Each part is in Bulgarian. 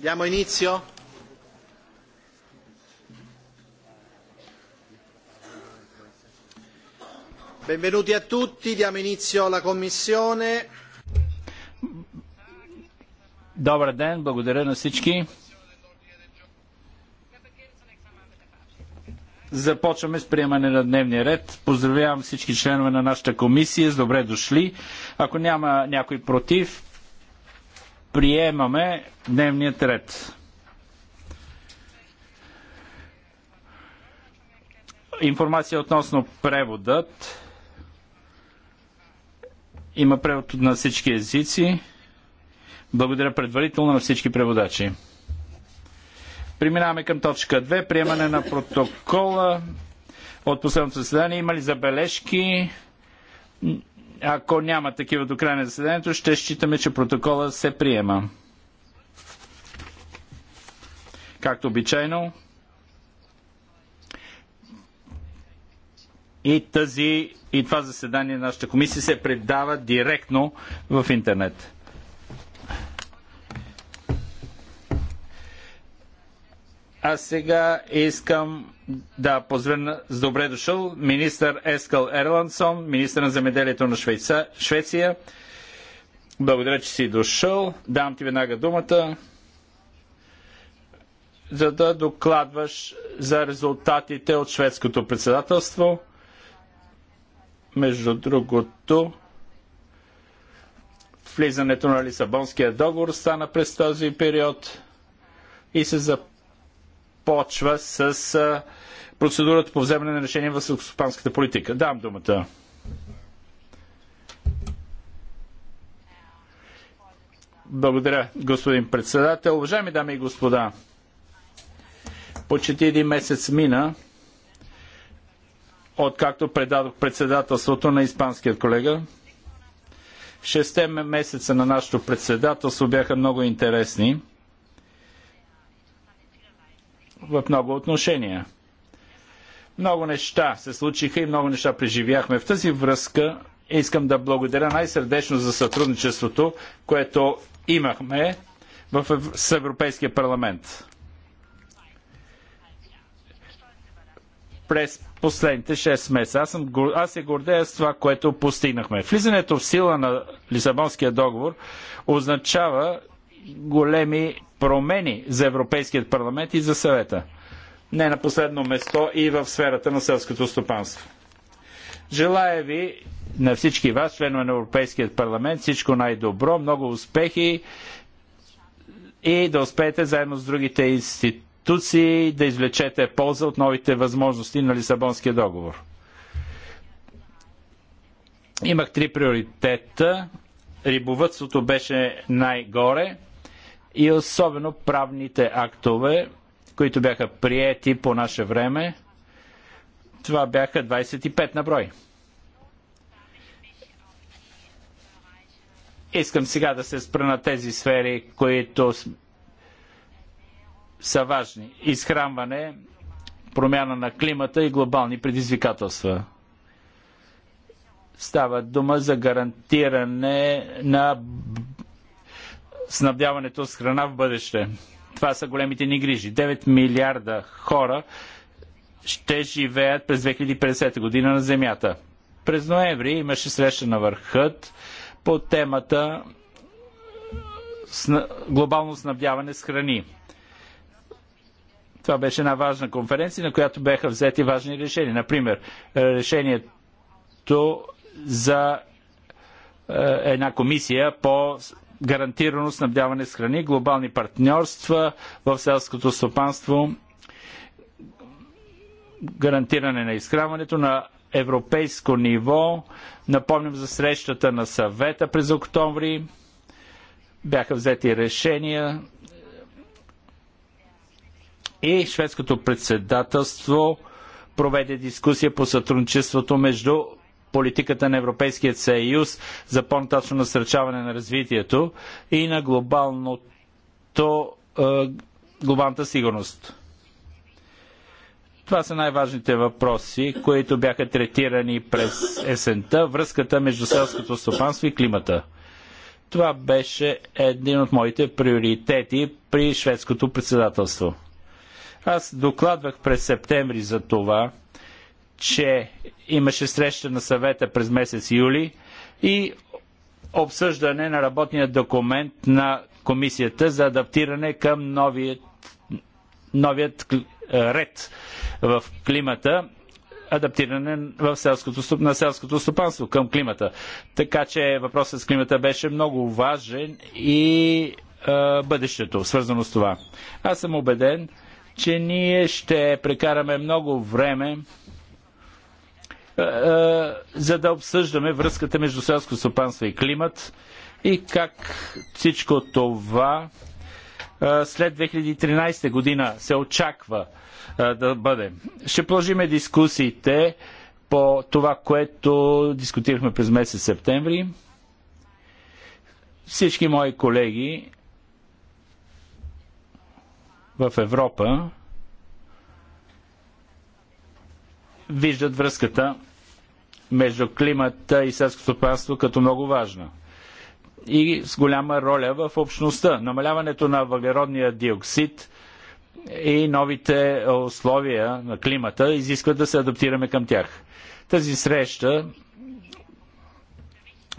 Diamo inizio? Benvenuti a tutti, diamo inizio alla Commissione. Добър ден, благодаря на всички. Започваме с приемане на дневния ред. Поздравявам всички членове на нашата комисия. С добре дошли. Ако няма някой против, приемаме дневният ред. Информация относно преводът. Има превод на всички езици. Благодаря предварително на всички преводачи. Преминаваме към точка 2. Приемане на протокола от последното заседание. Има ли забележки? Ако няма такива до края на заседанието, ще считаме, че протокола се приема. Както обичайно. И, тази, и това заседание на нашата комисия се предава директно в интернет. Аз сега искам да позвена с добре дошъл министър Ескал Ерландсон, министър на земеделието на Швейца, Швеция. Благодаря, че си дошъл. Дам ти веднага думата, за да докладваш за резултатите от шведското председателство. Между другото, влизането на Лисабонския договор стана през този период и се започва започва с процедурата по вземане на решение в селскостопанската политика. Дам думата. Благодаря, господин председател. Уважаеми дами и господа, почти един месец мина, откакто предадох председателството на испанският колега. Шесте месеца на нашето председателство бяха много интересни в много отношения. Много неща се случиха и много неща преживяхме. В тази връзка искам да благодаря най-сърдечно за сътрудничеството, което имахме в, Европейския парламент. През последните 6 месеца. Аз, съм, аз се гордея с това, което постигнахме. Влизането в сила на Лисабонския договор означава големи промени за Европейският парламент и за съвета. Не на последно место и в сферата на селското стопанство. Желая ви на всички вас, членове на Европейският парламент, всичко най-добро, много успехи и да успеете заедно с другите институции да извлечете полза от новите възможности на Лисабонския договор. Имах три приоритета. Рибовътството беше най-горе – и особено правните актове, които бяха приети по наше време. Това бяха 25 на брой. Искам сега да се спра на тези сфери, които са важни. Изхранване, промяна на климата и глобални предизвикателства. Става дума за гарантиране на снабдяването с храна в бъдеще. Това са големите ни грижи. 9 милиарда хора ще живеят през 2050 година на Земята. През ноември имаше среща на върхът по темата глобално снабдяване с храни. Това беше една важна конференция, на която бяха взети важни решения. Например, решението за е, една комисия по гарантирано снабдяване с храни, глобални партньорства в селското стопанство, гарантиране на изхранването на европейско ниво. Напомням за срещата на съвета през октомври. Бяха взети решения и шведското председателство проведе дискусия по сътрудничеството между политиката на Европейския съюз за по-нататъчно насърчаване на развитието и на глобалното, е, глобалната сигурност. Това са най-важните въпроси, които бяха третирани през есента, връзката между селското стопанство и климата. Това беше един от моите приоритети при шведското председателство. Аз докладвах през септември за това че имаше среща на съвета през месец юли и обсъждане на работния документ на комисията за адаптиране към новият, новият е, ред в климата, адаптиране в селското, на селското стопанство към климата. Така че въпросът с климата беше много важен и е, бъдещето, свързано с това. Аз съм убеден, че ние ще прекараме много време е, е, за да обсъждаме връзката между селско стопанство и климат и как всичко това е, след 2013 година се очаква да бъде. Ще продължиме дискусиите по това, което дискутирахме през месец септември. Всички мои колеги в Европа виждат връзката между климата и селското стопанство като много важна и с голяма роля в общността. Намаляването на въглеродния диоксид и новите условия на климата изискват да се адаптираме към тях. Тази среща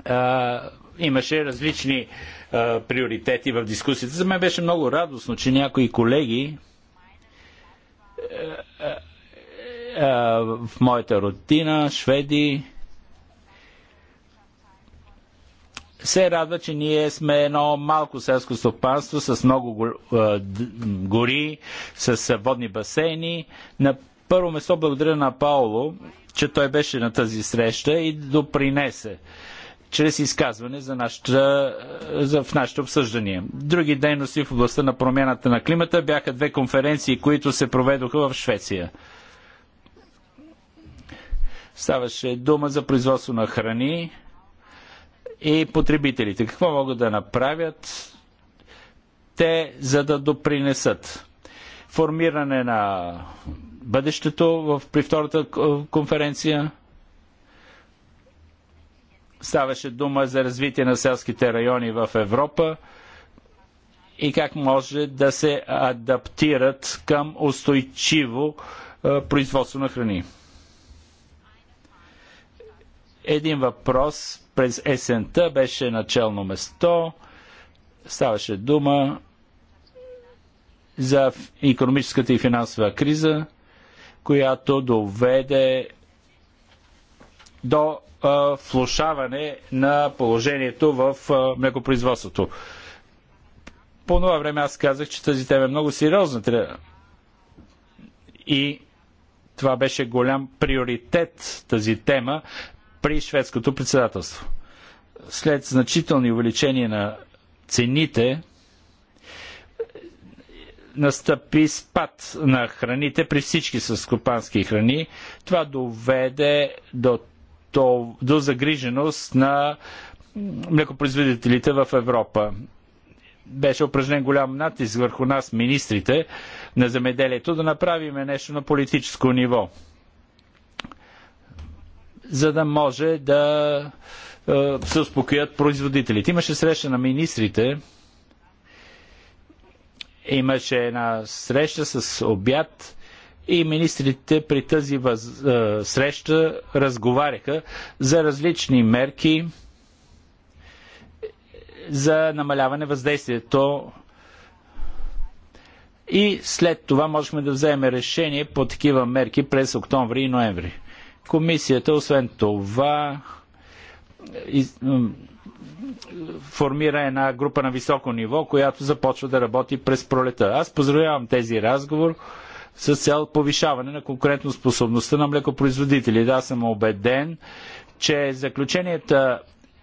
а, имаше различни а, приоритети в дискусията. За мен беше много радостно, че някои колеги е, в моята родина, шведи, се радва, че ние сме едно малко селско стопанство с много е, гори, с е, водни басейни. На първо место благодаря на Пауло, че той беше на тази среща и допринесе чрез изказване за, нашата, за в нашите обсъждания. Други дейности в областта на промяната на климата бяха две конференции, които се проведоха в Швеция. Ставаше дума за производство на храни и потребителите. Какво могат да направят те, за да допринесат? Формиране на бъдещето в, при втората конференция. Ставаше дума за развитие на селските райони в Европа и как може да се адаптират към устойчиво производство на храни един въпрос през есента беше начално место. Ставаше дума за економическата и финансова криза, която доведе до а, влушаване на положението в а, млекопроизводството. По това време аз казах, че тази тема е много сериозна. И това беше голям приоритет, тази тема, при шведското председателство. След значителни увеличения на цените, настъпи спад на храните при всички скопански храни. Това доведе до, до, до загриженост на млекопроизводителите в Европа. Беше упражнен голям натиск върху нас, министрите на земеделието, да направим нещо на политическо ниво за да може да е, се успокоят производителите. Имаше среща на министрите, имаше една среща с обяд и министрите при тази въз, е, среща разговаряха за различни мерки за намаляване въздействието и след това можехме да вземем решение по такива мерки през октомври и ноември. Комисията, освен това, формира една група на високо ниво, която започва да работи през пролета. Аз поздравявам тези разговор с цел повишаване на конкурентоспособността на млекопроизводители. Да, съм убеден, че заключенията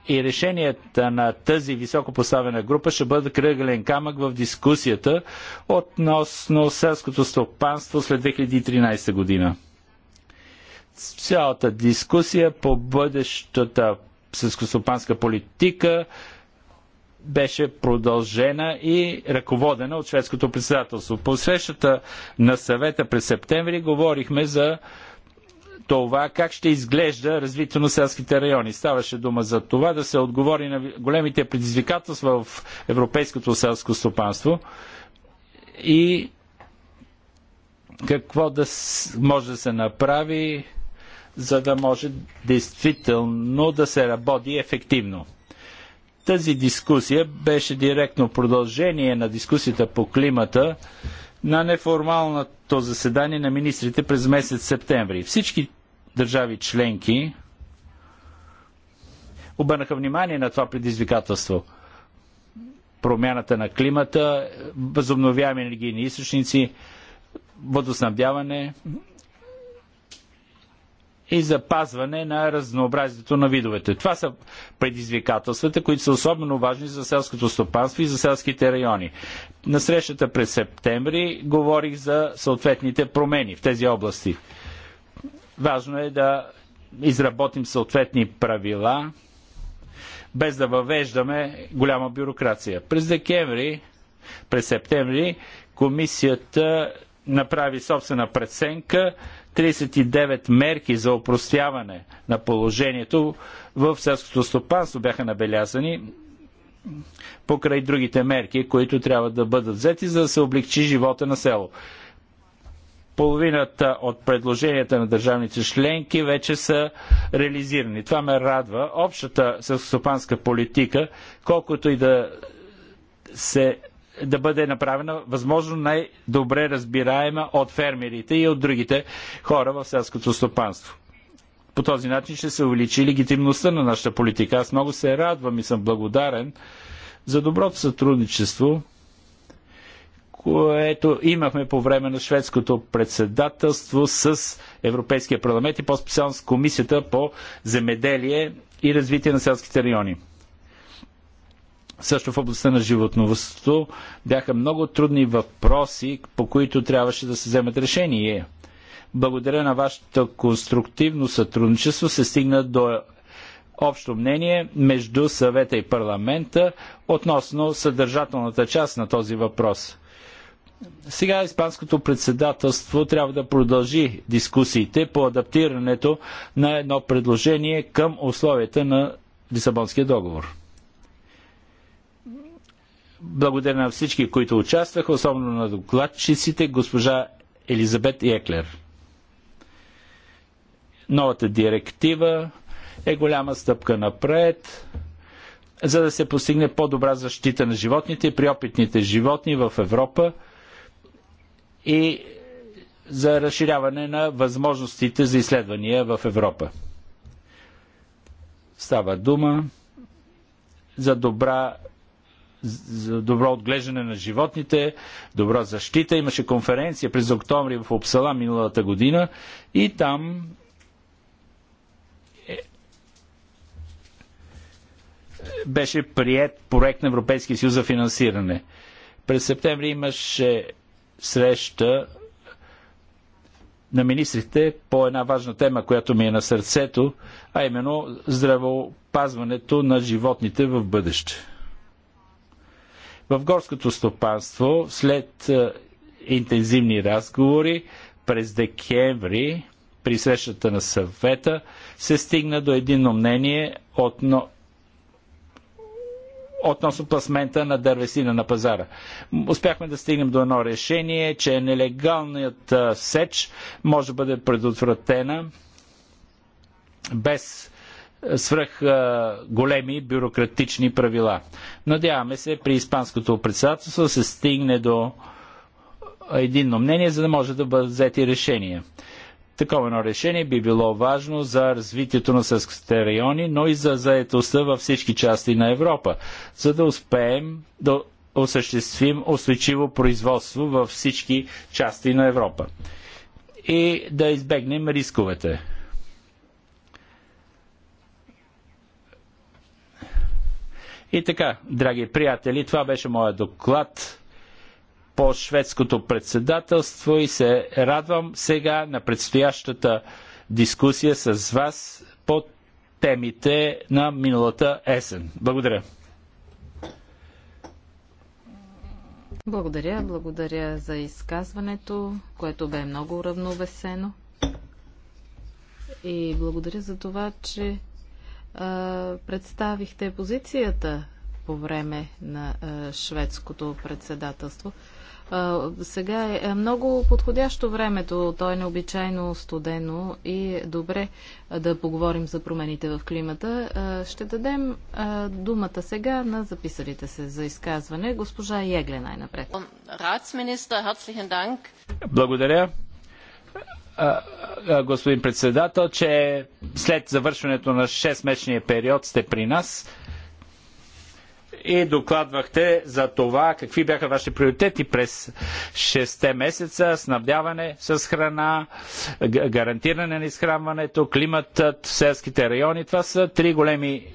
и решенията на тази високо поставена група ще бъдат кръглен камък в дискусията относно селското стопанство след 2013 година цялата дискусия по бъдещата сълскостопанска политика беше продължена и ръководена от шведското председателство. По срещата на съвета през септември говорихме за това как ще изглежда развитието на селските райони. Ставаше дума за това да се отговори на големите предизвикателства в европейското селско стопанство и какво да може да се направи за да може действително да се работи ефективно. Тази дискусия беше директно продължение на дискусията по климата на неформалното заседание на министрите през месец септември. Всички държави членки обърнаха внимание на това предизвикателство. Промяната на климата, възобновяеми енергийни източници, водоснабдяване, и запазване на разнообразието на видовете. Това са предизвикателствата, които са особено важни за селското стопанство и за селските райони. На срещата през септември говорих за съответните промени в тези области. Важно е да изработим съответни правила, без да въвеждаме голяма бюрокрация. През декември, през септември, комисията направи собствена преценка 39 мерки за опростяване на положението в селското стопанство бяха набелязани покрай другите мерки, които трябва да бъдат взети, за да се облегчи живота на село. Половината от предложенията на държавните членки вече са реализирани. Това ме радва. Общата селскостопанска политика, колкото и да се да бъде направена възможно най-добре разбираема от фермерите и от другите хора в селското стопанство. По този начин ще се увеличи легитимността на нашата политика. Аз много се радвам и съм благодарен за доброто сътрудничество, което имахме по време на шведското председателство с Европейския парламент и по-специално с Комисията по земеделие и развитие на селските райони също в областта на животновъдството бяха много трудни въпроси, по които трябваше да се вземат решение. Благодаря на вашето конструктивно сътрудничество се стигна до общо мнение между съвета и парламента относно съдържателната част на този въпрос. Сега Испанското председателство трябва да продължи дискусиите по адаптирането на едно предложение към условията на Лисабонския договор. Благодаря на всички, които участваха, особено на докладчиците, госпожа Елизабет Еклер. Новата директива е голяма стъпка напред, за да се постигне по-добра защита на животните при опитните животни в Европа и за разширяване на възможностите за изследвания в Европа. Става дума за добра за добро отглеждане на животните, добра защита. Имаше конференция през октомври в Обсала миналата година и там е, беше прият проект на Европейския съюз за финансиране. През септември имаше среща на министрите по една важна тема, която ми е на сърцето, а именно здравеопазването на животните в бъдеще. В горското стопанство, след е, интензивни разговори, през декември, при срещата на съвета, се стигна до едно мнение отно... относно пласмента на дървесина на пазара. Успяхме да стигнем до едно решение, че нелегалният е, сеч може да бъде предотвратена без свръх големи бюрократични правила. Надяваме се при Испанското председателство да се стигне до единно мнение, за да може да бъдат взети решения. Такова едно решение би било важно за развитието на сърските райони, но и за заетостта във всички части на Европа, за да успеем да осъществим устойчиво производство във всички части на Европа и да избегнем рисковете. И така, драги приятели, това беше моят доклад по шведското председателство и се радвам сега на предстоящата дискусия с вас по темите на миналата есен. Благодаря. Благодаря, благодаря за изказването, което бе много уравновесено. И благодаря за това, че представихте позицията по време на шведското председателство. Сега е, е много подходящо времето, то е необичайно студено и добре да поговорим за промените в климата. Ще дадем думата сега на записалите се за изказване. Госпожа Егле най-напред. Благодаря господин председател, че след завършването на 6-месечния период сте при нас и докладвахте за това какви бяха вашите приоритети през 6 месеца снабдяване с храна, гарантиране на изхранването, климатът в селските райони. Това са три големи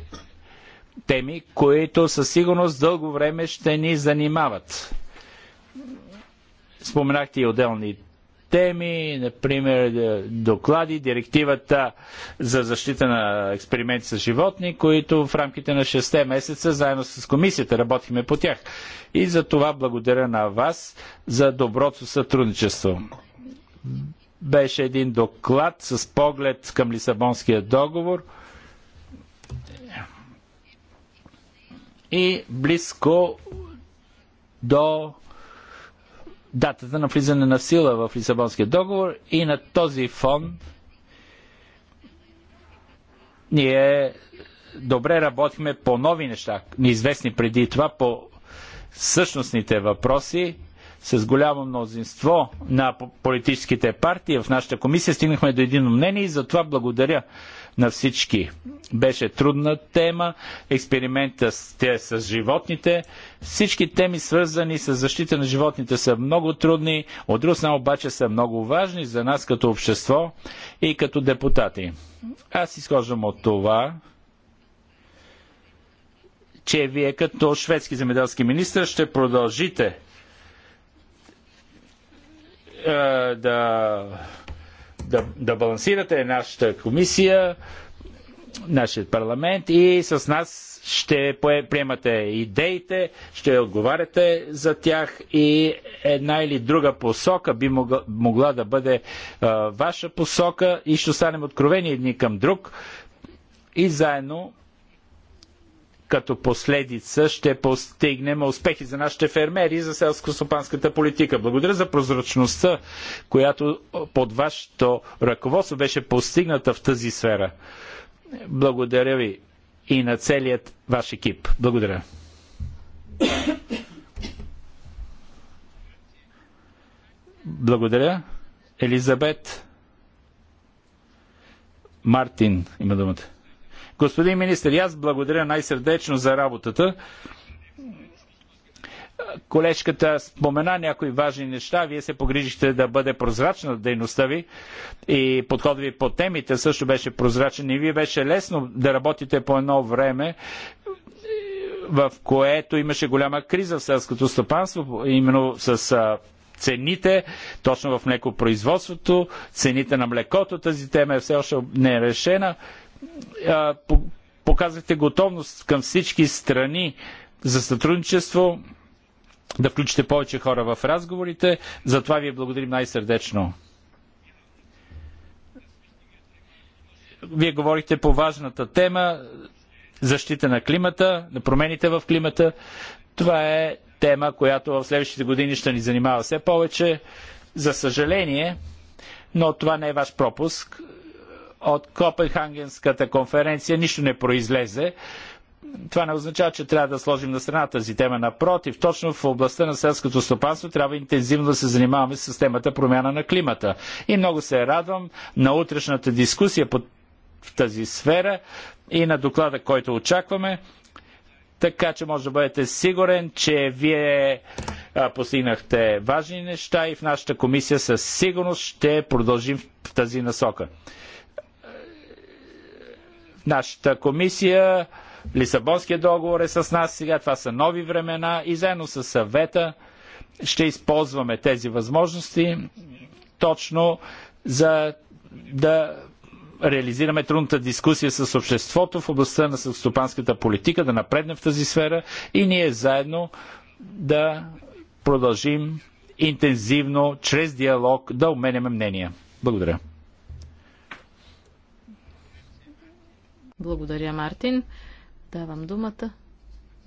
теми, които със сигурност дълго време ще ни занимават. Споменахте и отделни теми, например е, доклади, директивата за защита на експерименти с животни, които в рамките на 6 месеца заедно с комисията работихме по тях. И за това благодаря на вас за доброто сътрудничество. Беше един доклад с поглед към Лисабонския договор и близко до датата на влизане на сила в Лисабонския договор и на този фон ние добре работихме по нови неща, неизвестни преди това, по същностните въпроси, с голямо мнозинство на политическите партии в нашата комисия стигнахме до едино мнение и затова благодаря на всички. Беше трудна тема, експеримента с, те, с животните. Всички теми, свързани с защита на животните, са много трудни, от друга страна обаче са много важни за нас като общество и като депутати. Аз изхождам от това, че вие като шведски земеделски министр ще продължите е, да, да, да балансирате нашата комисия, нашия парламент и с нас ще приемате идеите, ще отговаряте за тях и една или друга посока би могла, могла да бъде а, е, ваша посока и ще останем откровени едни към друг и заедно като последица ще постигнем успехи за нашите фермери и за селско-стопанската политика. Благодаря за прозрачността, която под вашето ръководство беше постигната в тази сфера. Благодаря ви и на целият ваш екип. Благодаря. Благодаря. Елизабет. Мартин има думата. Господин министр, аз благодаря най-сърдечно за работата. Колежката спомена някои важни неща. Вие се погрижихте да бъде прозрачна дейността ви и подход ви по темите също беше прозрачен и вие беше лесно да работите по едно време, в което имаше голяма криза в селското стопанство, именно с цените, точно в млекопроизводството, цените на млекото, тази тема е все още не е решена показахте готовност към всички страни за сътрудничество, да включите повече хора в разговорите. За това ви благодарим най-сърдечно. Вие говорихте по важната тема защита на климата, на промените в климата. Това е тема, която в следващите години ще ни занимава все повече. За съжаление, но това не е ваш пропуск от Копенхагенската конференция нищо не произлезе. Това не означава, че трябва да сложим на страна тази тема. Напротив, точно в областта на селското стопанство трябва интензивно да се занимаваме с темата промяна на климата. И много се радвам на утрешната дискусия под в тази сфера и на доклада, който очакваме. Така че може да бъдете сигурен, че вие а, постигнахте важни неща и в нашата комисия със сигурност ще продължим в тази насока. Нашата комисия, Лисабонския договор е с нас сега, това са нови времена и заедно с съвета ще използваме тези възможности точно за да реализираме трудната дискусия с обществото в областта на стопанската политика, да напреднем в тази сфера и ние заедно да продължим интензивно, чрез диалог, да обменяме мнения. Благодаря. Благодаря, Мартин. Давам думата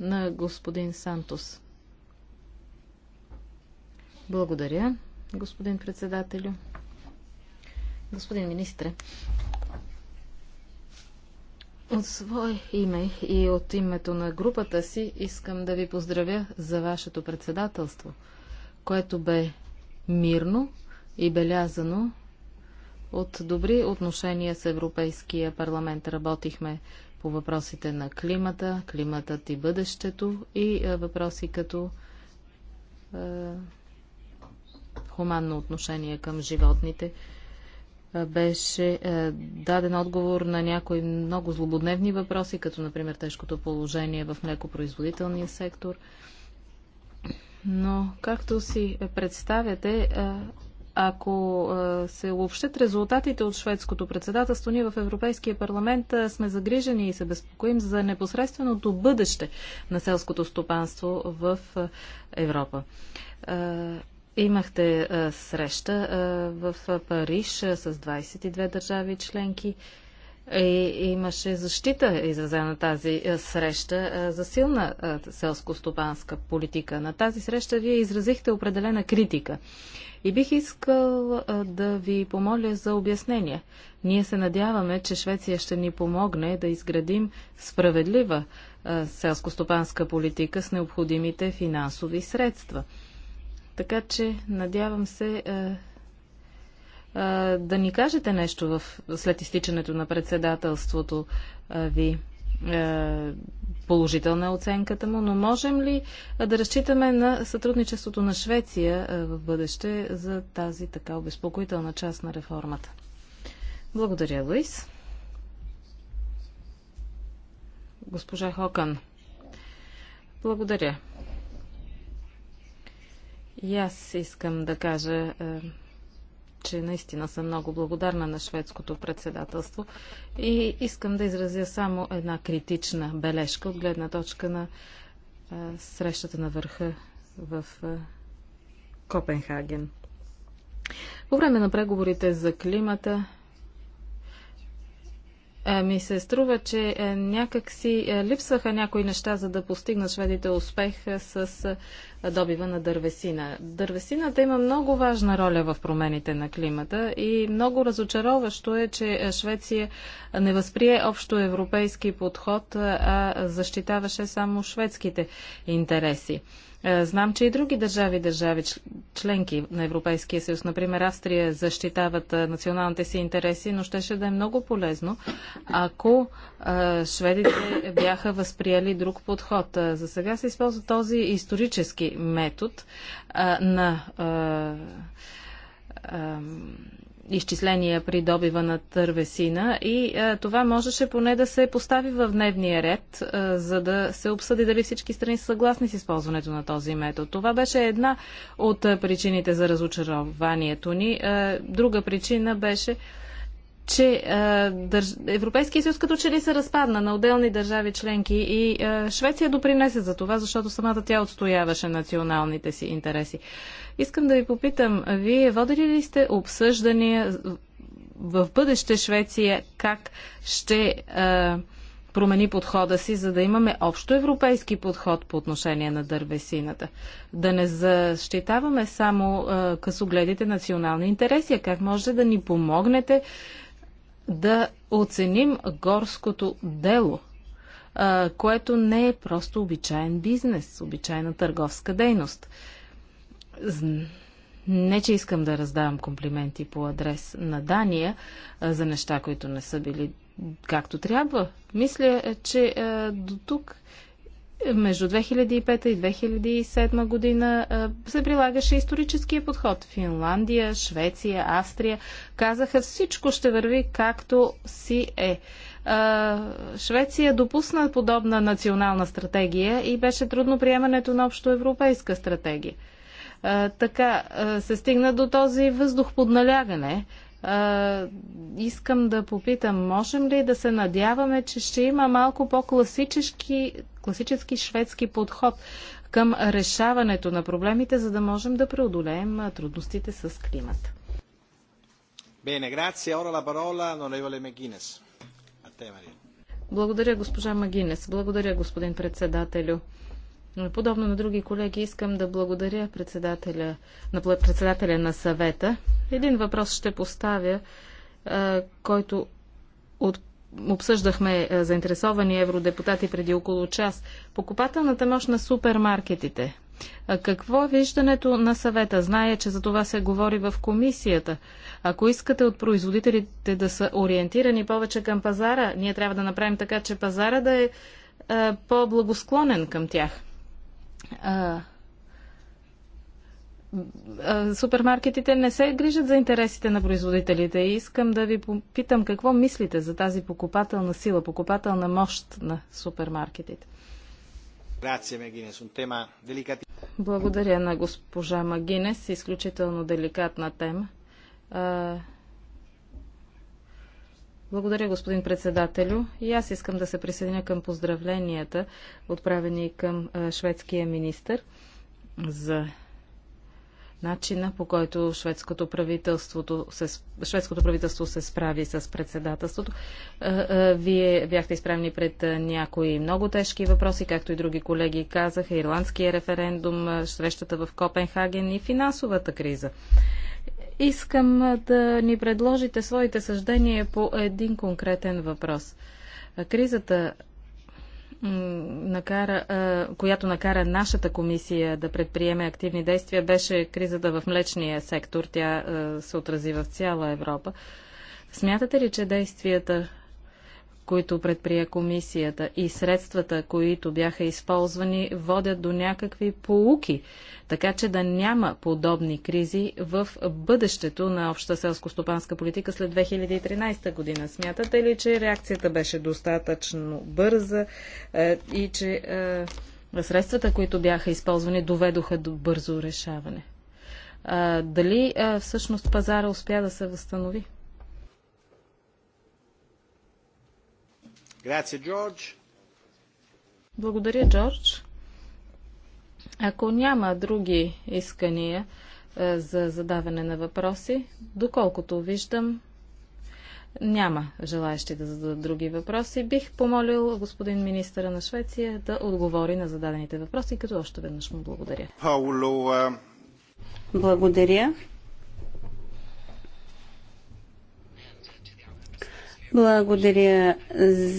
на господин Сантос. Благодаря, господин председателю. Господин министре, от свое име и от името на групата си искам да ви поздравя за вашето председателство, което бе мирно и белязано от добри отношения с Европейския парламент работихме по въпросите на климата, климатът и бъдещето и е, въпроси като е, хуманно отношение към животните. Е, беше е, даден отговор на някои много злободневни въпроси, като например тежкото положение в млекопроизводителния сектор. Но, както си представяте, е, ако се обобщат резултатите от шведското председателство, ние в Европейския парламент сме загрижени и се безпокоим за непосредственото бъдеще на селското стопанство в Европа. Имахте среща в Париж с 22 държави членки. И имаше защита изразена тази е, среща е, за силна е, селско-стопанска политика. На тази среща вие изразихте определена критика. И бих искал да ви помоля за обяснение. Ние се надяваме, че Швеция ще ни помогне да изградим справедлива селско-стопанска политика с необходимите финансови средства. Така че надявам се да ни кажете нещо в, след изтичането на председателството ви. Положителна е оценката му, но можем ли да разчитаме на сътрудничеството на Швеция в бъдеще за тази така обезпокоителна част на реформата? Благодаря, Луис. Госпожа Хокън. Благодаря. И аз искам да кажа че наистина съм много благодарна на шведското председателство и искам да изразя само една критична бележка от гледна точка на а, срещата на върха в а, Копенхаген. По време на преговорите за климата е, ми се струва, че е, някак си е, липсваха някои неща, за да постигнат шведите успех с добива на дървесина. Дървесината има много важна роля в промените на климата и много разочароващо е, че Швеция не възприе общо европейски подход, а защитаваше само шведските интереси. Е, знам, че и други държави, държави членки на Европейския съюз, например Австрия, защитават е, националните си интереси, но щеше да е много полезно, ако е, шведите бяха възприели друг подход. За сега се използва този исторически метод на изчисления при добива на тървесина и а, е, това можеше поне да се постави в дневния ред, а, е, за да се обсъди дали всички страни са съгласни с използването на този метод. Това беше една от е, причините за разочарованието ни. А, друга причина беше а, че е, държ... Европейския съюз като че ли се разпадна на отделни държави членки и е, Швеция допринесе за това, защото самата тя отстояваше националните си интереси. Искам да ви попитам, вие водили ли сте обсъждания в бъдеще Швеция как ще а, е, промени подхода си, за да имаме общо европейски подход по отношение на дървесината. Да не защитаваме само а, късогледите национални интереси, а как може да ни помогнете да оценим горското дело, което не е просто обичайен бизнес, обичайна търговска дейност. Не, че искам да раздавам комплименти по адрес на Дания за неща, които не са били както трябва. Мисля, че до тук между 2005 и 2007 година се прилагаше историческия подход. Финландия, Швеция, Австрия казаха всичко ще върви както си е. Швеция допусна подобна национална стратегия и беше трудно приемането на общо европейска стратегия. Така се стигна до този въздух под налягане, искам да попитам, можем ли да се надяваме, че ще има малко по-класически класически шведски подход към решаването на проблемите, за да можем да преодолеем трудностите с климата? Bene, grazie. Ora la parola McGuinness. Благодаря, госпожа Магинес. Благодаря, господин председателю. Подобно на други колеги, искам да благодаря председателя, на председателя на съвета. Един въпрос ще поставя, който от обсъждахме заинтересовани евродепутати преди около час. Покупателната мощ на супермаркетите. Какво е виждането на съвета? Зная, че за това се говори в комисията. Ако искате от производителите да са ориентирани повече към пазара, ние трябва да направим така, че пазара да е, е по-благосклонен към тях а, а, супермаркетите не се грижат за интересите на производителите. И искам да ви попитам какво мислите за тази покупателна сила, покупателна мощ на супермаркетите. Благодаря на госпожа Магинес. Изключително деликатна тема. Благодаря, господин председателю. И аз искам да се присъединя към поздравленията, отправени към шведския министр за начина по който шведското, правителството се, шведското правителство се справи с председателството. Вие бяхте изправени пред някои много тежки въпроси, както и други колеги казаха, ирландския референдум, срещата в Копенхаген и финансовата криза. Искам да ни предложите своите съждения по един конкретен въпрос. Кризата накара, която накара нашата комисия да предприеме активни действия, беше кризата в млечния сектор. Тя се отрази в цяла Европа. Смятате ли, че действията които предприе комисията и средствата, които бяха използвани, водят до някакви полуки, така че да няма подобни кризи в бъдещето на обща селско-стопанска политика след 2013 година. Смятате ли, че реакцията беше достатъчно бърза е, и че е, средствата, които бяха използвани, доведоха до бързо решаване? Е, дали е, всъщност пазара успя да се възстанови? Благодаря, Джордж. Ако няма други искания е, за задаване на въпроси, доколкото виждам, няма желаящи да зададат други въпроси. Бих помолил господин министъра на Швеция да отговори на зададените въпроси, като още веднъж му благодаря. Е, благодаря. Благодаря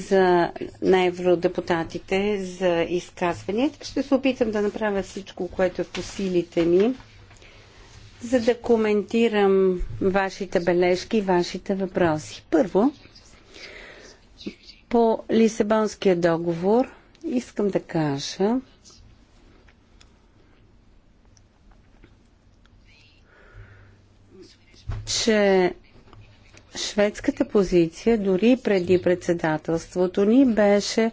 за, на евродепутатите за изказванията. Ще се опитам да направя всичко, което е по силите ми, за да коментирам вашите бележки и вашите въпроси. Първо, по Лисабонския договор искам да кажа, че шведската позиция дори преди председателството ни беше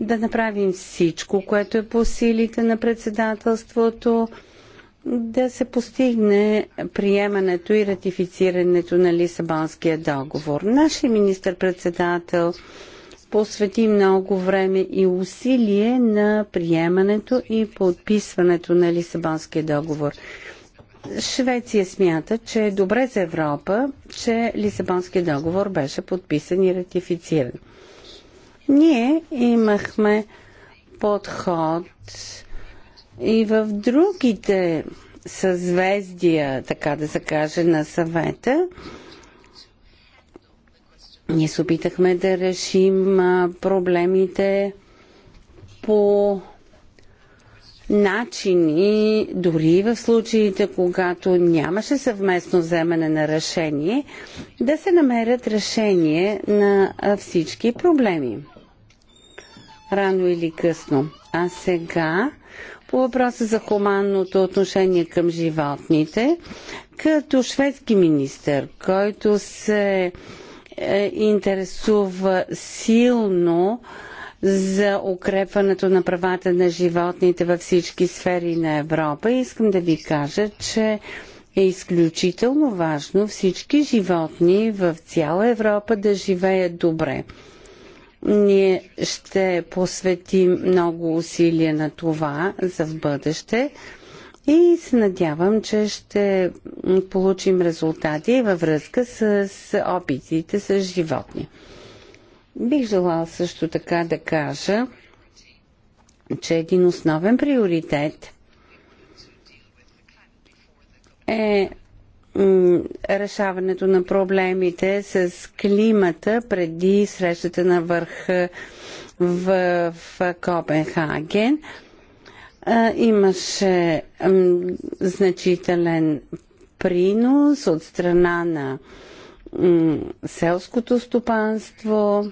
да направим всичко, което е по силите на председателството, да се постигне приемането и ратифицирането на Лисабонския договор. Нашия министр-председател посвети много време и усилие на приемането и подписването на Лисабонския договор. Швеция смята, че е добре за Европа, че Лисабонския договор беше подписан и ратифициран. Ние имахме подход и в другите съзвездия, така да се каже, на съвета. Ние се опитахме да решим проблемите по начини, дори в случаите, когато нямаше съвместно вземане на решение, да се намерят решение на всички проблеми. Рано или късно. А сега по въпроса за хуманното отношение към животните, като шведски министр, който се е, интересува силно за укрепването на правата на животните във всички сфери на Европа. Искам да ви кажа, че е изключително важно всички животни в цяла Европа да живеят добре. Ние ще посветим много усилия на това за в бъдеще и се надявам, че ще получим резултати във връзка с опитите с животни. Бих желала също така да кажа, че един основен приоритет е решаването на проблемите с климата преди срещата на върха в, в Копенхаген. Имаше значителен принос от страна на селското стопанство,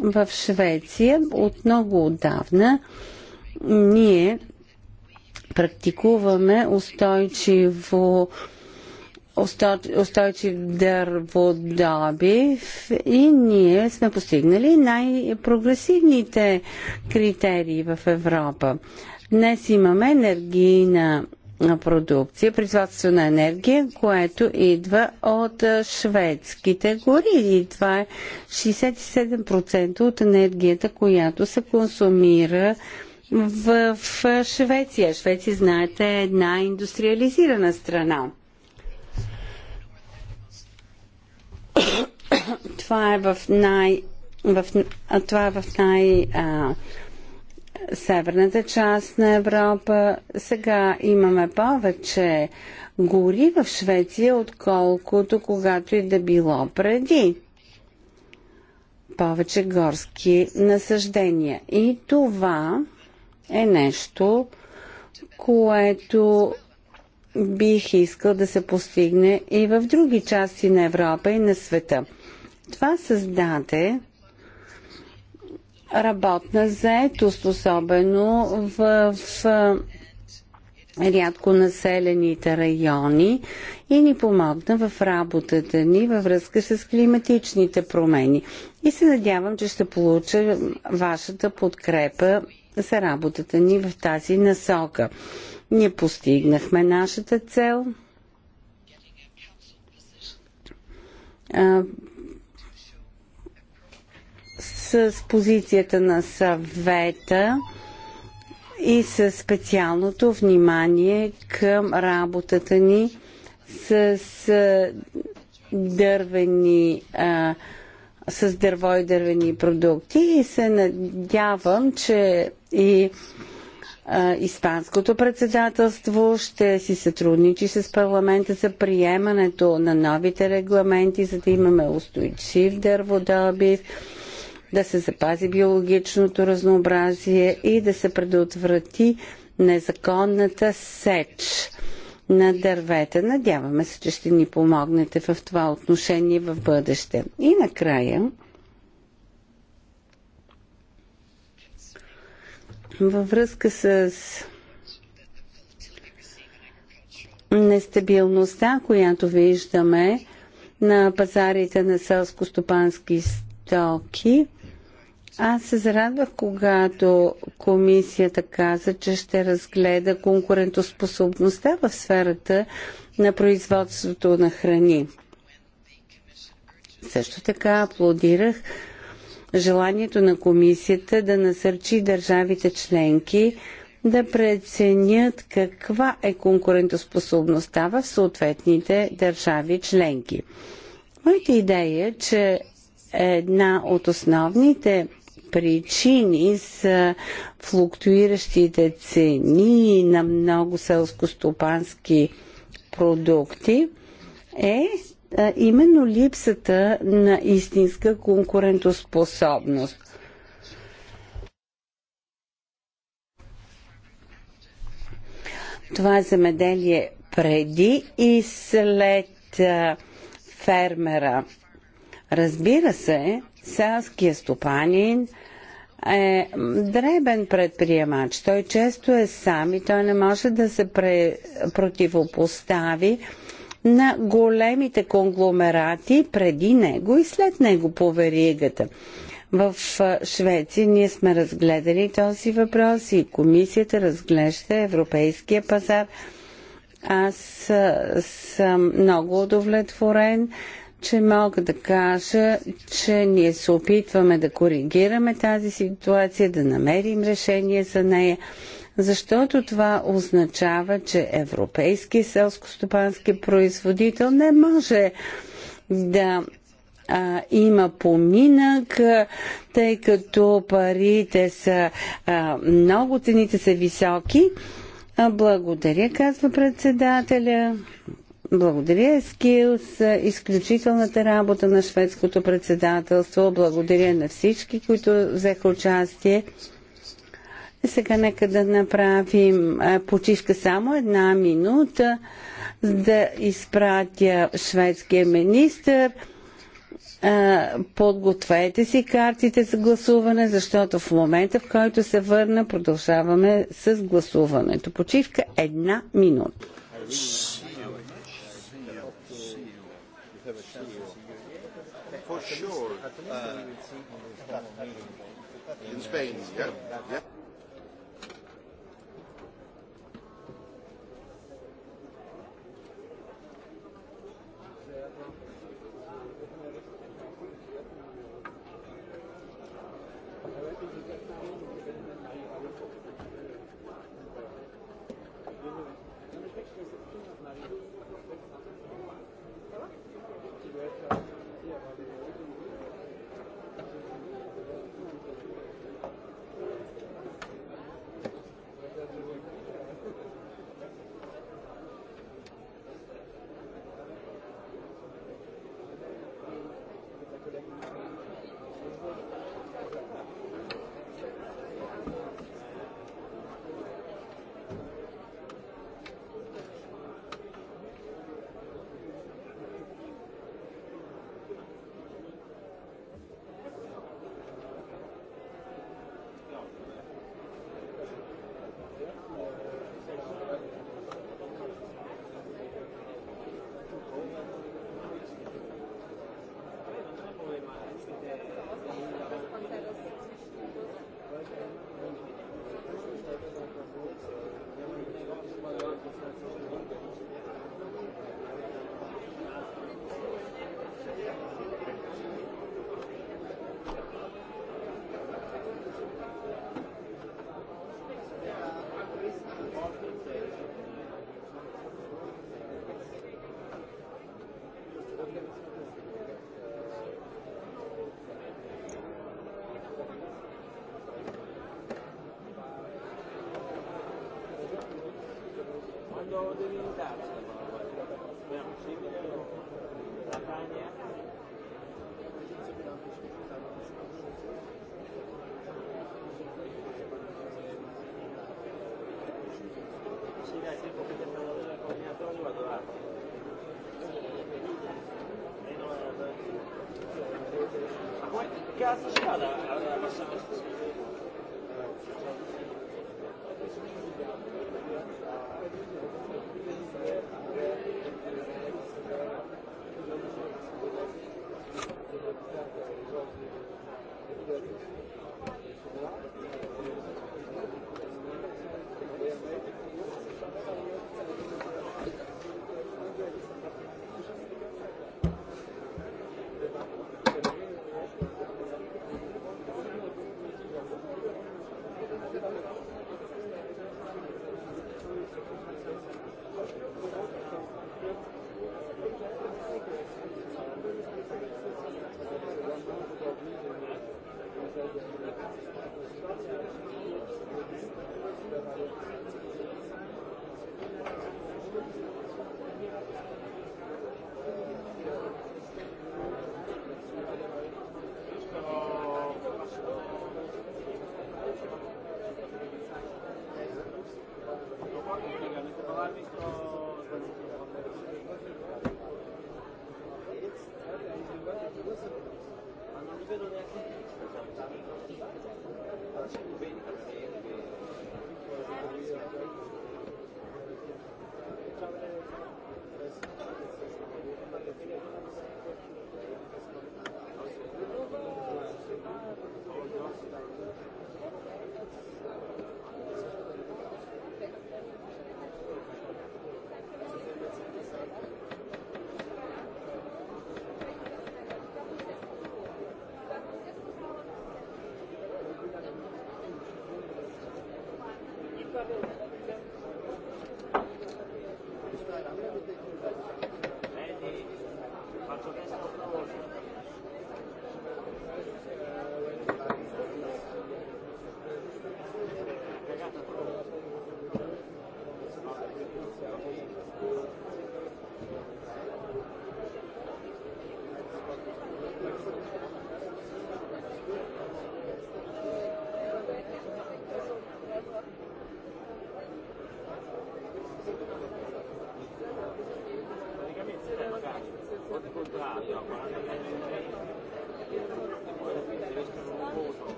в Швеция от много отдавна ние практикуваме устойчиво устойчив дърводобив и ние сме постигнали най-прогресивните критерии в Европа. Днес имаме енергийна продукция, производство на енергия, което идва от шведските гори. И това е 67% от енергията, която се консумира в, Швеция. Швеция, знаете, е една индустриализирана страна. това е в най... В, това е в най... А, северната част на Европа. Сега имаме повече гори в Швеция, отколкото когато и да било преди. Повече горски насъждения. И това е нещо, което бих искал да се постигне и в други части на Европа и на света. Това създаде работна заетост, особено в, в рядко населените райони и ни помогна в работата ни във връзка с климатичните промени. И се надявам, че ще получа вашата подкрепа за работата ни в тази насока. Ние постигнахме нашата цел с позицията на съвета и с специалното внимание към работата ни с дървени а, с дърво и дървени продукти и се надявам, че и а, Испанското председателство ще си сътрудничи с парламента за приемането на новите регламенти, за да имаме устойчив дърводобив да се запази биологичното разнообразие и да се предотврати незаконната сеч на дървета. Надяваме се, че ще ни помогнете в това отношение в бъдеще. И накрая, във връзка с нестабилността, която виждаме на пазарите на селско-стопански стоки, аз се зарадвах, когато комисията каза, че ще разгледа конкурентоспособността в сферата на производството на храни. Също така аплодирах желанието на комисията да насърчи държавите членки да преценят каква е конкурентоспособността в съответните държави членки. Моята идея е, че една от основните причини са флуктуиращите цени на много селскостопански продукти е именно липсата на истинска конкурентоспособност. Това е земеделие преди и след фермера. Разбира се, селския стопанин е дребен предприемач. Той често е сам и той не може да се пре, противопостави на големите конгломерати преди него и след него по веригата. В Швеция ние сме разгледали този въпрос и комисията разглежда европейския пазар. Аз съм много удовлетворен че мога да кажа, че ние се опитваме да коригираме тази ситуация, да намерим решение за нея, защото това означава, че европейски стопански производител не може да а, има поминък, тъй като парите са а, много, цените са високи. Благодаря, казва председателя. Благодаря, Скил, изключителната работа на шведското председателство. Благодаря на всички, които взеха участие. Сега нека да направим почивка само една минута, да изпратя шведския министр. Подгответе си картите за гласуване, защото в момента, в който се върна, продължаваме с гласуването. Почивка една минута. sure. Uh, in Spain, yeah. cazzo strada Thank you.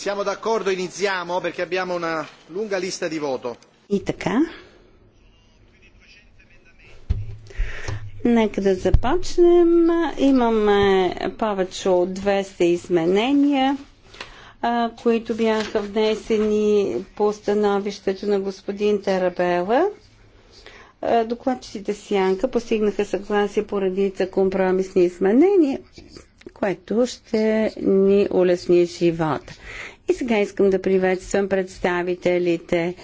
Siamo d'accordo, iniziamo perché abbiamo una lunga lista di voto. И така. Нека да започнем. Имаме повече от 200 изменения, които бяха внесени по становището на господин Тарабела. Докладчиците Сянка постигнаха съгласие по редица компромисни изменения, което ще ни улесни живота. И сега искам да приветствам представителите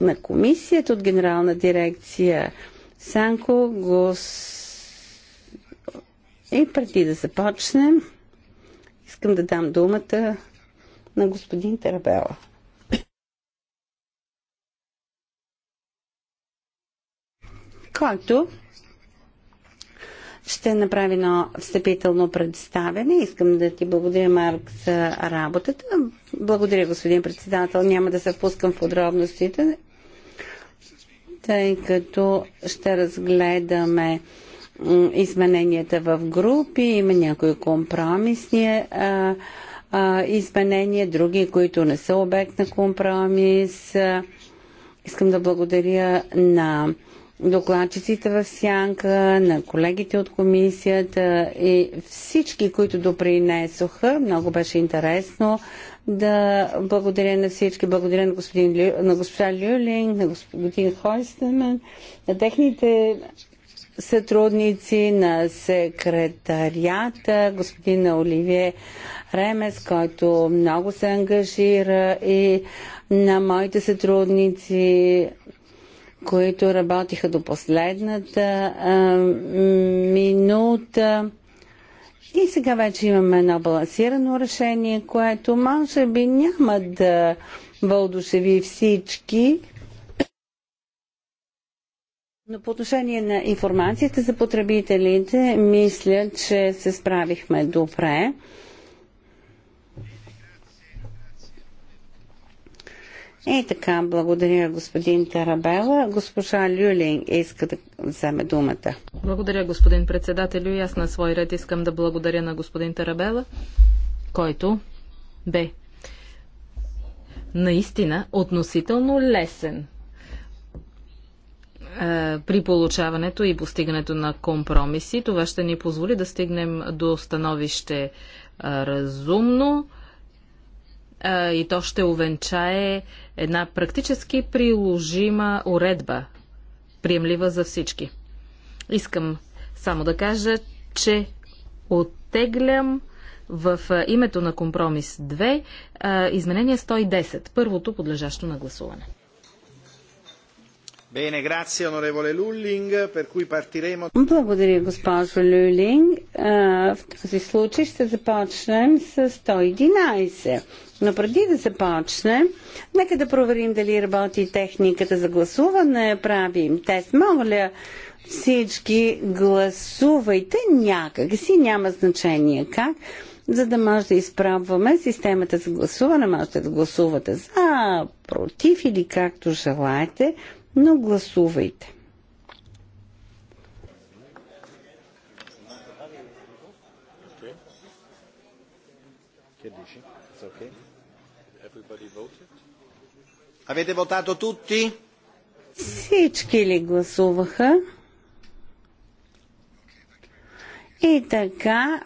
на комисията от Генерална дирекция Санко Гос. И преди да започнем, искам да дам думата на господин Тарабела. който ще направи едно встъпително представене. Искам да ти благодаря, Марк, за работата. Благодаря, господин председател. Няма да се впускам в подробностите, тъй като ще разгледаме измененията в групи, има някои компромисни а, а, изменения, други, които не са обект на компромис. Искам да благодаря на докладчиците в сянка, на колегите от комисията и всички, които допринесоха. Много беше интересно да благодаря на всички. Благодаря на, господин, Лю... на госпожа Люлинг, на господин Хойстемен, на техните сътрудници, на секретарията, господин Оливие Ремес, който много се ангажира и на моите сътрудници които работиха до последната а, минута. И сега вече имаме едно балансирано решение, което може би няма да вълдушеви всички. Но по отношение на информацията за потребителите, мисля, че се справихме добре. И така, благодаря господин Тарабела. Госпожа Люлин иска да вземе думата. Благодаря господин председател, и аз на свой ред искам да благодаря на господин Тарабела, който бе наистина относително лесен при получаването и постигането на компромиси. Това ще ни позволи да стигнем до становище разумно и то ще увенчае една практически приложима уредба, приемлива за всички. Искам само да кажа, че оттеглям в името на компромис 2 изменение 110, първото подлежащо на гласуване. Bene, grazie onorevole Lulling, per cui partiremo... Благодаря, госпожо Люлинг. В този случай ще започнем с 111. Но преди да започнем, нека да проверим дали работи техниката за гласуване. Правим тест. Моля, всички гласувайте някак си, няма значение как, за да може да изправваме системата за гласуване. Можете да гласувате за, против или както желаете но гласувайте. Avete votato tutti? Всички ли гласуваха? И така,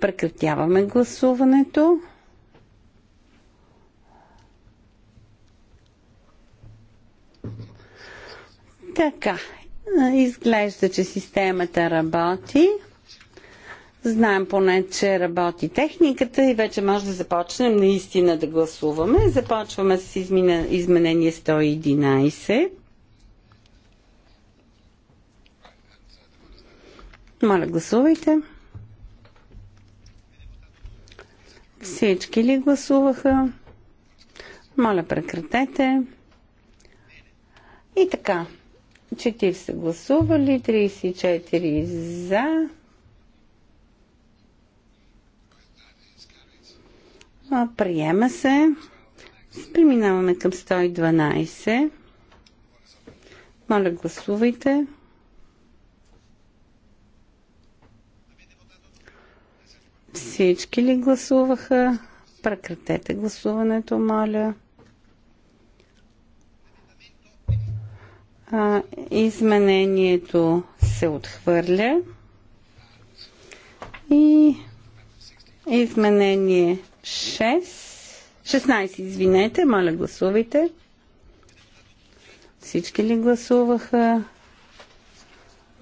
прекратяваме гласуването. Така, изглежда, че системата работи. Знаем поне, че работи техниката и вече може да започнем наистина да гласуваме. Започваме с изменение 111. Моля, гласувайте. Всички ли гласуваха? Моля, прекратете. И така, 40 са гласували, 34 за. Приема се. Преминаваме към 112. Моля, гласувайте. Всички ли гласуваха? Прекратете гласуването, моля. А, изменението се отхвърля. И изменение 6. 16, извинете, моля гласувайте. Всички ли гласуваха?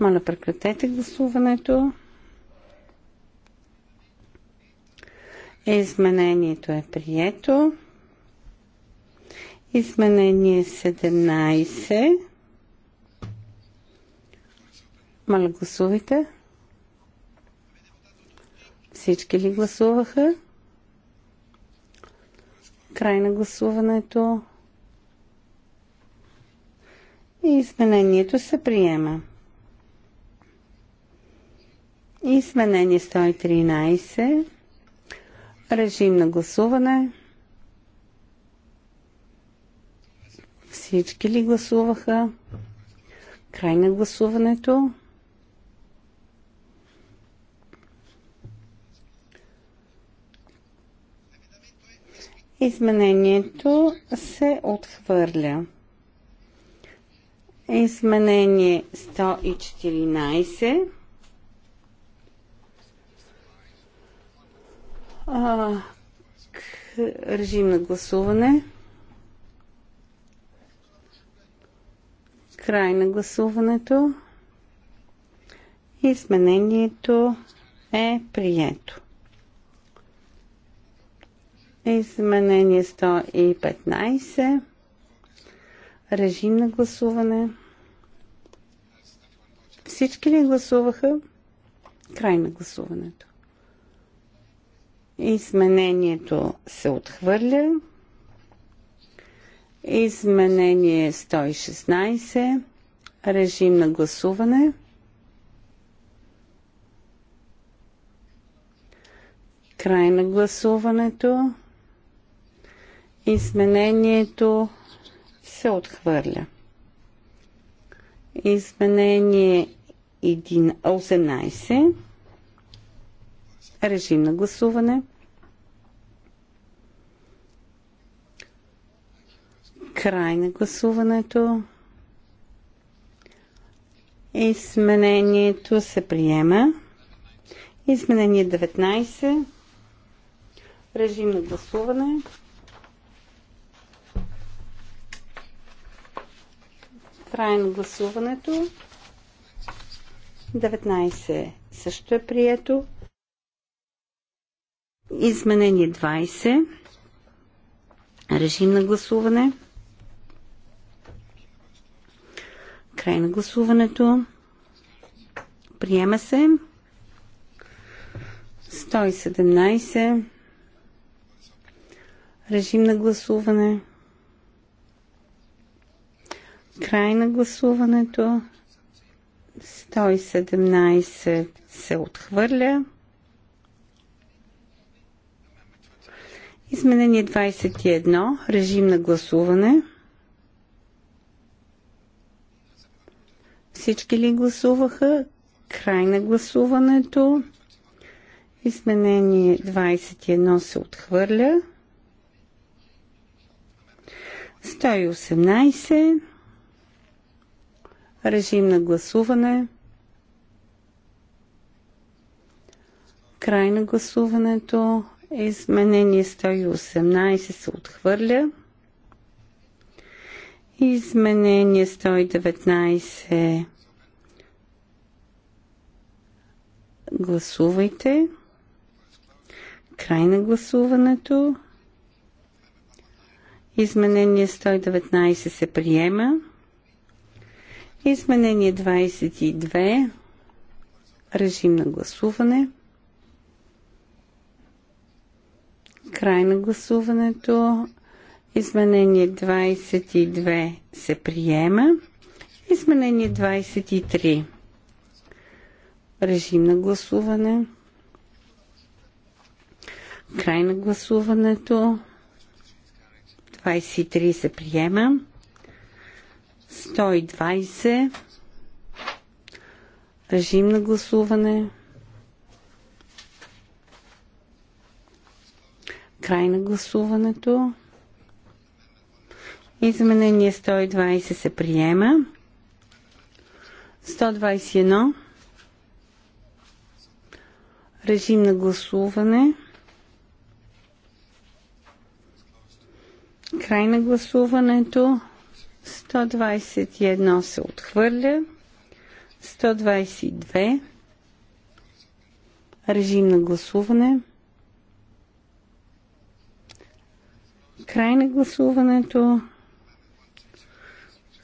Моля, прекратете гласуването. Изменението е прието. Изменение 17. Моля, гласувайте. Всички ли гласуваха? Край на гласуването. И изменението се приема. Изменение 113. Режим на гласуване. Всички ли гласуваха? Край на гласуването. Изменението се отхвърля. Изменение 114. А, режим на гласуване. Край на гласуването. Изменението е прието. Изменение 115. Режим на гласуване. Всички ли гласуваха? Край на гласуването. Изменението се отхвърля. Изменение 116. Режим на гласуване. Край на гласуването. Изменението се отхвърля. Изменение 18. Режим на гласуване. Край на гласуването. Изменението се приема. Изменение 19. Режим на гласуване. Край на гласуването. 19 също е прието. Изменение 20. Режим на гласуване. Край на гласуването. Приема се. 117. Режим на гласуване. Край на гласуването. 117 се отхвърля. Изменение 21. Режим на гласуване. Всички ли гласуваха? Край на гласуването. Изменение 21 се отхвърля. 118. Режим на гласуване. Край на гласуването. Изменение 118 се отхвърля. Изменение 119. Гласувайте. Край на гласуването. Изменение 119 се приема. Изменение 22. Режим на гласуване. Край на гласуването. Изменение 22 се приема. Изменение 23. Режим на гласуване. Край на гласуването. 23 се приема. 120. Режим на гласуване. Край на гласуването. Изменение 120 се приема. 121. Режим на гласуване. Край на гласуването. 121 се отхвърля. 122. Режим на гласуване. Край на гласуването.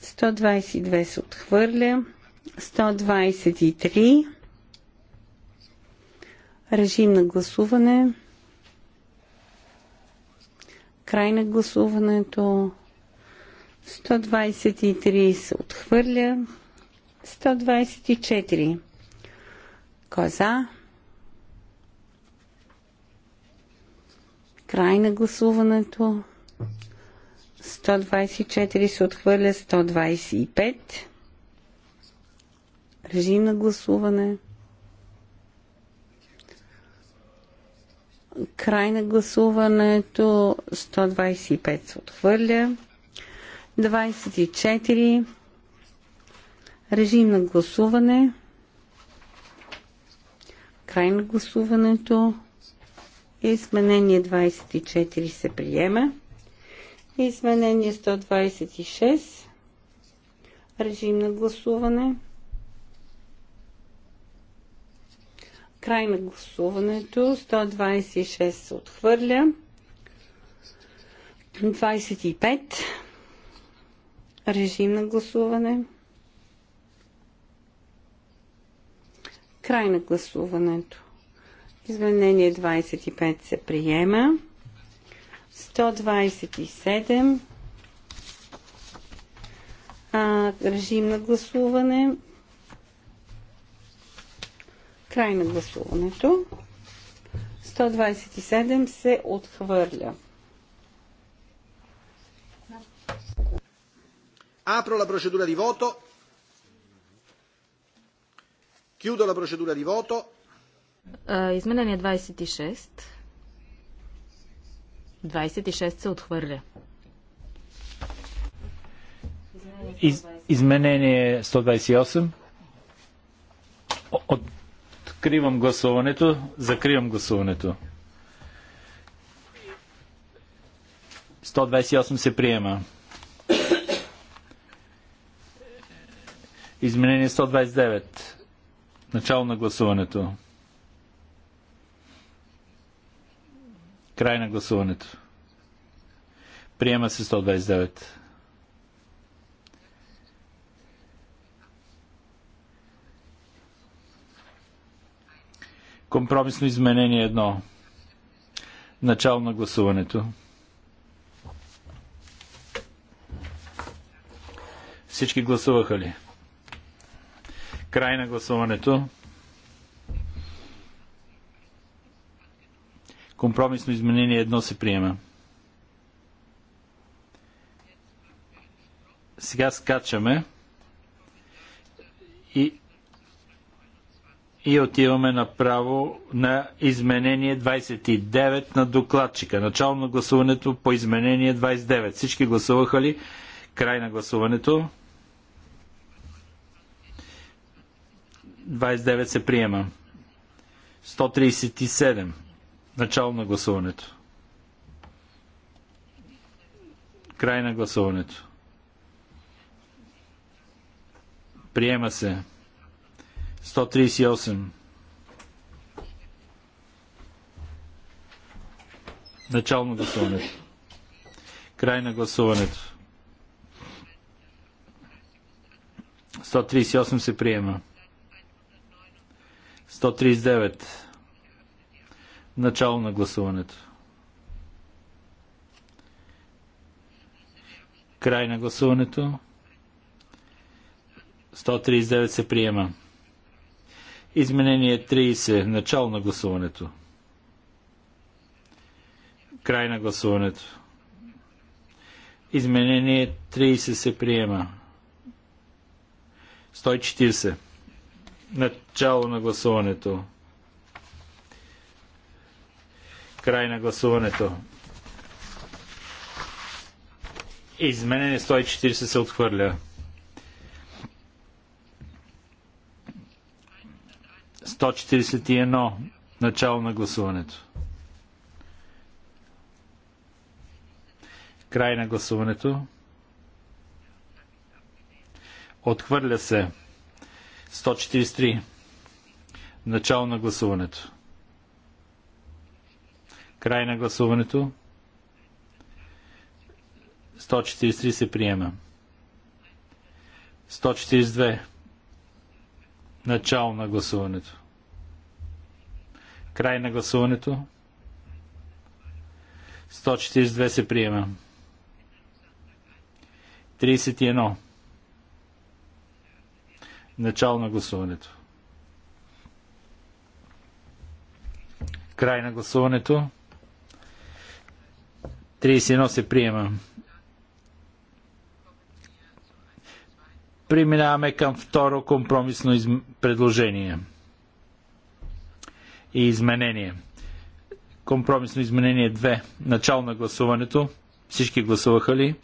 122 се отхвърля. 123. Режим на гласуване. Край на гласуването. 123 се отхвърля. 124. Коза. Е Край на гласуването. 124 се отхвърля. 125. Режим на гласуване. Край на гласуването. 125 се отхвърля. 24. Режим на гласуване. Край на гласуването. Изменение 24 се приема. Изменение 126. Режим на гласуване. Край на гласуването. 126 се отхвърля. 25. Режим на гласуване. Край на гласуването. Изменение 25 се приема. 127. А, режим на гласуване. Край на гласуването. 127 се отхвърля. Apro la procedura di voto. Chiudo la procedura di voto. Изменение 26. 26 се отхвърля. Из, изменение 128. Откривам гласуването. Закривам гласуването. 128 се приема. Изменение 129. Начало на гласуването. Край на гласуването. Приема се 129. Компромисно изменение 1. Начало на гласуването. Всички гласуваха ли? Край на гласуването. Компромисно изменение едно се приема. Сега скачаме и, и отиваме направо на изменение 29 на докладчика. Начало на гласуването по изменение 29. Всички гласуваха ли? Край на гласуването. 29 се приема. 137. Начало на гласуването. Край на гласуването. Приема се. 138. Начало на гласуването. Край на гласуването. 138 се приема. 139. Начало на гласуването. Край на гласуването. 139 се приема. Изменение 30. Начало на гласуването. Край на гласуването. Изменение 30 се приема. 140. Начало на гласуването. Край на гласуването. Изменение 140 се отхвърля. 141. Начало на гласуването. Край на гласуването. Отхвърля се. 143. Начало на гласуването. Край на гласуването. 143 се приема. 142. Начало на гласуването. Край на гласуването. 142 се приема. 31. Начало на гласуването. Край на гласуването. 31 се приема. Преминаваме към второ компромисно изм... предложение и изменение. Компромисно изменение 2. Начало на гласуването. Всички гласуваха ли?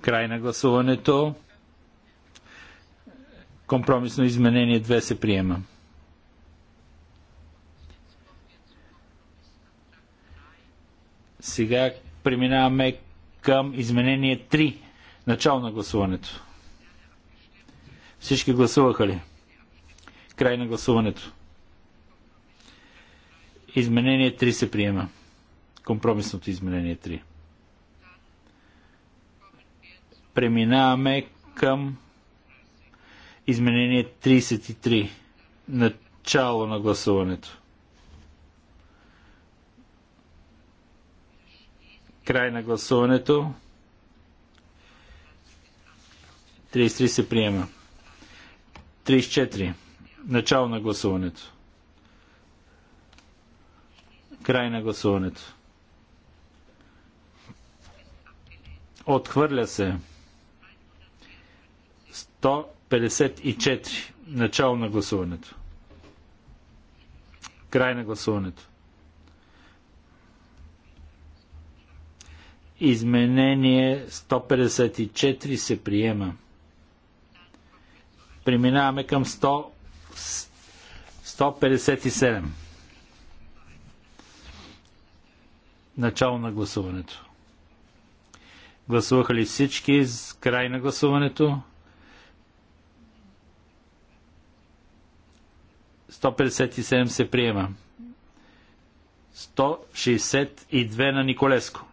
Край на гласуването. Компромисно изменение 2 се приема. Сега преминаваме към изменение 3. Начало на гласуването. Всички гласуваха ли? Край на гласуването. Изменение 3 се приема. Компромисното изменение 3. Преминаваме към Изменение 33. Начало на гласуването. Край на гласуването. 33 се приема. 34. Начало на гласуването. Край на гласуването. Отхвърля се. 154. Начало на гласуването. Край на гласуването. Изменение 154 се приема. Преминаваме към 100, 157. Начало на гласуването. Гласуваха ли всички? с Край на гласуването. 157 се приема. 162 на Николеско.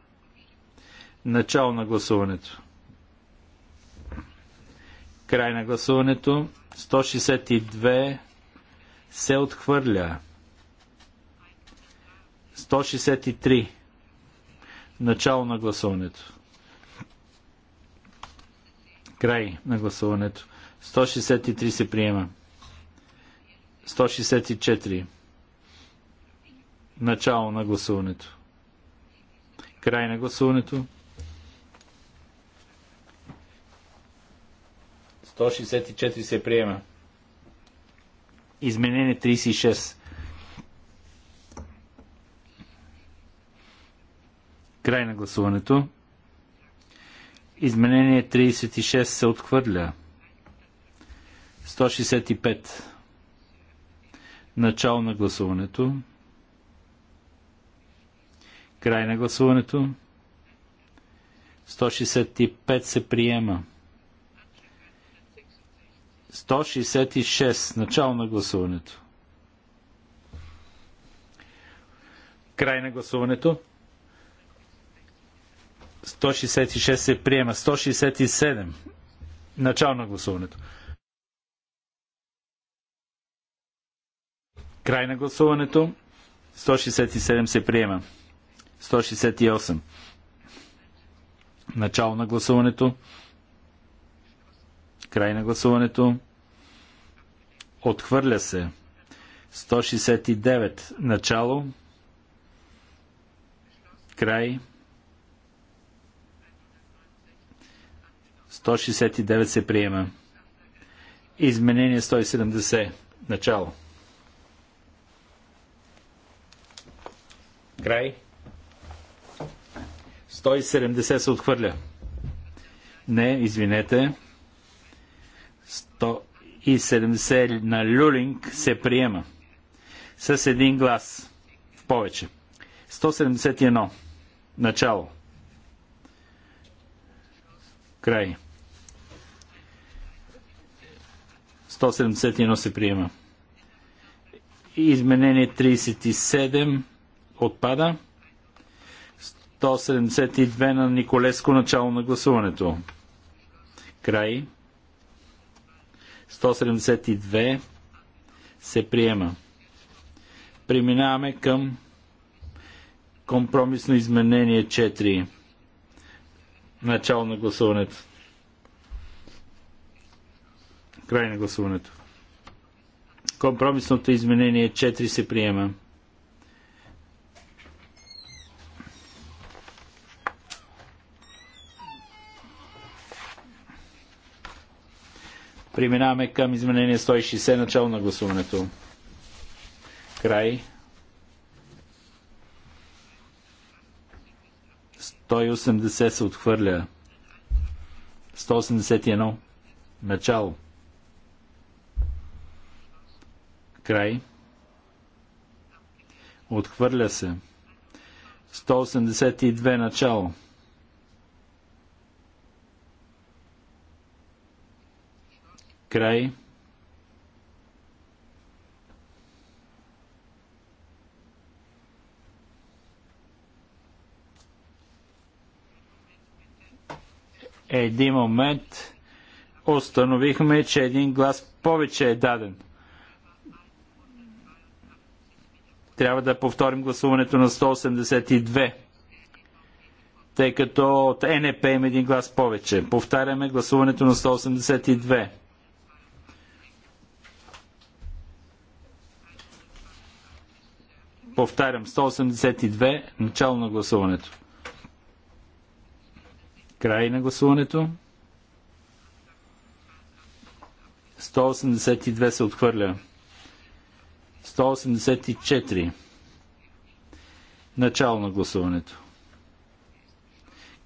Начало на гласуването. Край на гласуването. 162 се отхвърля. 163. Начало на гласуването. Край на гласуването. 163 се приема. 164. Начало на гласуването. Край на гласуването. 164 се приема. Изменение 36. Край на гласуването. Изменение 36 се отхвърля. 165. Начало на гласуването. Край на гласуването. 165 се приема. 166. Начало на гласуването. Край на гласуването. 166 се приема. 167. Начало на гласуването. Край на гласуването. 167 се приема. 168. Начало на гласуването. Край на гласуването. Отхвърля се. 169. Начало. Край. 169 се приема. Изменение 170. Начало. Край. 170 се отхвърля. Не, извинете. 170 на Люлинг се приема. С един глас. Повече. 171. Начало. Край. 171 се приема. Изменение 37 отпада. 172 на Николеско начало на гласуването. Край. 172 се приема. Преминаваме към компромисно изменение 4. Начало на гласуването. Край на гласуването. Компромисното изменение 4 се приема. Преминаваме към изменение 160, начало на гласуването. Край. 180 се отхвърля. 181. Начало. Край. Отхвърля се. 182. Начало. Край. един момент установихме, че един глас повече е даден. Трябва да повторим гласуването на 182, тъй като от НП има един глас повече. Повтаряме гласуването на 182. Повтарям, 182, начало на гласуването. Край на гласуването. 182 се отхвърля. 184. Начало на гласуването.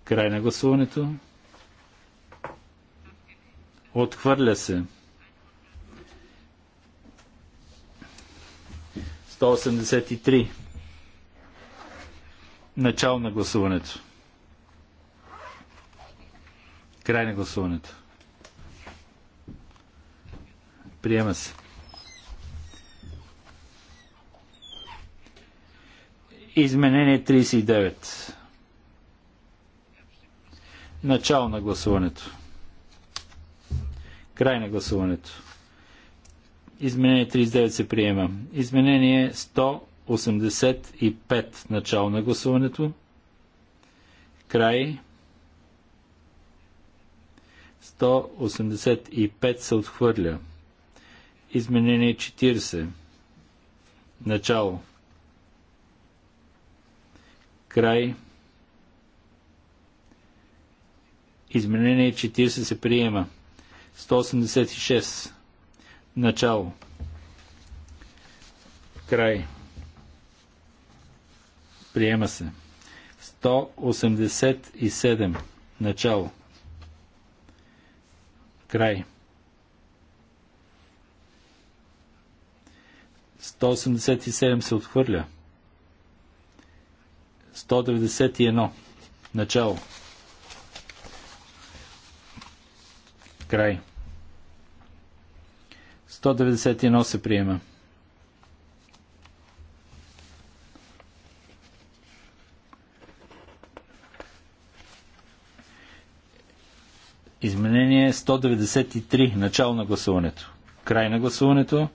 Край на гласуването. Отхвърля се. 183. Начало на гласуването. Край на гласуването. Приема се. Изменение 39. Начало на гласуването. Край на гласуването. Изменение 39 се приема. Изменение 185. Начало на гласуването. Край. 185 се отхвърля. Изменение 40. Начало. Край. Изменение 40 се приема. 186. Начало. Край. Приема се. 187. Начало. Край. 187 се отхвърля. 191. Начало. Край. 191 се приема. Изменение 193. Начало на гласуването. Край на гласуването.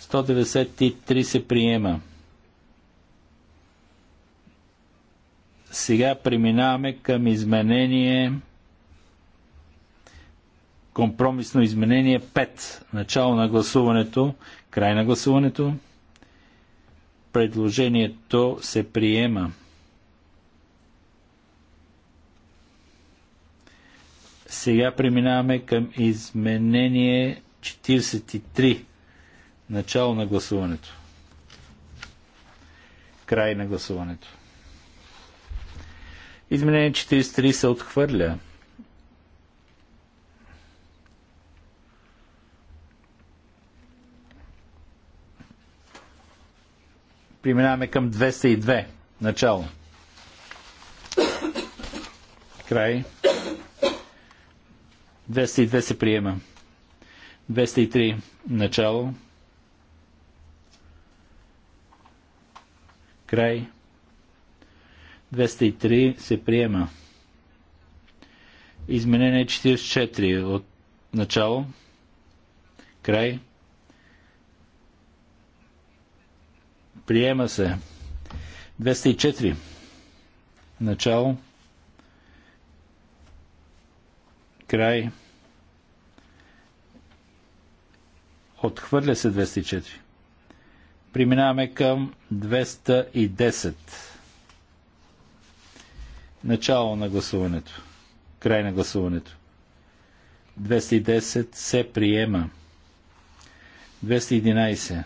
193 се приема. Сега преминаваме към изменение Компромисно изменение 5. Начало на гласуването, край на гласуването. Предложението се приема. Сега преминаваме към изменение 43. Начало на гласуването. Край на гласуването. Изменение 43 се отхвърля. Преминаваме към 202. Начало. Край. 202 се приема. 203. Начало. Край. 203 се приема. Изменение 44 от начало. Край. Приема се. 204. Начало. Край. Отхвърля се 204. Преминаваме към 210. Начало на гласуването. Край на гласуването. 210 се приема. 211.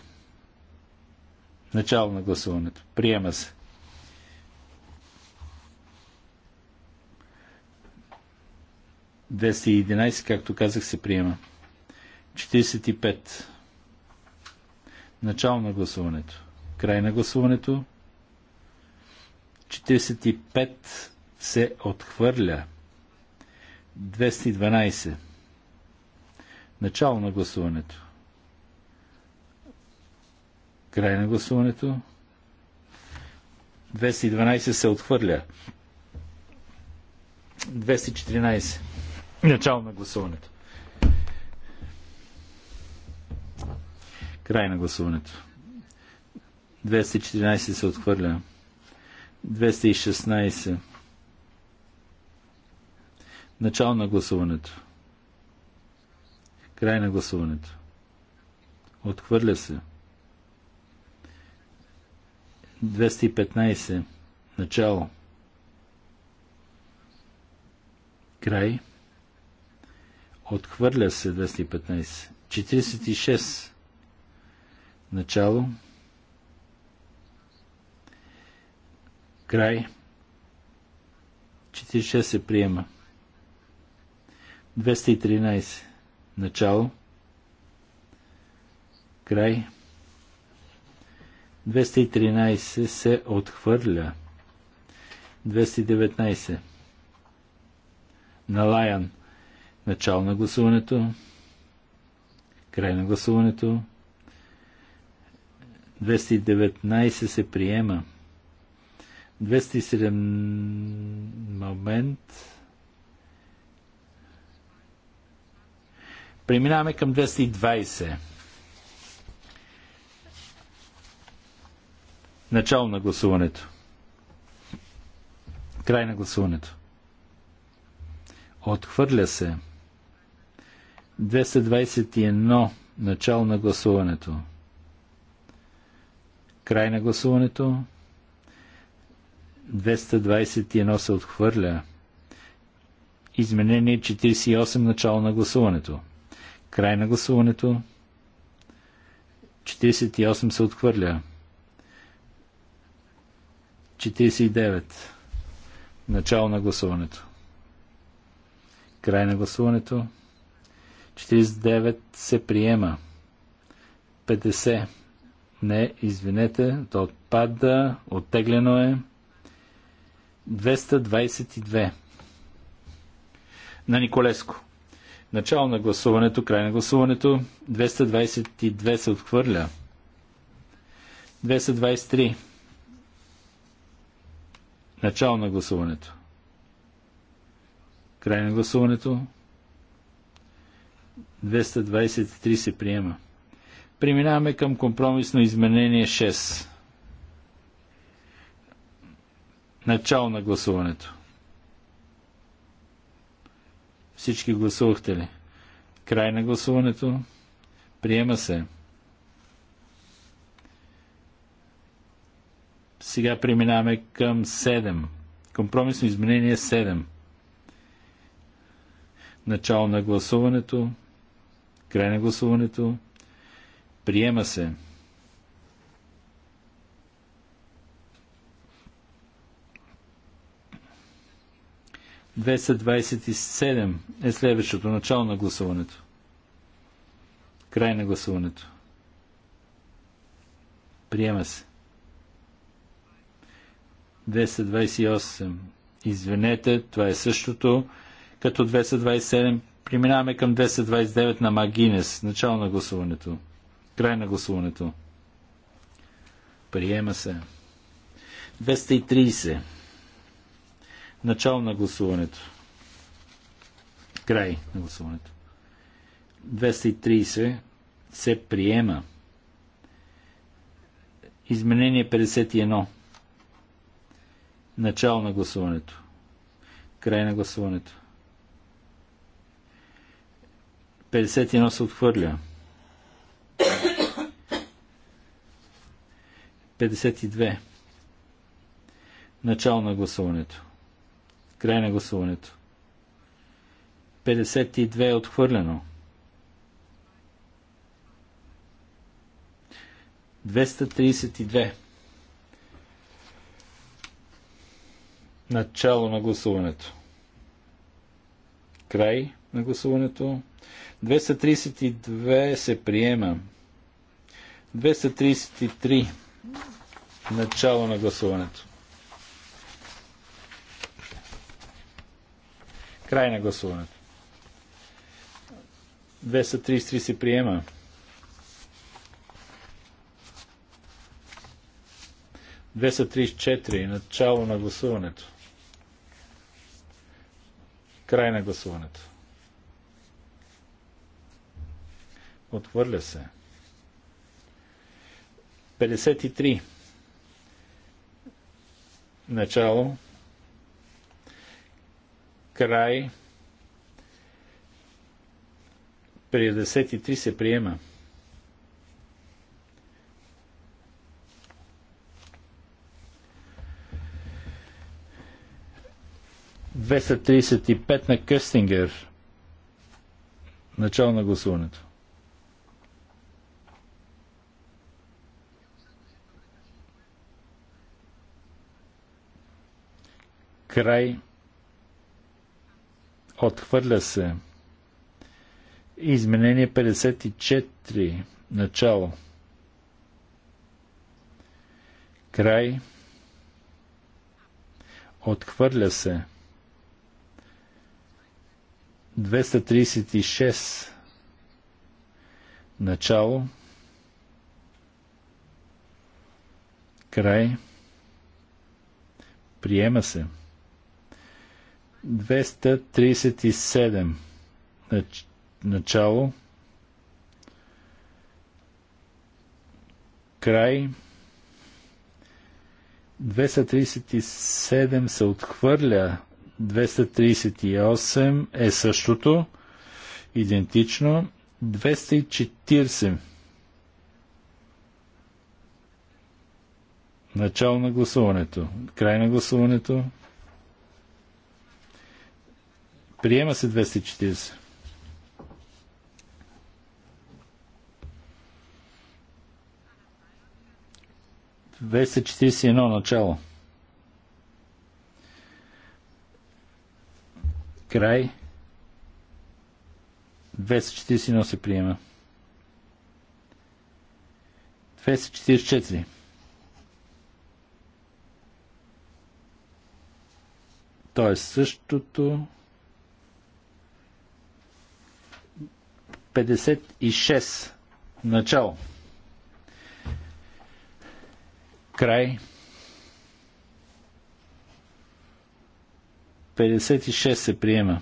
Начало на гласуването. Приема се. Двеста както казах, се приема. 45. Начало на гласуването. Край на гласуването. 45 се отхвърля. 212. Начало на гласуването. Край на гласуването. 212 се отхвърля. 214. Начало на гласуването. Край на гласуването. 214 се отхвърля. 216. Начало на гласуването. Край на гласуването. Отхвърля се. 217. 215. Начало. Край. Отхвърля се 215. 46. Начало. Край. 46 се приема. 213. Начало. Край. 213 се отхвърля. 219. Налаян. Начало на гласуването. Край на гласуването. 219 се приема. 207 момент. Преминаваме към 220. Начало на гласуването. Край на гласуването. Отхвърля се. 221. Начало на гласуването. Край на гласуването. 221 се отхвърля. Изменение 48. Начало на гласуването. Край на гласуването. 48 се отхвърля. 49. Начало на гласуването. Край на гласуването. 49 се приема. 50. Не, извинете, то отпада, оттеглено е. 222. На Николеско. Начало на гласуването, край на гласуването. 222 се отхвърля. 223. Начало на гласуването. Край на гласуването. 223 се приема. Преминаваме към компромисно изменение 6. Начало на гласуването. Всички гласувахте ли? Край на гласуването. Приема се. Сега преминаваме към 7. Компромисно изменение 7. Начало на гласуването. Край на гласуването. Приема се. Двеста е следващото начало на гласуването. Край на гласуването. Приема се. 228. Извинете, това е същото като 227. Преминаваме към 229 на Магинес. Начало на гласуването. Край на гласуването. Приема се. 230. Начало на гласуването. Край на гласуването. 230 се приема. Изменение 51. Начало на гласуването. Край на гласуването. 51 се отхвърля. 52. Начало на гласуването. Край на гласуването. 52 е отхвърлено. 232. Начало на гласуването. Край на гласуването. 232 се приема. 233. Начало на гласуването. Край на гласуването. 233 се приема. 234. Начало на гласуването. 235. Край на гласуването. Отвърля се. 53. Начало. Край. 53 се приема. 235 на Къстингер. Начало на гласуването. Край. Отхвърля се. Изменение 54. Начало. Край. Отхвърля се. 236 начало край приема се 237 начало край 237 се отхвърля 238 е същото, идентично. 240 Начало на гласуването. Край на гласуването. Приема се 240. 241 начало. Край. 241 се приема. 244. То е същото. 56. Начало. Край. 244. 56 се приема.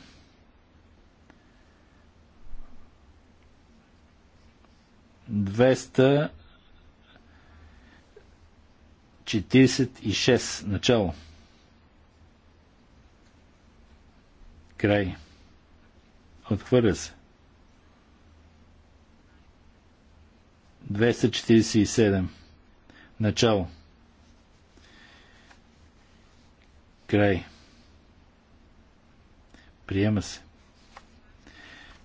Двеста 46 начало. Край. Отхвърля се. 247 начало. Край. Приема се.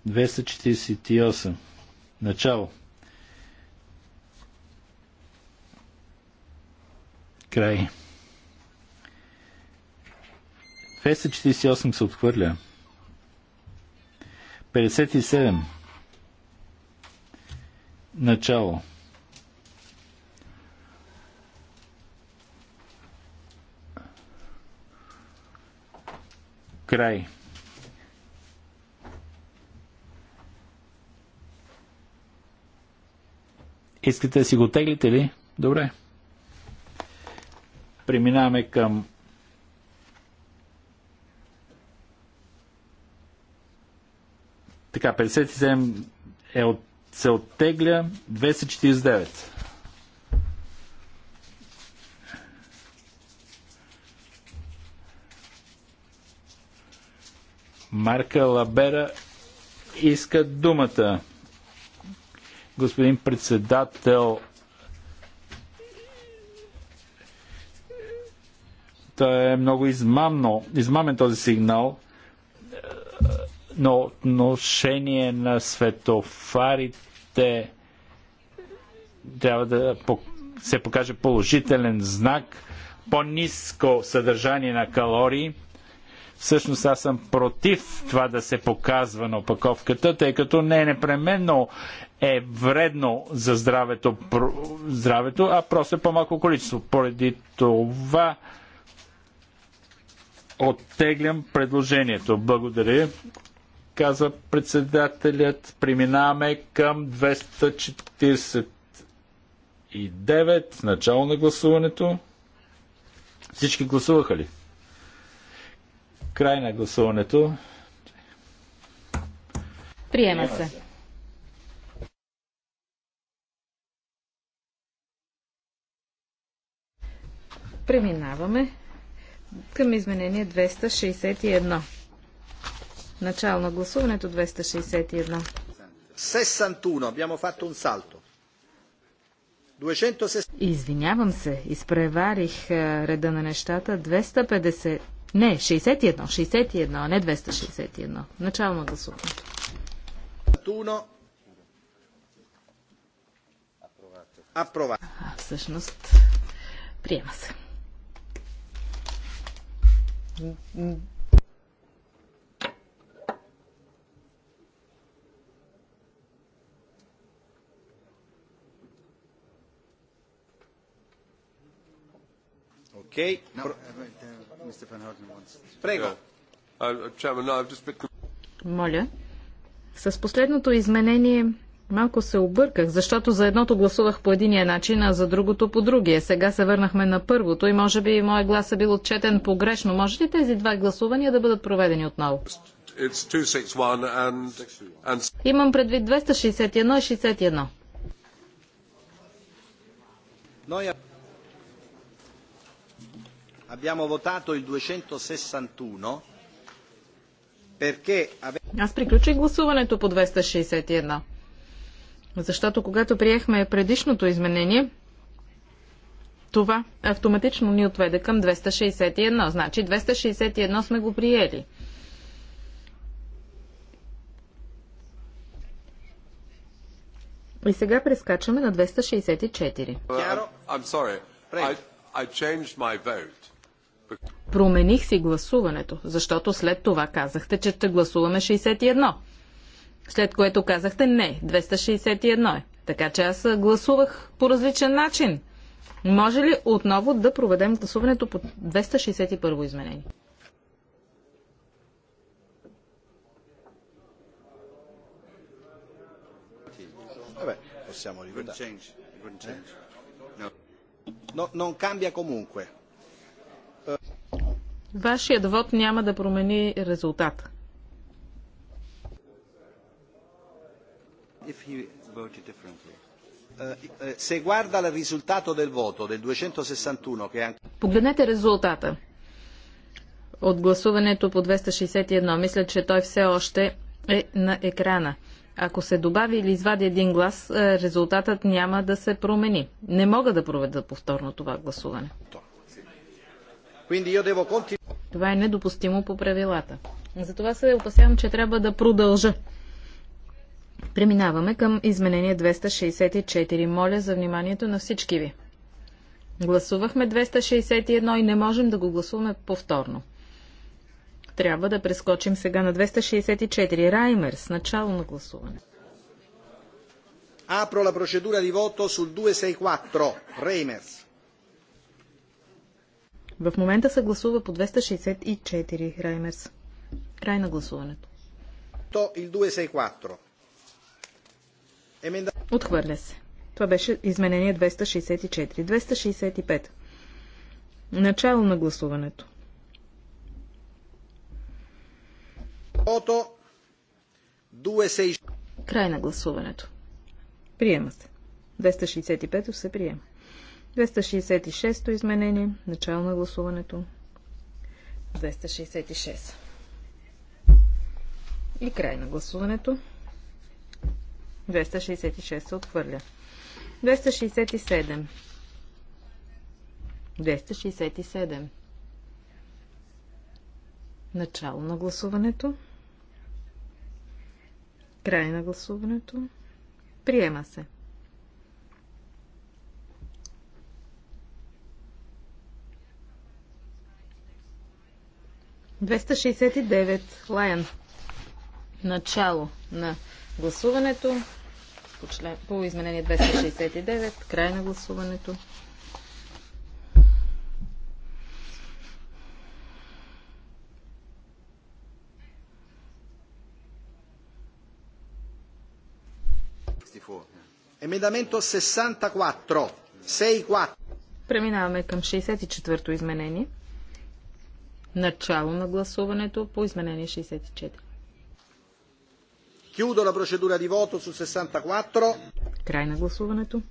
248. Начало. Край. 248 се отхвърля. 57. Начало. Край. Искате да си го теглите ли? Добре. Преминаваме към Така, 57 е от, се оттегля 249. Марка Лабера иска думата господин председател. Та е много измамно, измамен този сигнал, но отношение на светофарите трябва да се покаже положителен знак, по-низко съдържание на калории – Всъщност аз съм против това да се показва на опаковката, тъй като не е непременно е вредно за здравето, здравето а просто е по-малко количество. Поради това оттеглям предложението. Благодаря, каза председателят. Преминаваме към 249, начало на гласуването. Всички гласуваха ли? Край на гласуването. Приема се. Преминаваме към изменение 261. Начало на гласуването 261. 61. fatto un salto. 260... Извинявам се, изпреварих е, реда на нещата. 250, не, 61, 61, а не 261. Начало на гласуването. А Всъщност, приема се. Окей. Okay. No. Uh, Моля. С последното изменение малко се обърках, защото за едното гласувах по единия начин, а за другото по другия. Сега се върнахме на първото и може би моя глас е бил отчетен погрешно. Може ли тези два гласувания да бъдат проведени отново? Имам предвид 261 и 61. Abbiamo votato il 261 perché... Аз приключих гласуването по 261. Защото когато приехме предишното изменение, това автоматично ни отведе към 261. Значи 261 сме го приели. И сега прескачаме на 264. Промених си гласуването, защото след това казахте, че ще гласуваме 61. След което казахте не, 261 е. Така че аз гласувах по различен начин. Може ли отново да проведем гласуването по 261 изменение? Eh eh? Non cambia comunque. Вашият вод няма да промени резултата. Uh, uh, Погледнете резултата от гласуването по 261. Мисля, че той все още е на екрана. Ако се добави или извади един глас, е, резултатът няма да се промени. Не мога да проведа повторно това гласуване. Това е недопустимо по правилата. Затова се опасявам, че трябва да продължа. Преминаваме към изменение 264. Моля за вниманието на всички ви. Гласувахме 261 и не можем да го гласуваме повторно. Трябва да прескочим сега на 264. Раймер с начало на гласуване. Апро la procedura di voto sul 264. Reimers. В момента се гласува по 264 Раймерс. Край на гласуването. Отхвърля се. Това беше изменение 264. 265. Начало на гласуването. Край на гласуването. Приема се. 265 се приема. 266-то изменение. Начало на гласуването. 266. И край на гласуването. 266 се отхвърля. 267. 267. Начало на гласуването. Край на гласуването. Приема се. 268. 269 Лайън. Начало на гласуването по, член, по изменение 269. Край на гласуването. Емедаменто 64. 64. Преминаваме към 64-то изменение. Начало на гласуването по изменение 64. Chiudo la procedura di voto su 64. Край на гласуването.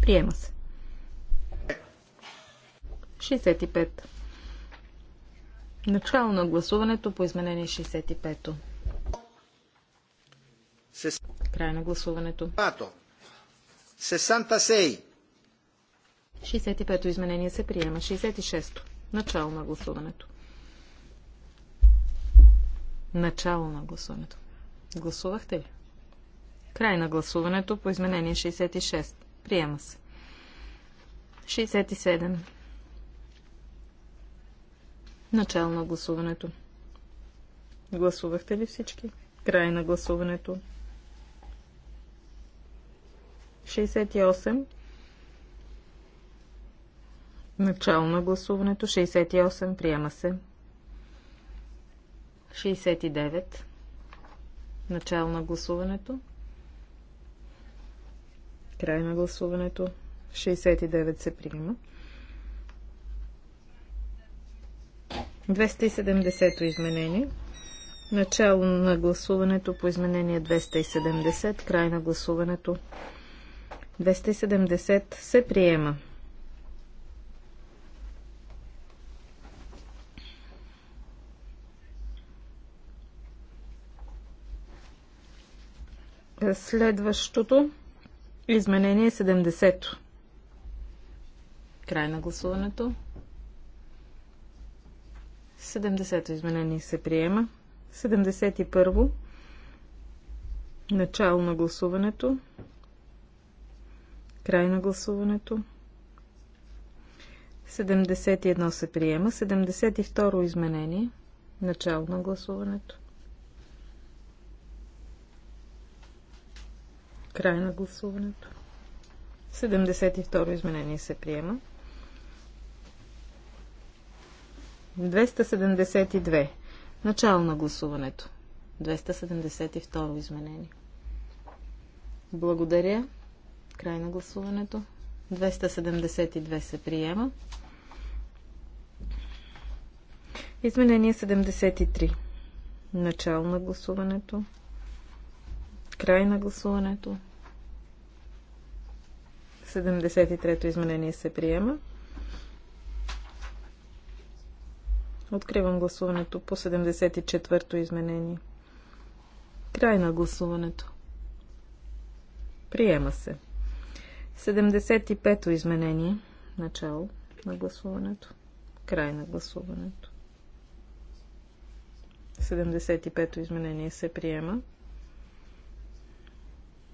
Приема се. 65. Начало на гласуването по изменение 65-то. Край на гласуването. 66. 65-то изменение се приема. 66-то. Начало на гласуването. Начало на гласуването. Гласувахте ли? Край на гласуването по изменение 66. Приема се. 67. Начало на гласуването. Гласувахте ли всички? Край на гласуването. 68. Начало на гласуването. 68. Приема се. 69. Начало на гласуването. Край на гласуването. 69 се приема. 270 изменение. Начало на гласуването по изменение 270. Край на гласуването. 270 се приема. Следващото изменение е 70-то. Край на гласуването. 70-то изменение се приема. 71-во. Начало на гласуването. Край на гласуването. 71 се приема. 72 изменение. Начало на гласуването. Край на гласуването. 72 изменение се приема. 272. Начало на гласуването. 272 изменение. Благодаря. Край на гласуването. 272 се приема. Изменение 73. Начало на гласуването. Край на гласуването. 73-то изменение се приема. Откривам гласуването по 74-то изменение. Край на гласуването. Приема се. 75-то изменение. Начало на гласуването. Край на гласуването. 75-то изменение се приема.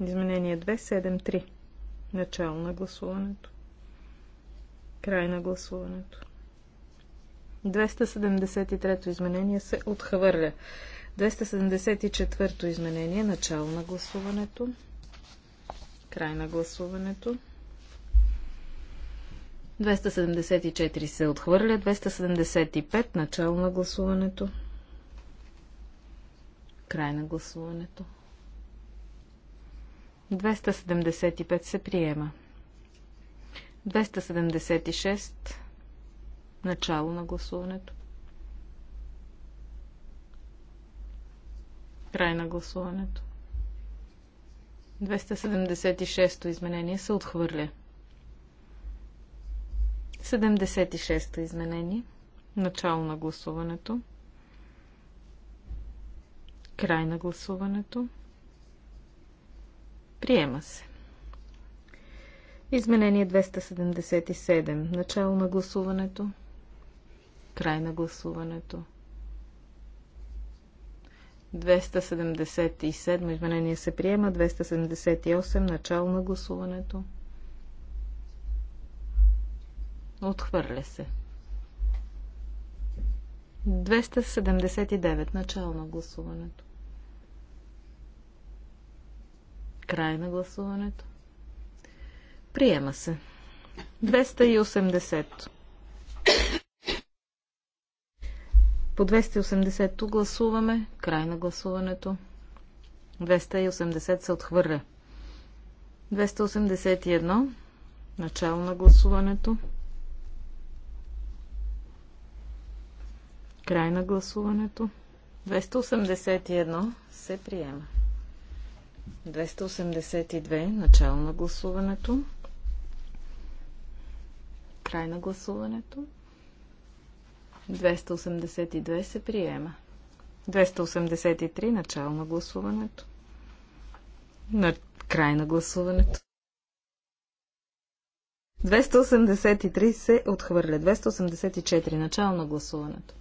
Изменение 273. Начало на гласуването. Край на гласуването. 273 то изменение се отхвърля. 274 изменение. Начало на гласуването. Край на гласуването. 274 се отхвърля. 275. Начало на гласуването. Край на гласуването. 275 се приема. 276 начало на гласуването. Край на гласуването. 276-то изменение се отхвърля. 76-то изменение. Начало на гласуването. Край на гласуването. Приема се. Изменение 277. Начало на гласуването. Край на гласуването. 277 изменение се приема. 278. Начало на гласуването. Отхвърля се. 279. Начало на гласуването. Край на гласуването. Приема се. 280. По 280-то гласуваме. Край на гласуването. 280 се отхвърля. 281. Начало на гласуването. Край на гласуването. 281 се приема. 282. Начало на гласуването. Край на гласуването. 282 се приема. 283. Начало на гласуването. На край на гласуването. 283 се отхвърля. 284. Начало на гласуването.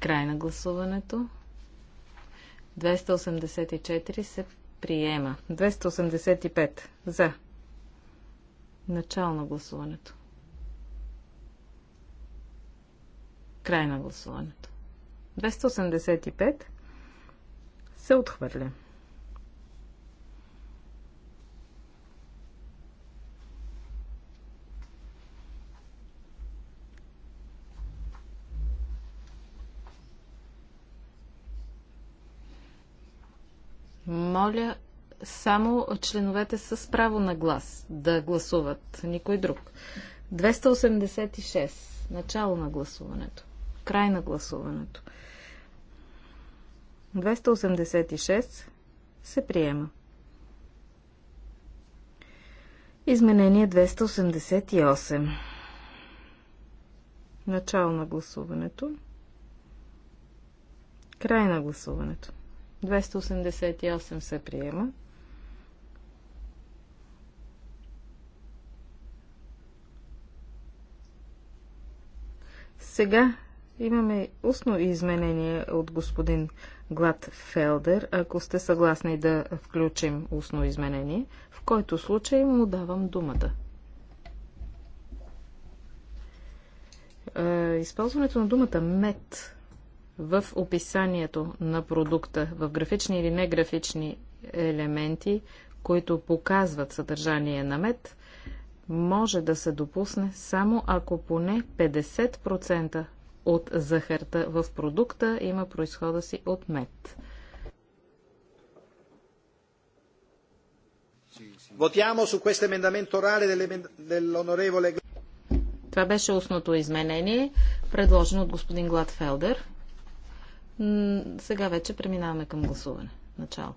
Край на гласуването. 284 се приема. 285 за. Начало на гласуването. Край на гласуването. 285 се отхвърля. моля само членовете с право на глас да гласуват, никой друг. 286. Начало на гласуването. Край на гласуването. 286 се приема. Изменение 288. Начало на гласуването. Край на гласуването. 288 се приема. Сега имаме устно изменение от господин Глад Фелдер, ако сте съгласни да включим устно изменение, в който случай му давам думата. Е, използването на думата мед в описанието на продукта, в графични или неграфични елементи, които показват съдържание на мед, може да се допусне само ако поне 50% от захарта в продукта има происхода си от мед. Votiamo su questo emendamento orale dell'onorevole. Това беше устното изменение, предложено от господин Гладфелдер. Сега вече преминаваме към гласуване. Начало.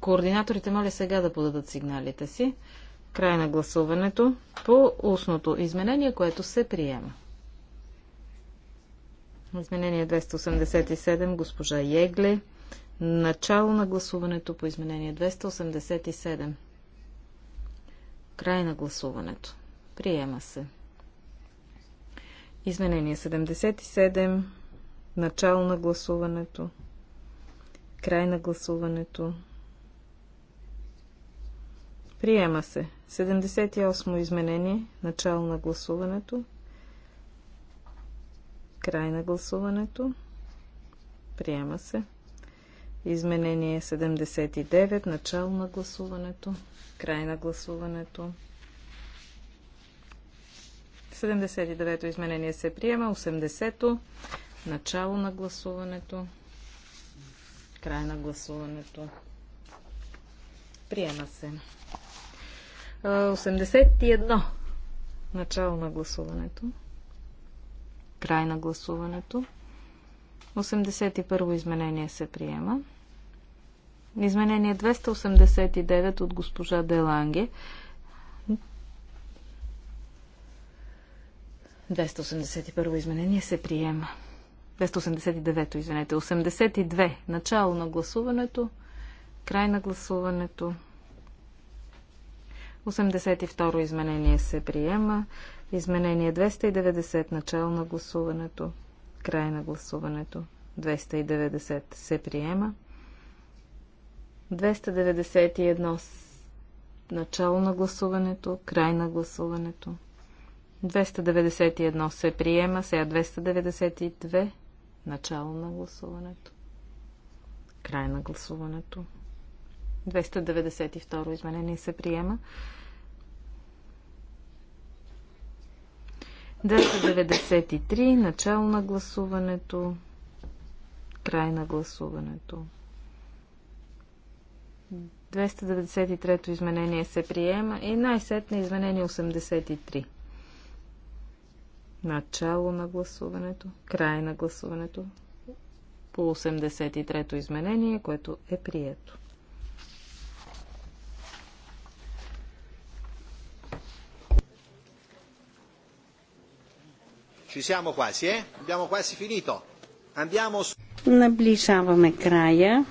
Координаторите моля сега да подадат сигналите си. Край на гласуването по устното изменение, което се приема. Изменение 287, госпожа Егле. Начало на гласуването по изменение 287. Край на гласуването. Приема се. Изменение 77. Начало на гласуването. Край на гласуването. Приема се. 78 изменение. Начало на гласуването. Край на гласуването. Приема се. Изменение 79. Начало на гласуването. Край на гласуването. 79-то изменение се приема. 80-то. Начало на гласуването. Край на гласуването. Приема се. 81. Начало на гласуването. Край на гласуването. 81 изменение се приема. Изменение 289 от госпожа Деланге. 281 изменение се приема. 289-то, извинете. 82. Начало на гласуването. Край на гласуването. 82 изменение се приема. Изменение 290. Начало на гласуването. Край на гласуването. 290 се приема. 291 начало на гласуването, край на гласуването. 292 291 се приема, сега 292. Начало на гласуването. Край на гласуването. 292 изменение се приема. 293. Начало на гласуването. Край на гласуването. 293 изменение се приема и най-сетне изменение 83. Начало на гласуването, край на гласуването по 83-то изменение, което е прието. Ci siamo quasi, eh? Abbiamo quasi finito. Andiamo su... Наближаваме края.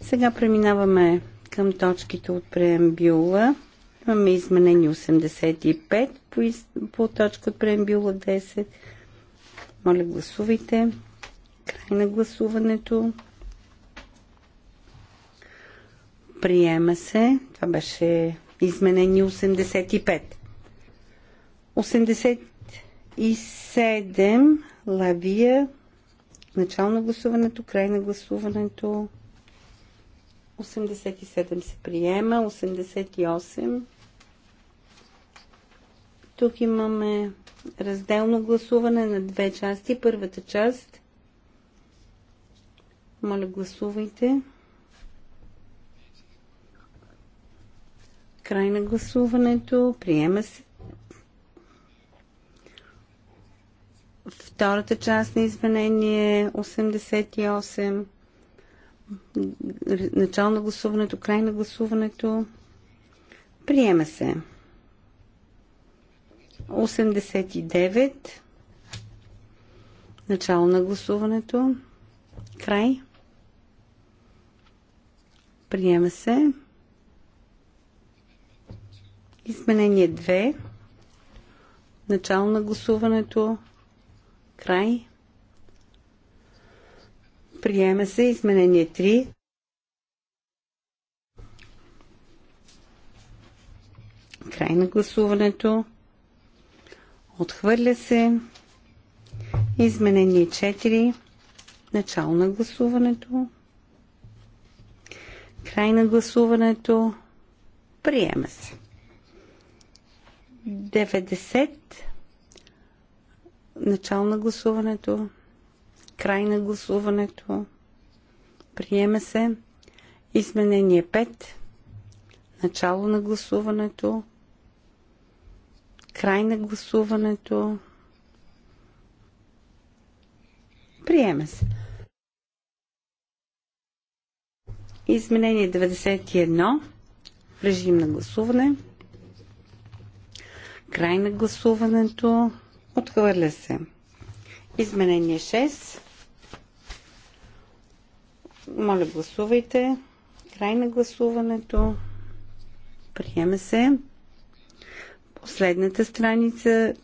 Сега преминаваме към точките от преамбюла. Имаме изменение 85 по, из... по точка от преамбюла 10. Моля, гласувайте. Край на гласуването. Приема се. Това беше изменение 85. 87 лавия. Начало на гласуването, край на гласуването. 87 се приема, 88 тук имаме разделно гласуване на две части. Първата част. Моля, гласувайте. Край на гласуването. Приема се. Втората част на изменение 88. Е Начало на гласуването, край на гласуването. Приема се. 89. Начало на гласуването. Край. Приема се. Изменение 2. Начало на гласуването. Край. Приема се. Изменение 3. Край на гласуването. Отхвърля се. Изменение 4. Начало на гласуването. Край на гласуването. Приема се. 90. Начало на гласуването. Край на гласуването. Приема се. Изменение 5. Начало на гласуването. Край на гласуването. Приема се. Изменение 91. Режим на гласуване. Край на гласуването. Отхвърля се. Изменение 6. Моля, гласувайте. Край на гласуването. Приема се последната страница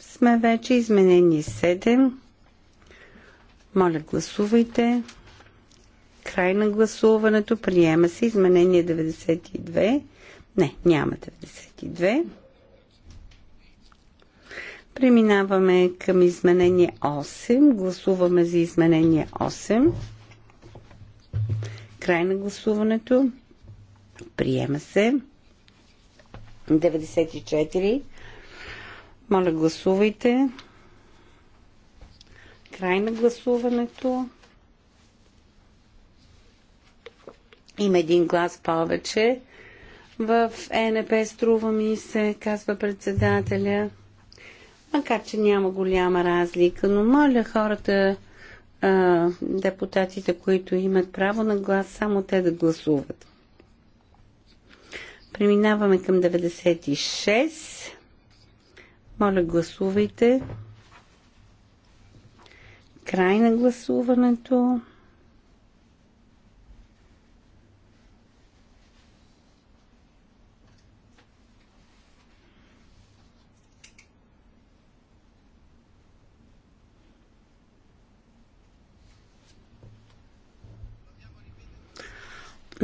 сме вече. Изменение 7. Моля, гласувайте. Край на гласуването. Приема се изменение 92. Не, няма 92. Преминаваме към изменение 8. Гласуваме за изменение 8. Край на гласуването. Приема се. 94. Моля, гласувайте. Край на гласуването. Има един глас повече. В ЕНП струва ми се, казва председателя. Макар, че няма голяма разлика, но моля хората, а, депутатите, които имат право на глас, само те да гласуват. Преминаваме към 96. Моля, гласувайте. Край на гласуването.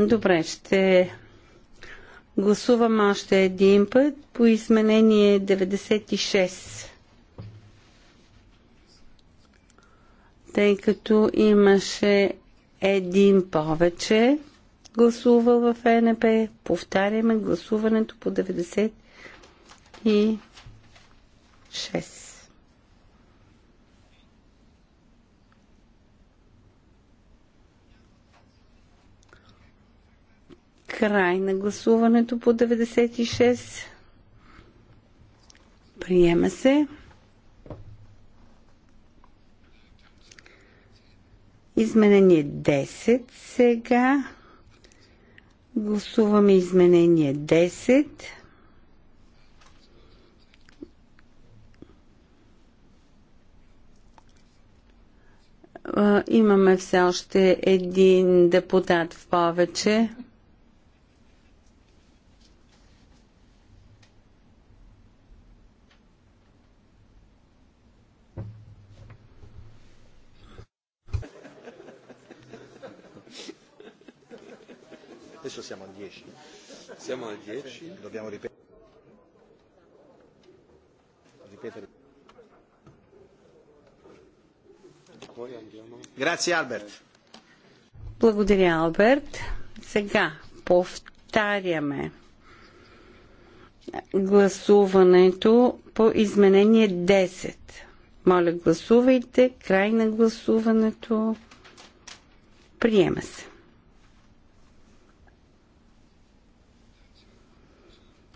Добре, ще Гласувам още един път по изменение 96. Тъй като имаше един повече гласувал в ЕНП, повтаряме гласуването по 96. Край на гласуването по 96. Приема се. Изменение 10 сега. Гласуваме изменение 10. Имаме все още един депутат в повече. Adesso siamo al 10. Siamo al 10. Dobbiamo ripetere. ripetere. Poi andiamo. Grazie Albert. Благодаря, Алберт. Сега повтаряме гласуването по изменение 10. Моля, гласувайте. Край на гласуването. Приема се.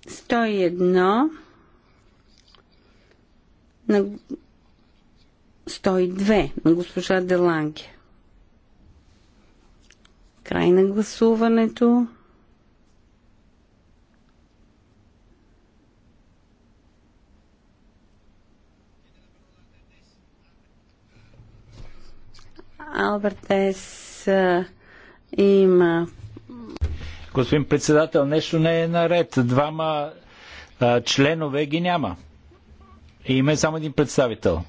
101 на 102 на госпожа Деланге. Край на гласуването. Албертес има Господин председател, нещо не е наред. Двама а, членове ги няма. И има само един представител.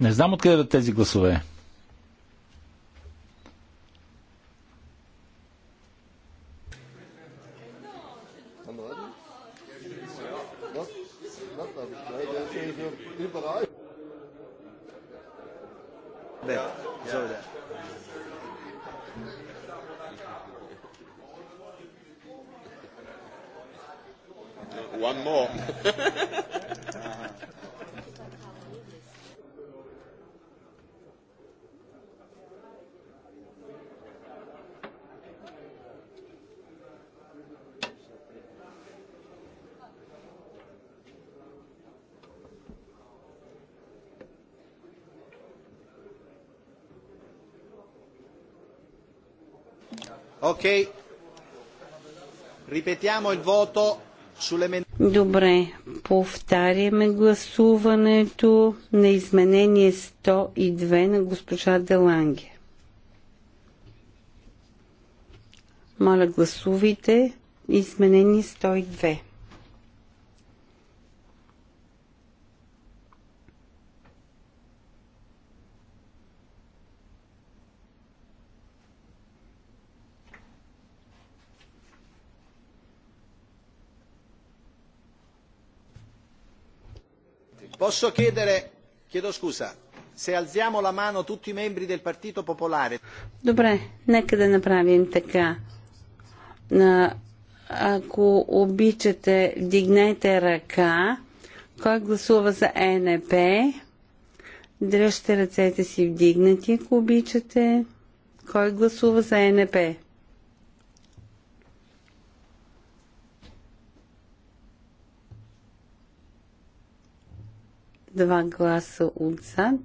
Не знам откъде да тези гласове. il voto Добре, повтаряме гласуването на изменение 102 на госпожа Деланге. Моля, гласувайте изменение 102. Posso chiedere, chiedo scusa, se alziamo la mano tutti i membri del Partito Popolare. Добре, нека да направим така. Ако обичате, дигнете ръка. Кой гласува за ЕНП? Дръжте ръцете си вдигнати, ако обичате. Кой гласува за ЕНП? два гласа отзад.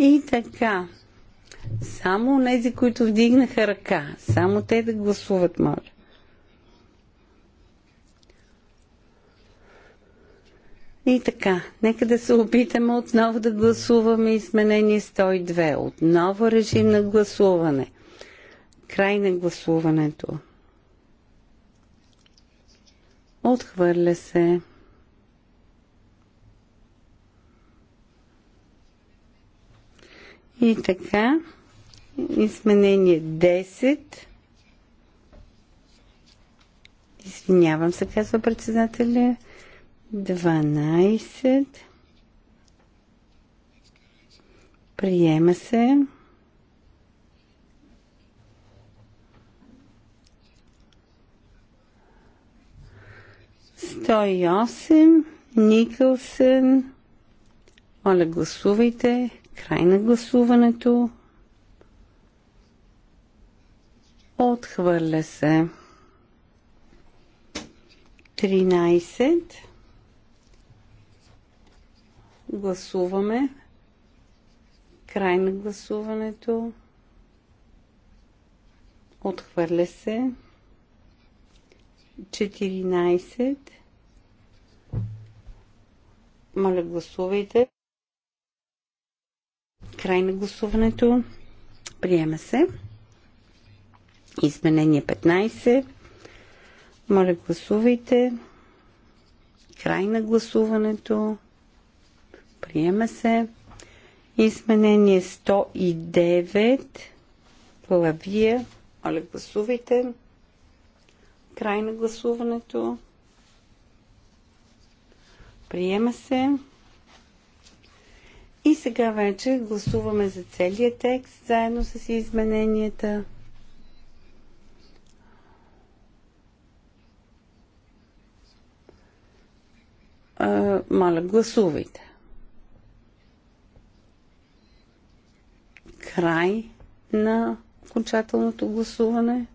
И така, само тези, които вдигнаха ръка, само те да гласуват, моля. И така, нека да се опитаме отново да гласуваме изменение 102. Отново режим на гласуване. Край на гласуването. Отхвърля се. И така, изменение 10. Извинявам се, казва председателя. 12. Приема се. Сто и осем. Никълсън. Моля, гласувайте. Край на гласуването. Отхвърля се. 13. Гласуваме. Край на гласуването. Отхвърля се. 14. Моля, гласувайте. Край на гласуването. Приема се. Изменение 15. Моля, гласувайте. Край на гласуването. Приема се. Изменение 109. Плавия. Моля, гласувайте. Край на гласуването. Приема се. И сега вече гласуваме за целият текст, заедно с измененията. моля, гласувайте. край на окончателното гласуване.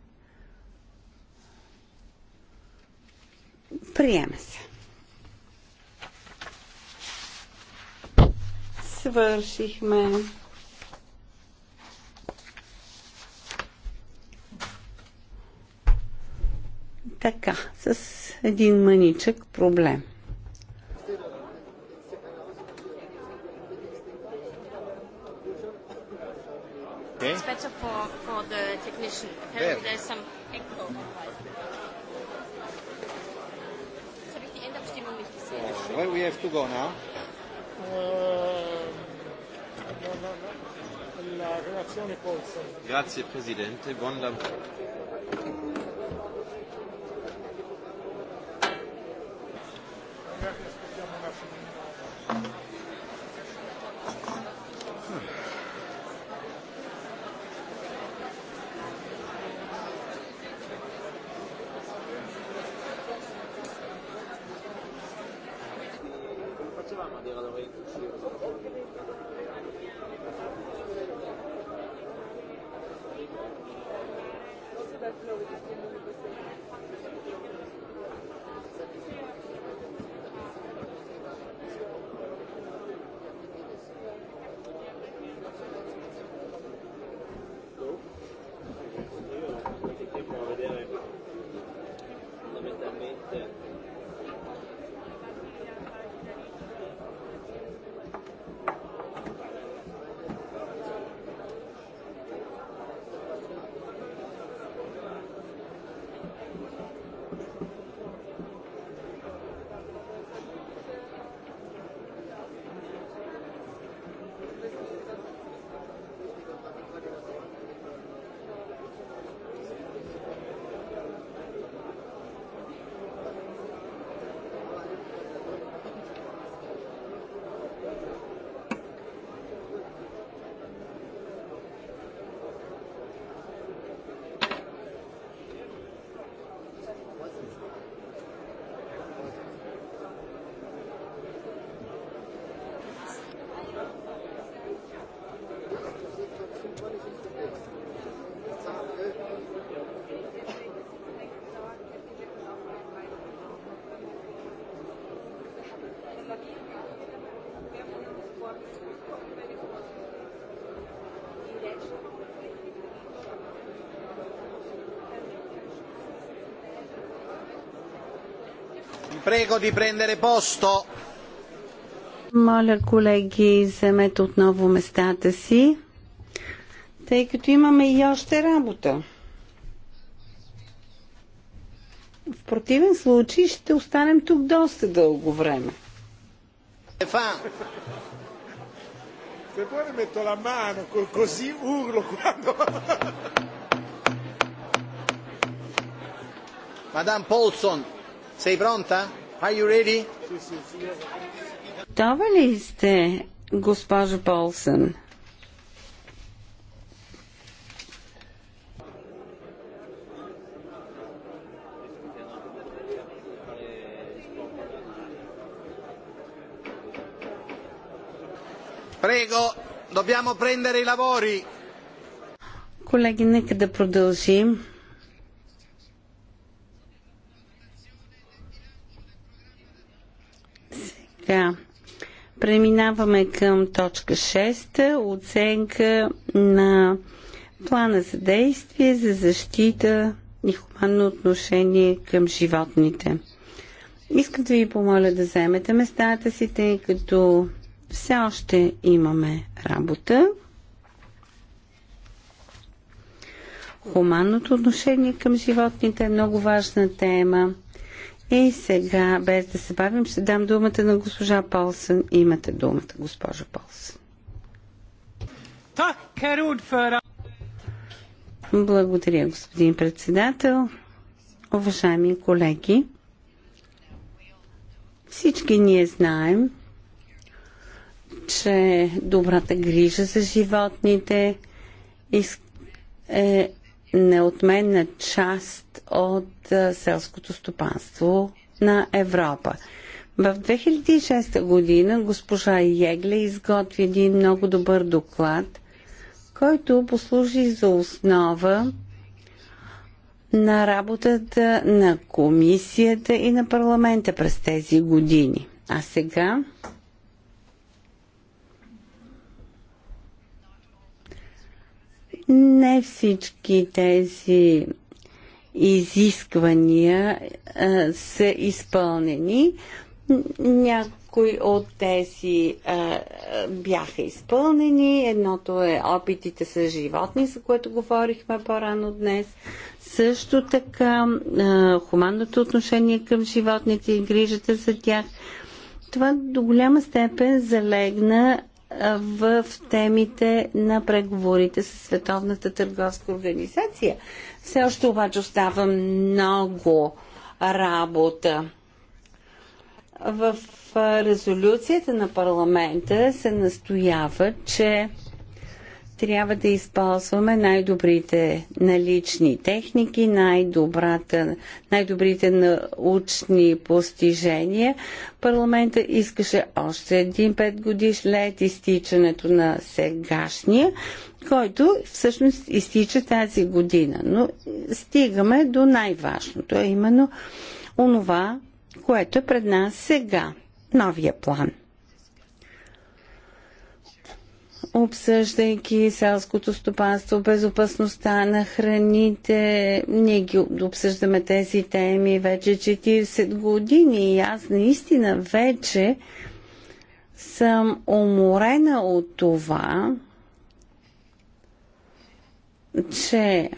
Приеме се. Свършихме. Така, с един мъничък проблем. Okay. It's better for, for the technician. Apparently there. there's some echo. Jetzt habe where we have to go now? Grazie Presidente, buon lavoro. Prego di prendere posto. Моля, колеги, вземете отново местата си, тъй като имаме и още работа. В противен случай ще останем тук доста дълго време. Е, Se vuole metto la mano, così urlo quando... Madame Paulson, Sei pronta? Are you ready? Готова ли сте, госпожо Полсън? Prego, dobbiamo prendere i lavori. Колеги, нека да продължим. Така, преминаваме към точка 6 оценка на плана за действие за защита и хуманно отношение към животните. Искам да ви помоля да вземете местата си, тъй като все още имаме работа. Хуманното отношение към животните е много важна тема. И сега, без да се бавим, ще дам думата на госпожа Полсън. Имате думата, госпожа Полсън. Благодаря, господин председател. Уважаеми колеги, всички ние знаем, че добрата грижа за животните е неотменна част от селското стопанство на Европа. В 2006 година госпожа Егле изготви един много добър доклад, който послужи за основа на работата на комисията и на парламента през тези години. А сега Не всички тези изисквания а, са изпълнени. Някои от тези а, бяха изпълнени. Едното е опитите с животни, за което говорихме по-рано днес. Също така а, хуманното отношение към животните и грижата за тях. Това до голяма степен залегна в темите на преговорите с Световната търговска организация. Все още обаче остава много работа. В резолюцията на парламента се настоява, че трябва да използваме най-добрите налични техники, най-добрата, най-добрите научни постижения. Парламента искаше още един пет годиш след изтичането на сегашния, който всъщност изтича тази година. Но стигаме до най-важното, а именно онова, което е пред нас сега. Новия план – обсъждайки селското стопанство, безопасността на храните. Ние ги обсъждаме тези теми вече 40 години и аз наистина вече съм уморена от това, че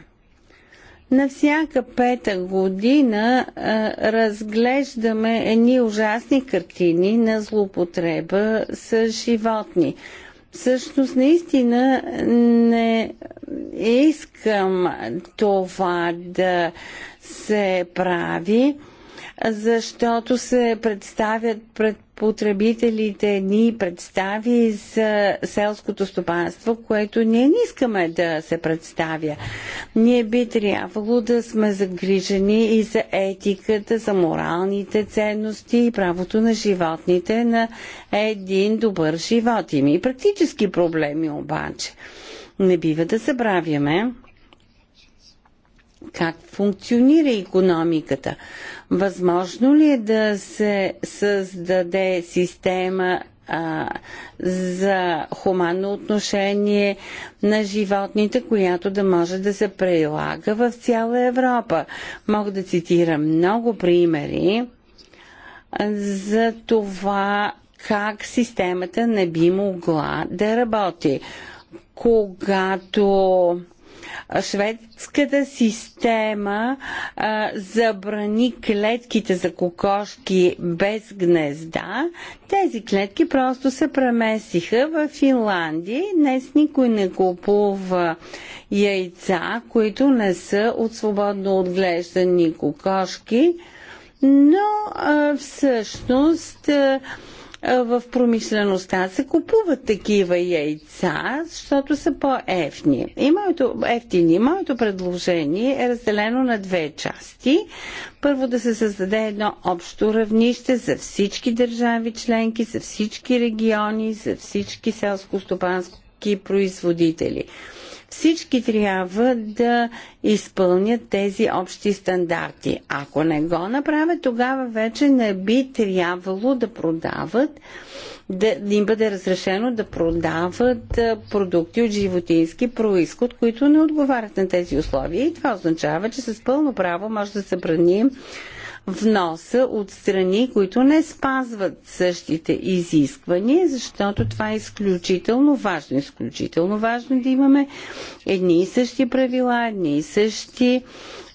на всяка пета година а, разглеждаме едни ужасни картини на злоупотреба с животни всъщност наистина не искам това да се прави защото се представят пред потребителите ни представи за селското стопанство, което ние не искаме да се представя. Ние би трябвало да сме загрижени и за етиката, за моралните ценности и правото на животните на един добър живот. Има и практически проблеми обаче. Не бива да забравяме, как функционира економиката. Възможно ли е да се създаде система а, за хуманно отношение на животните, която да може да се прилага в цяла Европа? Мога да цитирам много примери за това как системата не би могла да работи. Когато Шведската система а, забрани клетките за кокошки без гнезда. Тези клетки просто се преместиха в Финландия и днес никой не купува яйца, които не са от свободно отглеждани кокошки, но а, всъщност а, в промишлеността се купуват такива яйца, защото са по ефни И моето, ефтини. моето предложение е разделено на две части. Първо да се създаде едно общо равнище за всички държави членки, за всички региони, за всички селско-стопански производители. Всички трябва да изпълнят тези общи стандарти. Ако не го направят, тогава вече не би трябвало да продават, да, да им бъде разрешено да продават продукти от животински происход, които не отговарят на тези условия. И това означава, че с пълно право може да събраним вноса от страни, които не спазват същите изисквания, защото това е изключително важно. Изключително важно да имаме едни и същи правила, едни и същи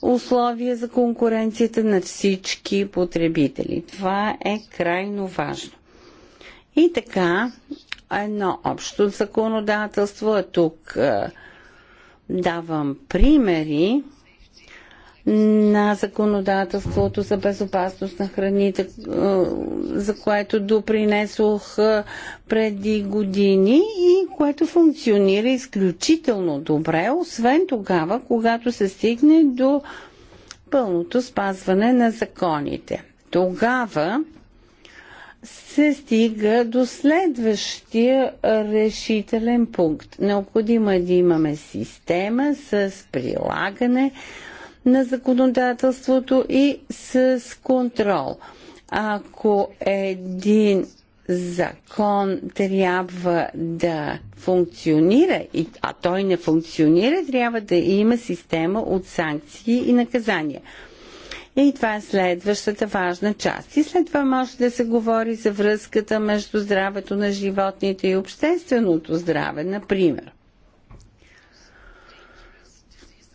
условия за конкуренцията на всички потребители. Това е крайно важно. И така, едно общо законодателство, а тук давам примери на законодателството за безопасност на храните, за което допринесох преди години и което функционира изключително добре, освен тогава, когато се стигне до пълното спазване на законите. Тогава се стига до следващия решителен пункт. Необходимо е да имаме система с прилагане, на законодателството и с контрол. Ако един закон трябва да функционира, а той не функционира, трябва да има система от санкции и наказания. И това е следващата важна част. И след това може да се говори за връзката между здравето на животните и общественото здраве, например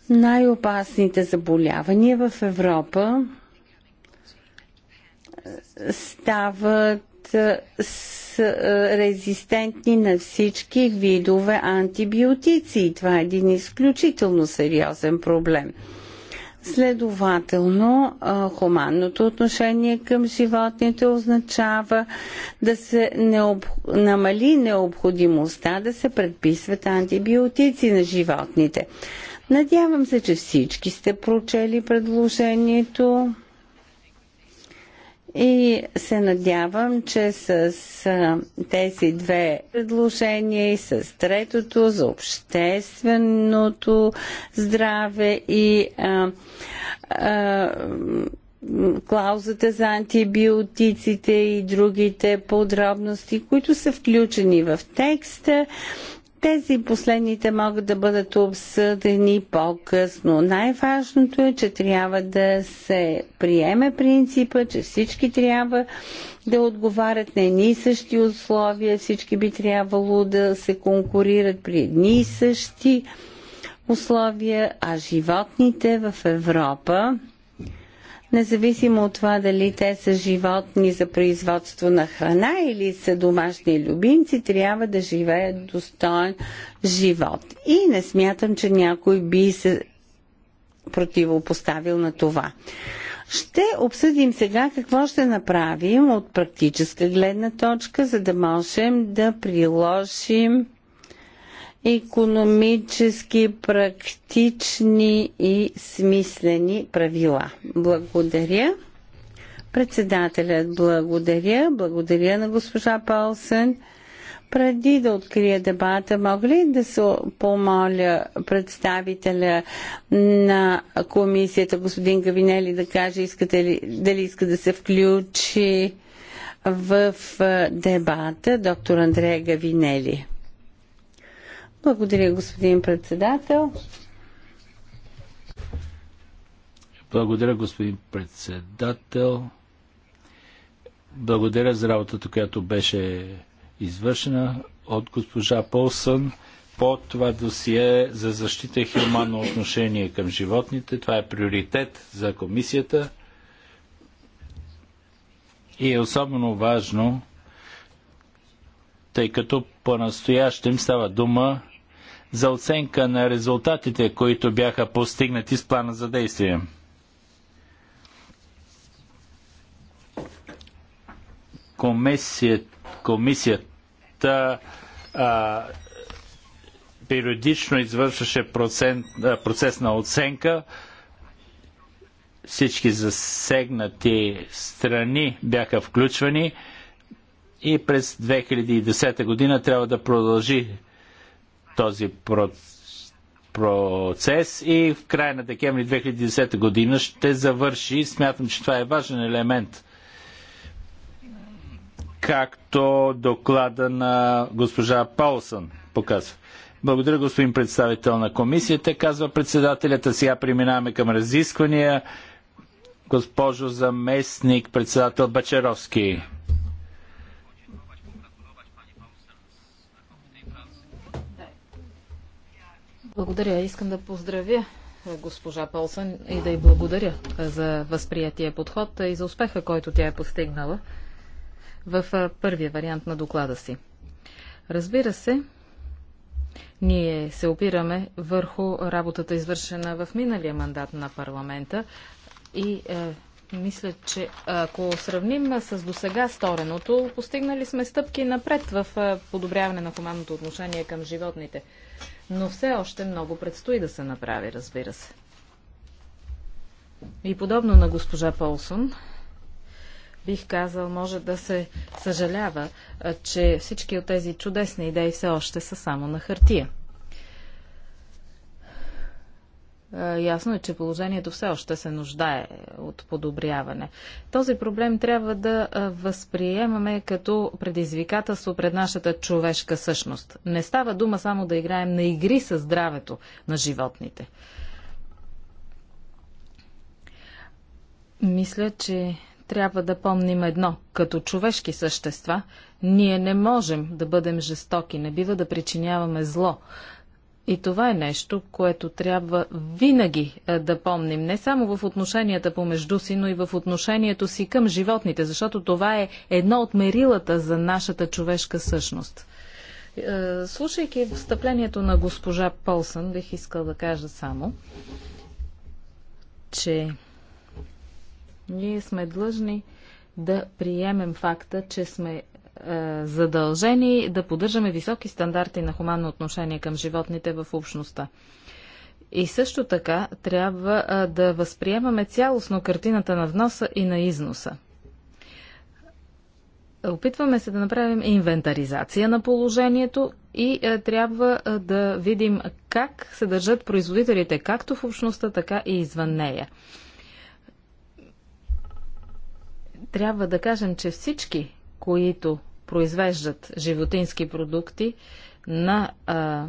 най-опасните заболявания в Европа е, стават е, с е, резистентни на всички видове антибиотици. И това е един изключително сериозен проблем. Следователно, хуманното отношение към животните означава да се необ... намали необходимостта да се предписват антибиотици на животните. Надявам се, че всички сте прочели предложението и се надявам, че с тези две предложения и с третото за общественото здраве и а, а, клаузата за антибиотиците и другите подробности, които са включени в текста, тези последните могат да бъдат обсъдени по-късно. Най-важното е, че трябва да се приеме принципа, че всички трябва да отговарят на едни и същи условия, всички би трябвало да се конкурират при едни и същи условия, а животните в Европа независимо от това дали те са животни за производство на храна или са домашни любимци, трябва да живеят достоен живот. И не смятам, че някой би се противопоставил на това. Ще обсъдим сега какво ще направим от практическа гледна точка, за да можем да приложим економически, практични и смислени правила. Благодаря. Председателят благодаря. Благодаря на госпожа Паулсен. Преди да открия дебата, мога ли да се помоля представителя на комисията, господин Гавинели, да каже искате ли, дали иска да се включи в дебата доктор Андрея Гавинели? Благодаря, господин председател. Благодаря, господин председател. Благодаря за работата, която беше извършена от госпожа Полсън по това досие за защита и хуманно отношение към животните. Това е приоритет за комисията и е особено важно, тъй като по-настоящем става дума за оценка на резултатите, които бяха постигнати с плана за действие. Комисия, комисията а, периодично извършваше процент, а, процес на оценка. Всички засегнати страни бяха включвани и през 2010 година трябва да продължи този процес и в края на декември 2010 година ще завърши. Смятам, че това е важен елемент както доклада на госпожа Паулсън показва. Благодаря, господин представител на комисията, казва председателята. Сега преминаваме към разисквания. Госпожо заместник председател Бачеровски. Благодаря. Искам да поздравя е, госпожа Полсън и да й благодаря е, за възприятия подход е, и за успеха, който тя е постигнала в първия вариант на доклада си. Разбира се, ние се опираме върху работата, извършена в миналия мандат на парламента и е, мисля, че ако сравним с досега стореното, постигнали сме стъпки напред в подобряване на хуманното отношение към животните но все още много предстои да се направи, разбира се. И подобно на госпожа Полсон, бих казал, може да се съжалява, че всички от тези чудесни идеи все още са само на хартия. Е, ясно е, че положението все още се нуждае от подобряване. Този проблем трябва да е, възприемаме като предизвикателство пред нашата човешка същност. Не става дума само да играем на игри със здравето на животните. Мисля, че трябва да помним едно. Като човешки същества, ние не можем да бъдем жестоки, не бива да причиняваме зло и това е нещо, което трябва винаги е, да помним, не само в отношенията помежду си, но и в отношението си към животните, защото това е едно от мерилата за нашата човешка същност. Е, слушайки встъплението на госпожа Полсън, бих искал да кажа само, че ние сме длъжни да приемем факта, че сме е, задължени да поддържаме високи стандарти на хуманно отношение към животните в общността. И също така трябва е, да възприемаме цялостно картината на вноса и на износа. Опитваме се да направим инвентаризация на положението и е, трябва да видим как се държат производителите, както в общността, така и извън нея. Трябва да кажем, че всички които произвеждат животински продукти на а,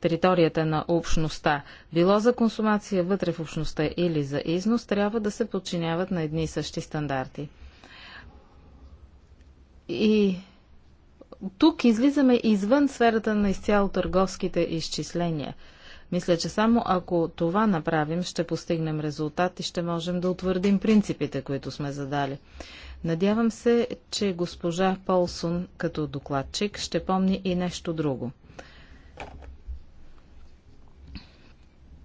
територията на общността, било за консумация вътре в общността или за износ, трябва да се подчиняват на едни и същи стандарти. И тук излизаме извън сферата на изцяло търговските изчисления. Мисля, че само ако това направим, ще постигнем резултат и ще можем да утвърдим принципите, които сме задали. Надявам се, че госпожа Полсон като докладчик ще помни и нещо друго.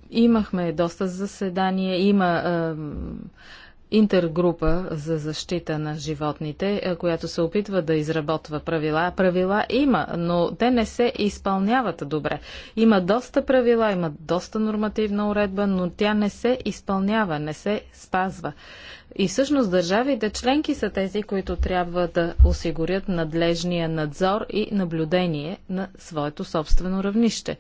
Имахме доста заседания, има е, интергрупа за защита на животните, е, която се опитва да изработва правила. Правила има, но те не се изпълняват добре. Има доста правила, има доста нормативна уредба, но тя не се изпълнява, не се спазва. И всъщност държавите членки са тези, които трябва да осигурят надлежния надзор и наблюдение на своето собствено равнище.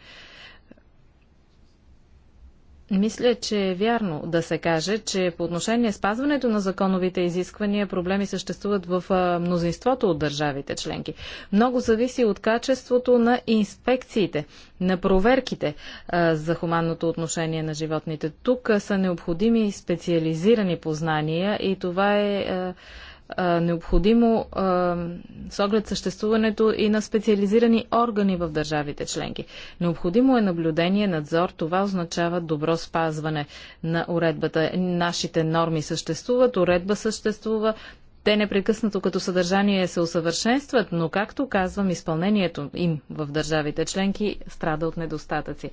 Мисля, че е вярно да се каже, че по отношение спазването на законовите изисквания проблеми съществуват в мнозинството от държавите членки. Много зависи от качеството на инспекциите, на проверките за хуманното отношение на животните. Тук са необходими специализирани познания и това е необходимо с оглед съществуването и на специализирани органи в държавите членки. Необходимо е наблюдение, надзор. Това означава добро спазване на уредбата. Нашите норми съществуват, уредба съществува, те непрекъснато като съдържание се усъвършенстват, но, както казвам, изпълнението им в държавите членки страда от недостатъци.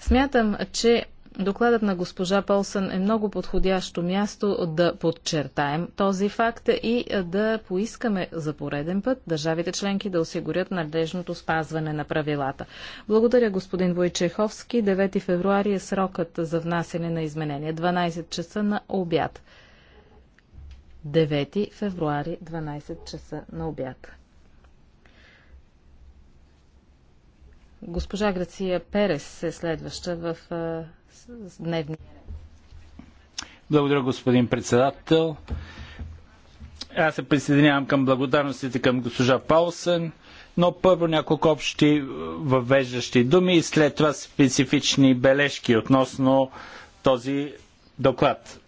Смятам, че Докладът на госпожа Полсън е много подходящо място да подчертаем този факт и да поискаме за пореден път държавите членки да осигурят надежното спазване на правилата. Благодаря господин Войчеховски. 9 февруари е срокът за внасене на изменения. 12 часа на обяд. 9 февруари, 12 часа на обяд. Госпожа Грация Перес е следваща в дневния Благодаря, господин председател. Аз се присъединявам към благодарностите към госпожа Паулсен, но първо няколко общи въвеждащи думи и след това специфични бележки относно този доклад.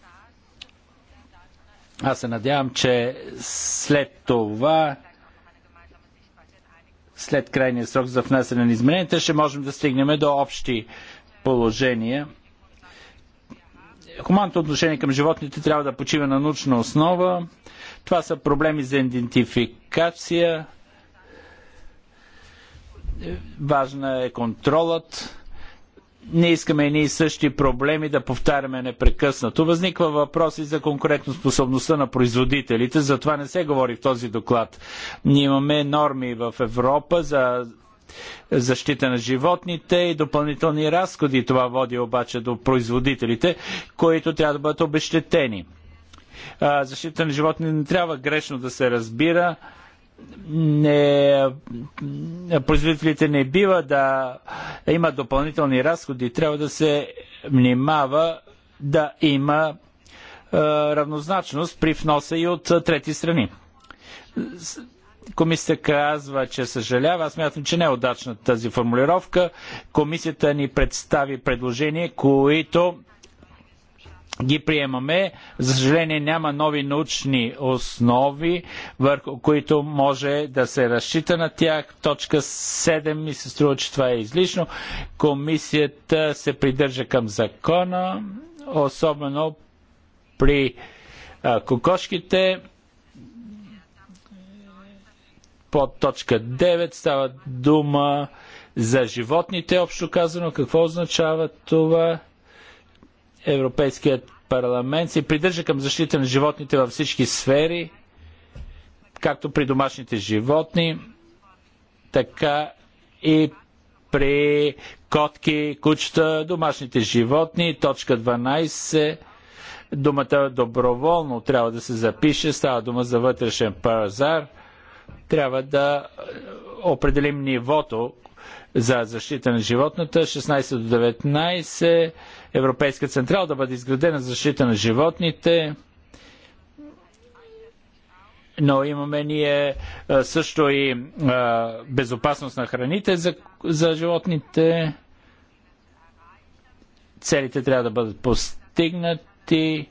Аз се надявам, че след това, след крайния срок за внасяне на измененията, ще можем да стигнем до общи положения – хуманното отношение към животните трябва да почива на научна основа. Това са проблеми за идентификация. Важна е контролът. Не искаме ние същи проблеми да повтаряме непрекъснато. Възниква въпрос и за способността на производителите, затова не се говори в този доклад. Ние имаме норми в Европа за защита на животните и допълнителни разходи. Това води обаче до производителите, които трябва да бъдат обещетени. Защита на животни не трябва грешно да се разбира. Не, производителите не бива да имат допълнителни разходи. Трябва да се внимава да има равнозначност при вноса и от трети страни. Комисията казва, че съжалява. Аз мятам, че не е удачна тази формулировка. Комисията ни представи предложение, които ги приемаме. За съжаление няма нови научни основи, върху които може да се разчита на тях. Точка 7 ми се струва, че това е излишно. Комисията се придържа към закона, особено при а, кокошките. Под точка 9 става дума за животните, общо казано. Какво означава това? Европейският парламент се придържа към защита на животните във всички сфери, както при домашните животни, така и при котки, кучета, домашните животни. Точка 12. Думата е доброволно трябва да се запише. Става дума за вътрешен пазар – трябва да е, определим нивото за защита на животната. 16 до 19 Европейска централа да бъде изградена за защита на животните. Но имаме ние е, също и е, безопасност на храните за, за животните. Целите трябва да бъдат постигнати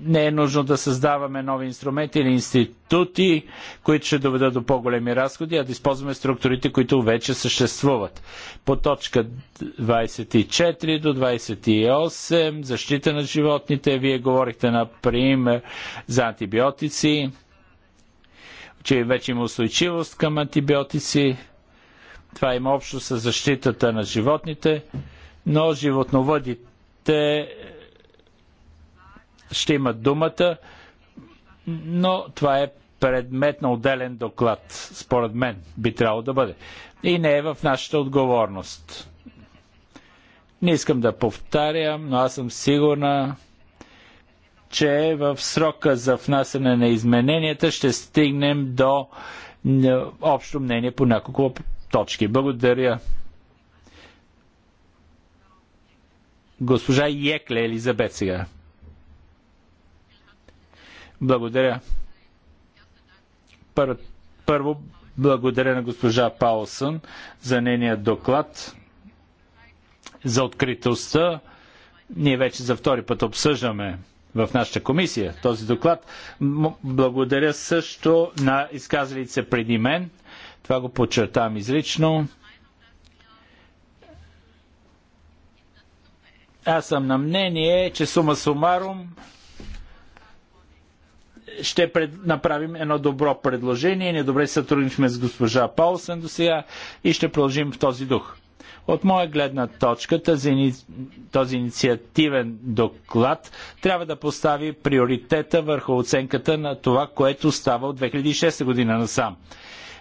не е нужно да създаваме нови инструменти или институти, които ще доведат до по-големи разходи, а да използваме структурите, които вече съществуват. По точка 24 до 28, защита на животните, вие говорихте, например, за антибиотици, че вече има устойчивост към антибиотици. Това има общо с защитата на животните, но животновъдите ще имат думата, но това е предмет на отделен доклад, според мен, би трябвало да бъде. И не е в нашата отговорност. Не искам да повтарям, но аз съм сигурна, че в срока за внасяне на измененията ще стигнем до е, общо мнение по няколко точки. Благодаря. Госпожа Екле Елизабет сега. Благодаря. Пър... Първо, благодаря на госпожа Паулсън за нейния доклад, за откритостта. Ние вече за втори път обсъждаме в нашата комисия този доклад. Благодаря също на изказалите преди мен. Това го подчертавам изрично. Аз съм на мнение, че сума сумарум ще пред, направим едно добро предложение. Ние добре сътрудничме с госпожа Паулсен до сега и ще продължим в този дух. От моя гледна точка тази, този инициативен доклад трябва да постави приоритета върху оценката на това, което става от 2006 година насам.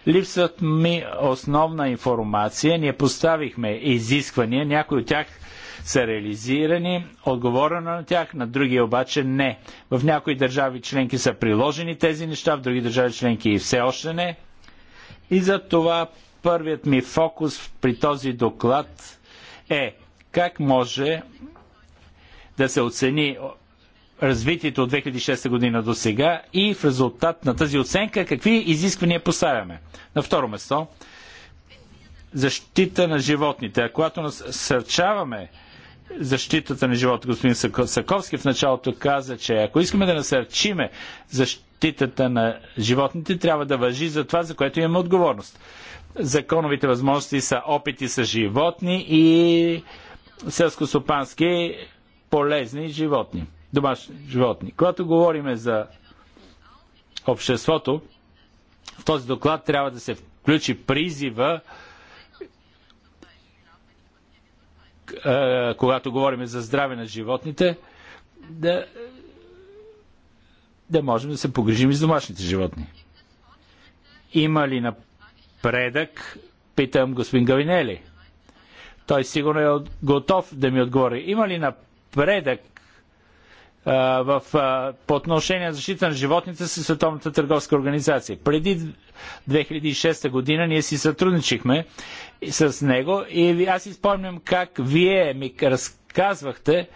Липсват ми основна информация. Ние поставихме изисквания, някои от тях са реализирани, отговорено е на тях, на други обаче не. В някои държави членки са приложени тези неща, в други държави членки и все още не. И за това първият ми фокус при този доклад е как може да се оцени развитието от 2006 година до сега и в резултат на тази оценка какви изисквания поставяме. На второ место, защита на животните. А когато насърчаваме защитата на живота. Господин Саковски в началото каза, че ако искаме да насърчиме защитата на животните, трябва да въжи за това, за което имаме отговорност. Законовите възможности са опити с животни и селскостопански полезни животни, домашни животни. Когато говорим за обществото, в този доклад трябва да се включи призива когато говорим за здраве на животните, да, да можем да се погрижим и с домашните животни. Има ли напредък? Питам господин Гавинели. Той сигурно е готов да ми отговори. Има ли напредък а, в, а, по отношение на защита на животните с Световната търговска организация? Преди 2006 година ние си сътрудничихме с него и аз изпомням как вие ми разказвахте, е,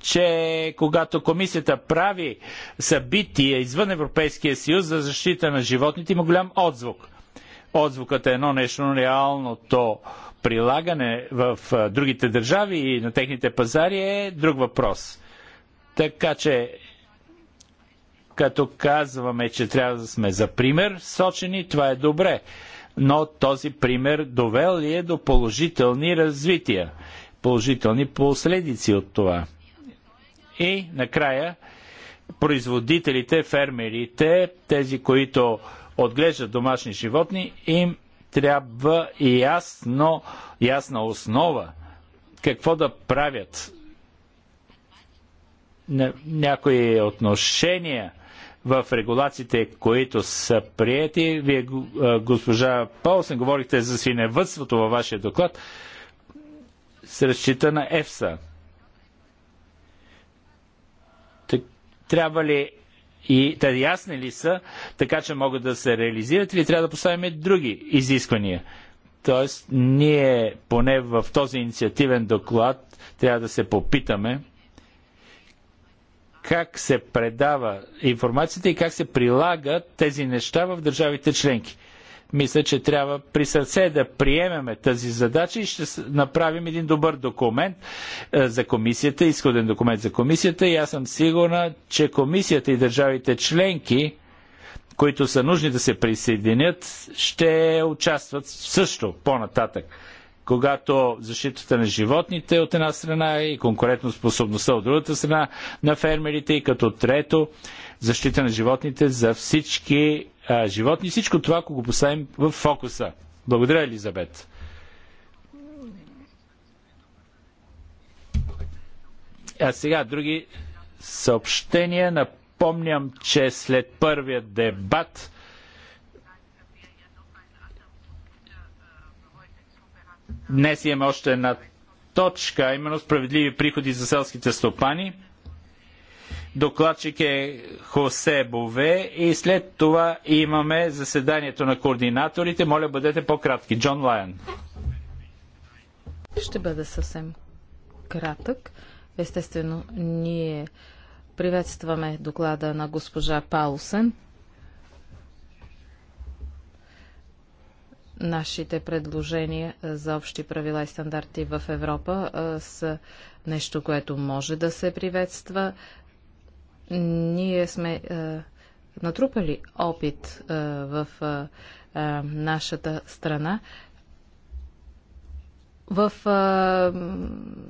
че когато комисията прави събития извън Европейския съюз за защита на животните, има голям отзвук. Отзвукът е едно нещо, но реалното прилагане в е, другите държави и на техните пазари е друг въпрос. Така че, като казваме, че трябва да сме за пример сочени, това е добре но този пример довел ли е до положителни развития, положителни последици от това. И накрая, производителите, фермерите, тези, които отглеждат домашни животни, им трябва ясно, ясна основа какво да правят. Някои отношения в регулациите, които са приети. Вие, госпожа Паусен, говорихте за свиневътството във вашия доклад. С разчита на ЕФСА. Трябва ли и те ясни ли са, така че могат да се реализират или трябва да поставим и други изисквания? Тоест, ние поне в този инициативен доклад трябва да се попитаме как се предава информацията и как се прилагат тези неща в държавите членки. Мисля, че трябва при сърце да приемеме тази задача и ще направим един добър документ е, за комисията, изходен документ за комисията и аз съм сигурна, че комисията и държавите членки, които са нужни да се присъединят, ще участват също по-нататък когато защитата на животните е от една страна и конкурентно способността от другата страна на фермерите и като трето защита на животните за всички а, животни. Всичко това, ако го поставим в фокуса. Благодаря, Елизабет. А сега други съобщения. Напомням, че след първия дебат Днес имаме още една точка, именно справедливи приходи за селските стопани. Докладчик е Хосе Бове и след това имаме заседанието на координаторите. Моля, бъдете по-кратки. Джон Лайон. Ще бъда съвсем кратък. Естествено, ние приветстваме доклада на госпожа Паусен. Нашите предложения за общи правила и стандарти в Европа са нещо, което може да се приветства. Ние сме натрупали опит в нашата страна в а,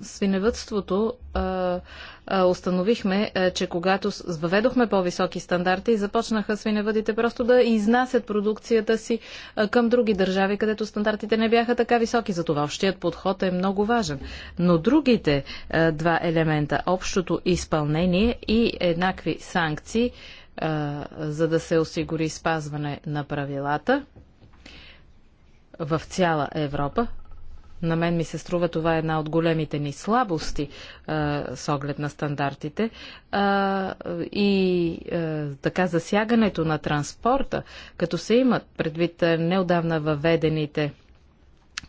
свиневътството а, а, установихме, а, че когато въведохме по-високи стандарти, започнаха свиневъдите просто да изнасят продукцията си а, към други държави, където стандартите не бяха така високи. Затова общият подход е много важен. Но другите а, два елемента, общото изпълнение и еднакви санкции, а, за да се осигури спазване на правилата, в цяла Европа на мен ми се струва това е една от големите ни слабости а, с оглед на стандартите. А, и а, така засягането на транспорта, като се имат предвид неодавна въведените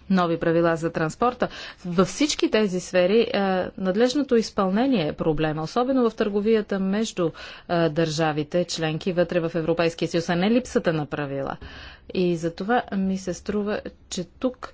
нови правила за транспорта. Във всички тези сфери а, надлежното изпълнение е проблема, особено в търговията между а, държавите, членки вътре в Европейския съюз, а не липсата на правила. И за това ми се струва, че тук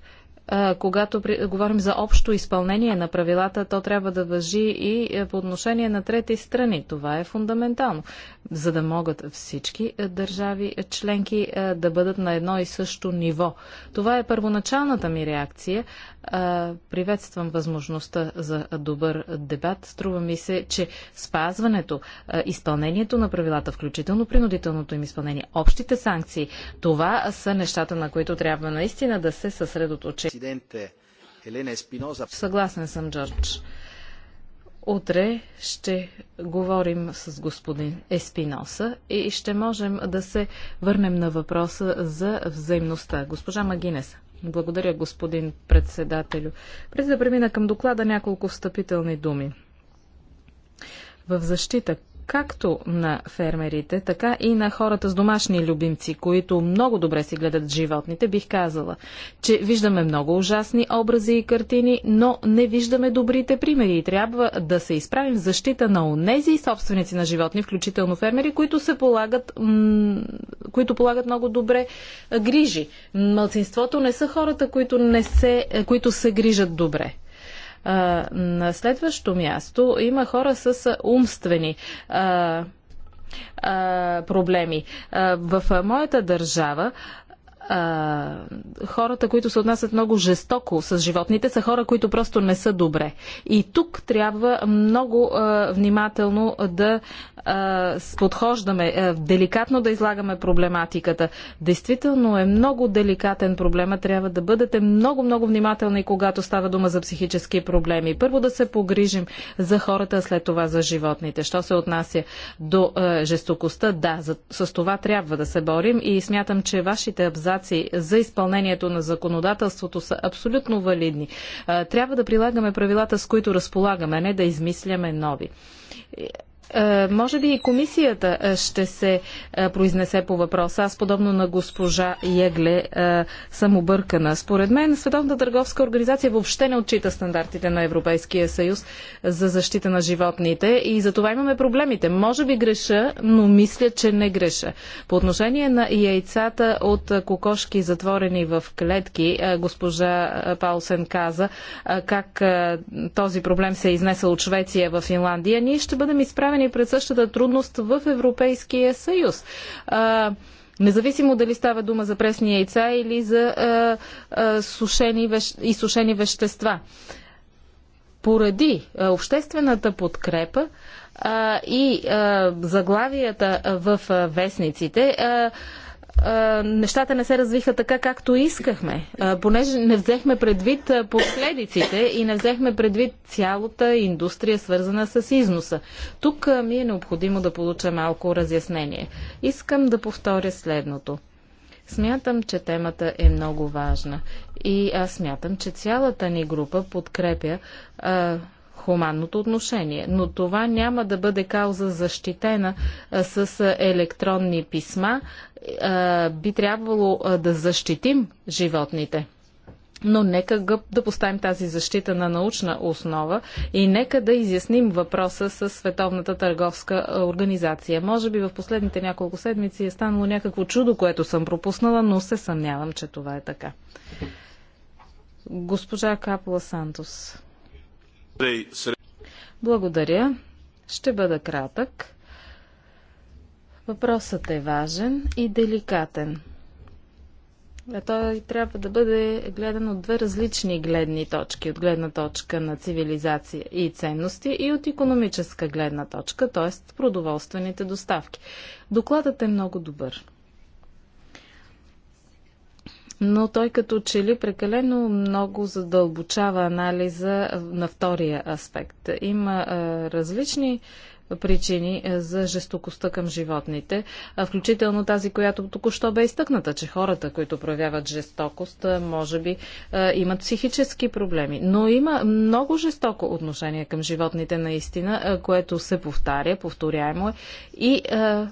когато при... говорим за общо изпълнение на правилата, то трябва да въжи и е, по отношение на трети страни. Това е фундаментално, за да могат всички е, държави е, членки да бъдат на едно и също ниво. Това е първоначалната ми реакция. А Приветствам възможността за добър дебат. Струва ми се, че спазването, изпълнението на правилата, включително принудителното им изпълнение, общите санкции, това са нещата, на които трябва наистина да се съсредоточи. Съгласен съм, Джордж. Утре ще говорим с господин Еспиноса и ще можем да се върнем на въпроса за взаимността. Госпожа Магинеса. Благодаря, господин председателю. Преди да премина към доклада, няколко встъпителни думи. В защита както на фермерите, така и на хората с домашни любимци, които много добре си гледат животните, бих казала, че виждаме много ужасни образи и картини, но не виждаме добрите примери и трябва да се изправим в защита на онези собственици на животни, включително фермери, които се полагат, които полагат много добре грижи. Мълцинството не са хората, които, не се, които се грижат добре на следващо място има хора с умствени проблеми. В моята държава а, хората, които се отнасят много жестоко с животните, са хора, които просто не са добре. И тук трябва много а, внимателно да а, подхождаме, а, деликатно да излагаме проблематиката. Действително е много деликатен проблема. Трябва да бъдете много, много внимателни, когато става дума за психически проблеми. Първо да се погрижим за хората, а след това за животните. Що се отнася до а, жестокостта, да, за, с това трябва да се борим и смятам, че вашите абзаци констатации за изпълнението на законодателството са абсолютно валидни. Трябва да прилагаме правилата, с които разполагаме, не да измисляме нови. Е, може би и комисията е, ще се е, произнесе по въпроса. Аз, подобно на госпожа Егле, съм объркана. Според мен, Световната търговска организация въобще не отчита стандартите на Европейския съюз за защита на животните и за това имаме проблемите. Може би греша, но мисля, че не греша. По отношение на яйцата от кокошки затворени в клетки, госпожа Паусен каза как този проблем се е изнесъл от Швеция в Финландия. Ние ще бъдем изправени изправени пред същата трудност в Европейския съюз. А, независимо дали става дума за пресни яйца или за а, а, сушени веще, изсушени вещества. Поради а, обществената подкрепа а, и а, заглавията в а, вестниците, а, нещата не се развиха така, както искахме, понеже не взехме предвид последиците и не взехме предвид цялата индустрия, свързана с износа. Тук ми е необходимо да получа малко разяснение. Искам да повторя следното. Смятам, че темата е много важна и аз смятам, че цялата ни група подкрепя а, хуманното отношение. Но това няма да бъде кауза защитена а, с електронни писма. А, би трябвало а, да защитим животните. Но нека да поставим тази защита на научна основа и нека да изясним въпроса с Световната търговска организация. Може би в последните няколко седмици е станало някакво чудо, което съм пропуснала, но се съмнявам, че това е така. Госпожа Капла Сантос. Благодаря. Ще бъда кратък. Въпросът е важен и деликатен. А той трябва да бъде гледан от две различни гледни точки. От гледна точка на цивилизация и ценности и от економическа гледна точка, т.е. продоволствените доставки. Докладът е много добър но той като че ли прекалено много задълбочава анализа на втория аспект. Има а, различни причини е, за жестокостта към животните, включително тази, която току-що бе изтъкната, че хората, които проявяват жестокост, е, може би е, имат психически проблеми. Но има много жестоко отношение към животните, наистина, което се повтаря, повторяемо е и а,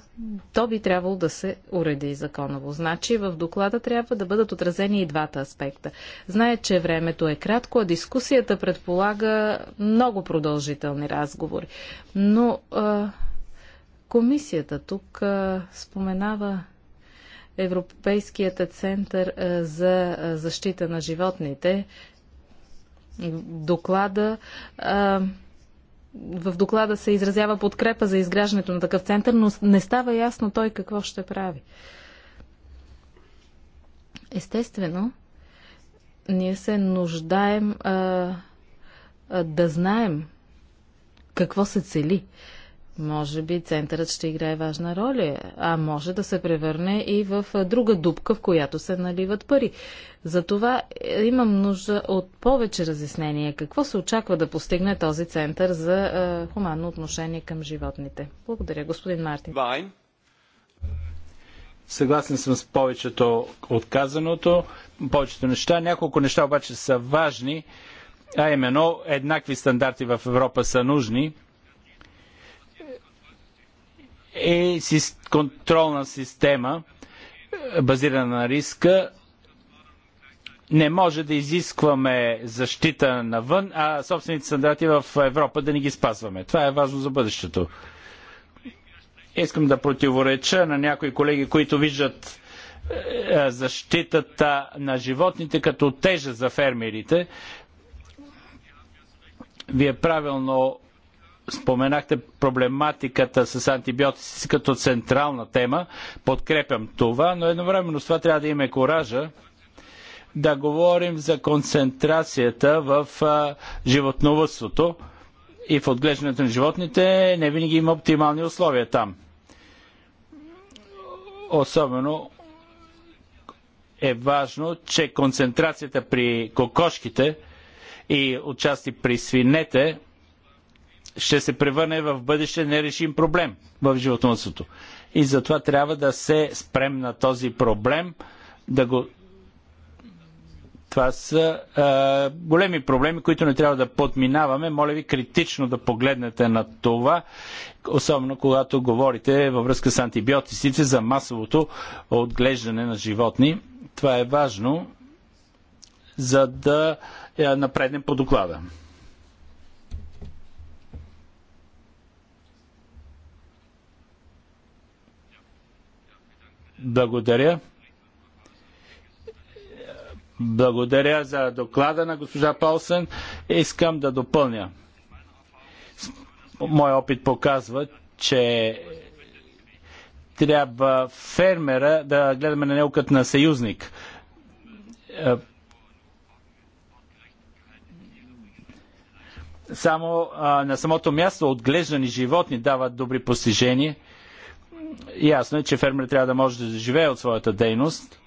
то би трябвало да се уреди законово. Значи в доклада трябва да бъдат отразени и двата аспекта. Знаят, че времето е кратко, а дискусията предполага много продължителни разговори. Но комисията тук споменава Европейският център за защита на животните. Доклада в доклада се изразява подкрепа за изграждането на такъв център, но не става ясно той какво ще прави. Естествено, ние се нуждаем а, а, да знаем какво се цели. А, може би центърът ще играе важна роля, а може да се превърне и в друга дупка, в която се наливат пари. Затова е, имам нужда от повече разяснение. Какво се очаква да постигне този център за е, хуманно отношение към животните? Благодаря, господин Мартин. Вайн. Съгласен съм с повечето отказаното, повечето неща. Няколко неща обаче са важни, а именно еднакви стандарти в Европа са нужни е контролна система, базирана на риска. Не може да изискваме защита навън, а собствените стандарти в Европа да не ги спазваме. Това е важно за бъдещето. Искам да противореча на някои колеги, които виждат е, защитата на животните като тежа за фермерите. Вие правилно споменахте проблематиката с антибиотици като централна тема. Подкрепям това, но едновременно с това трябва да имаме коража да говорим за концентрацията в а, животновътството и в отглеждането на животните. Не винаги има оптимални условия там. Особено е важно, че концентрацията при кокошките и отчасти при свинете – ще се превърне в бъдеще нерешим проблем в животновътството. И затова трябва да се спрем на този проблем, да го. Това са а, големи проблеми, които не трябва да подминаваме. Моля ви критично да погледнете на това, особено когато говорите във връзка с антибиотиците за масовото отглеждане на животни. Това е важно, за да напреднем по доклада. Благодаря. Благодаря за доклада на госпожа Паулсън. Искам да допълня. Мой опит показва, че трябва фермера да гледаме на него като на съюзник. Само а, на самото място отглеждани животни дават добри постижения – Ясно е, че фермер трябва да може да живее от своята дейност.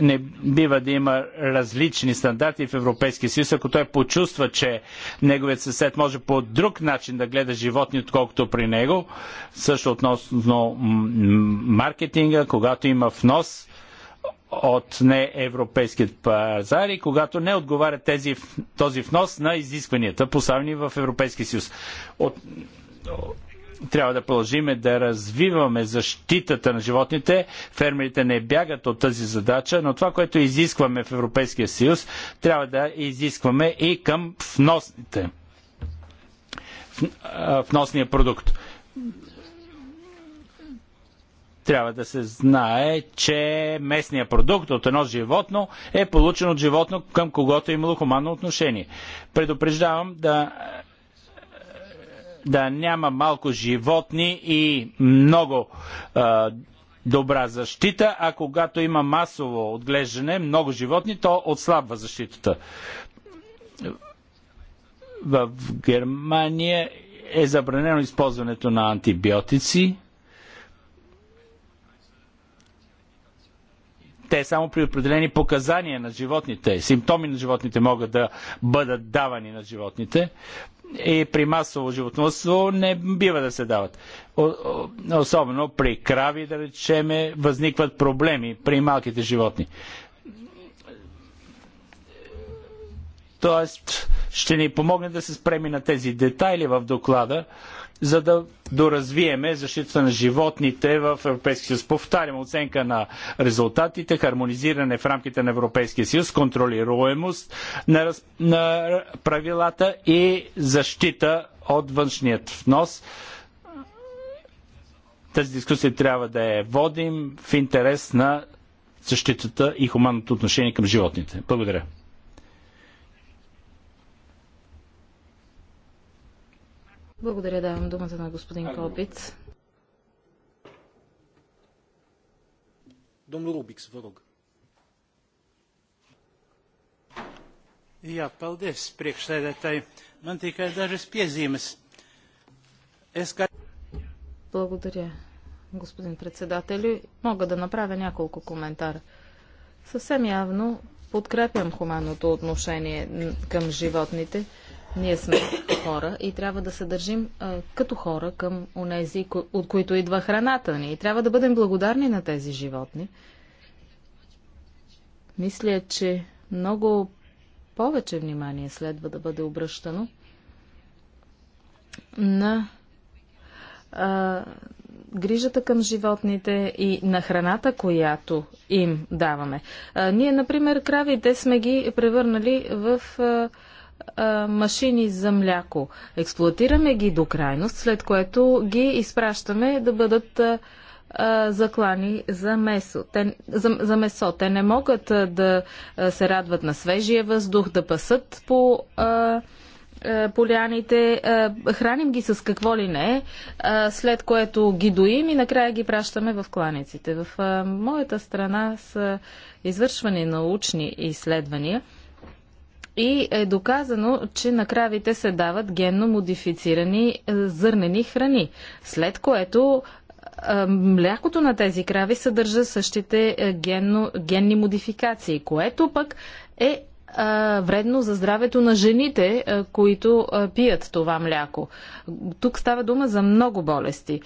Не бива да има различни стандарти в Европейския съюз, ако той почувства, че неговият съсед може по друг начин да гледа животни, отколкото при него. Също относно маркетинга, когато има внос от неевропейският пазар и когато не отговаря тези, този внос на изискванията, поставени в Европейския съюз. От, трябва да продължиме да развиваме защитата на животните. Фермерите не бягат от тази задача, но това, което изискваме в Европейския съюз, трябва да изискваме и към вносните. Вносния продукт. Трябва да се знае, че местният продукт от едно животно е получен от животно, към когото е имало хуманно отношение. Предупреждавам да да няма малко животни и много а, добра защита, а когато има масово отглеждане, много животни, то отслабва защитата. В Германия е забранено използването на антибиотици. Те само при определени показания на животните, симптоми на животните могат да бъдат давани на животните и при масово животноство не бива да се дават. Особено при крави, да речеме, възникват проблеми при малките животни. Тоест, ще ни помогне да се спреми на тези детайли в доклада, за да доразвиеме защита на животните в Европейския съюз. Повтарям, оценка на резултатите, хармонизиране в рамките на Европейския съюз, контролируемост на, раз... на правилата и защита от външният внос. Тази дискусия трябва да я водим в интерес на защитата и хуманното отношение към животните. Благодаря. Благодаря, давам думата на господин Колбиц. Domnul Rubix, vă Jā, paldies, priekšsēdētāji. Man tikai dažas piezīmes. Es kā... Благодаря, господин председател, Мога да направя няколко коментара. Съвсем явно подкрепям хуманното отношение към животните – ние сме хора и трябва да се държим а, като хора към онези, от които идва храната ни. И трябва да бъдем благодарни на тези животни. Мисля, че много повече внимание следва да бъде обръщано на а, грижата към животните и на храната, която им даваме. А, ние, например, кравите сме ги превърнали в а, а, машини за мляко. Експлуатираме ги до крайност, след което ги изпращаме да бъдат а, заклани за месо. Те, за, за месо. Те не могат да се радват на свежия въздух, да пасат по а, поляните, храним ги с какво ли не, след което ги доим и накрая ги пращаме в кланиците. В моята страна са извършвани научни изследвания – и е доказано, че на кравите се дават генно модифицирани е, зърнени храни, след което е, млякото на тези крави съдържа същите е, генно, генни модификации, което пък е вредно за здравето на жените, които пият това мляко. Тук става дума за много болести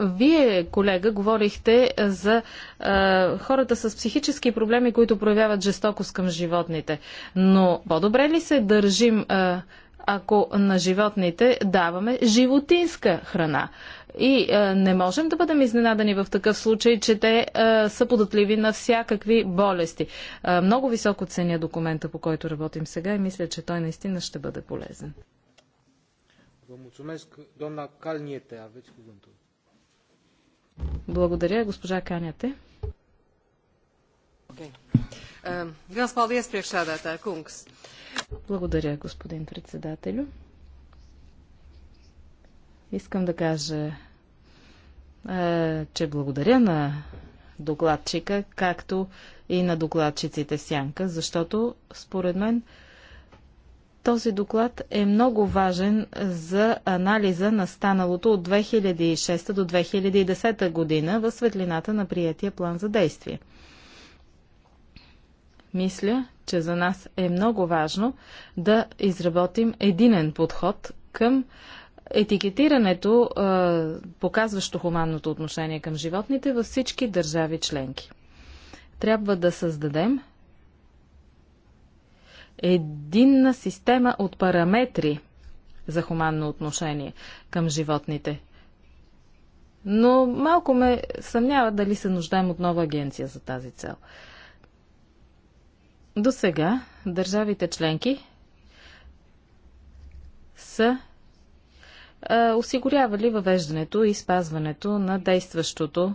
вие, колега, говорихте за а, хората с психически проблеми, които проявяват жестокост към животните. Но по-добре ли се държим, а, ако на животните даваме животинска храна? И а, не можем да бъдем изненадани в такъв случай, че те а, са податливи на всякакви болести. А, много високо ценя документа, по който работим сега и мисля, че той наистина ще бъде полезен. Vă mulțumesc, doamna Calniete, aveți cuvântul. Благодаря, госпожа Каняте. Благодаря, господин председателю. Искам да кажа, е, че благодаря на докладчика, както и на докладчиците Сянка, защото според мен този доклад е много важен за анализа на станалото от 2006 до 2010 година в светлината на приятия план за действие. Мисля, че за нас е много важно да изработим единен подход към етикетирането, показващо хуманното отношение към животните във всички държави членки. Трябва да създадем единна система от параметри за хуманно отношение към животните. Но малко ме съмнява дали се нуждаем от нова агенция за тази цел. До сега държавите членки са осигурявали въвеждането и спазването на действащото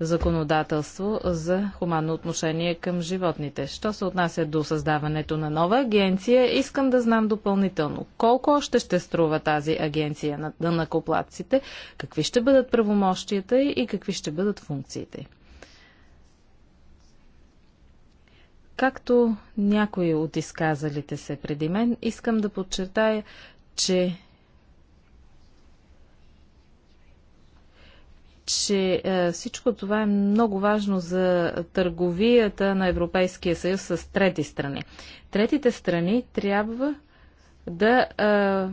законодателство за хуманно отношение към животните. Що се отнася до създаването на нова агенция, искам да знам допълнително колко още ще струва тази агенция на, на накоплатците, какви ще бъдат правомощията и какви ще бъдат функциите й. Както някои от изказалите се преди мен, искам да подчертая, че че е, всичко това е много важно за търговията на Европейския съюз с трети страни. Третите страни трябва да а, е,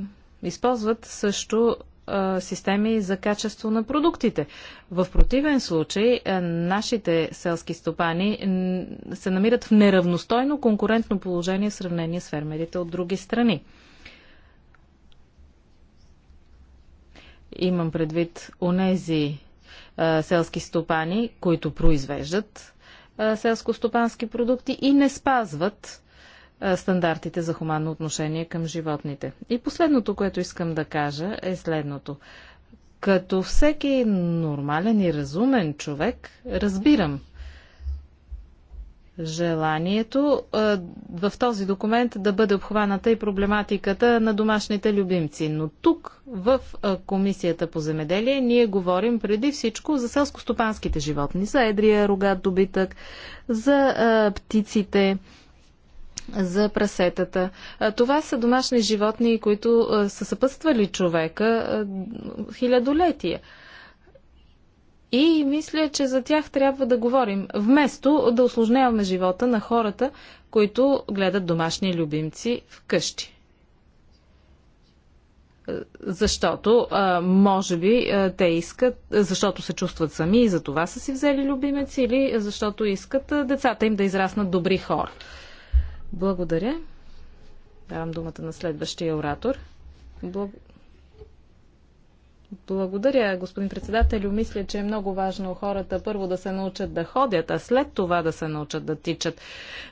използват също а, е, системи за качество на продуктите. В противен случай а, нашите селски стопани се намират в неравностойно конкурентно положение в сравнение с фермерите от други страни. Имам предвид онези селски стопани, които произвеждат селско-стопански продукти и не спазват стандартите за хуманно отношение към животните. И последното, което искам да кажа е следното. Като всеки нормален и разумен човек, разбирам желанието в този документ да бъде обхваната и проблематиката на домашните любимци. Но тук, в Комисията по земеделие, ние говорим преди всичко за селско-стопанските животни, за едрия рогат добитък, за птиците, за прасетата. Това са домашни животни, които са съпътствали човека хилядолетия. И мисля, че за тях трябва да говорим, вместо да осложняваме живота на хората, които гледат домашни любимци вкъщи. Защото, може би, те искат, защото се чувстват сами и за това са си взели любимец или защото искат децата им да израснат добри хора. Благодаря. Давам думата на следващия оратор. Благодаря, господин председател, Мисля, че е много важно хората първо да се научат да ходят, а след това да се научат да тичат.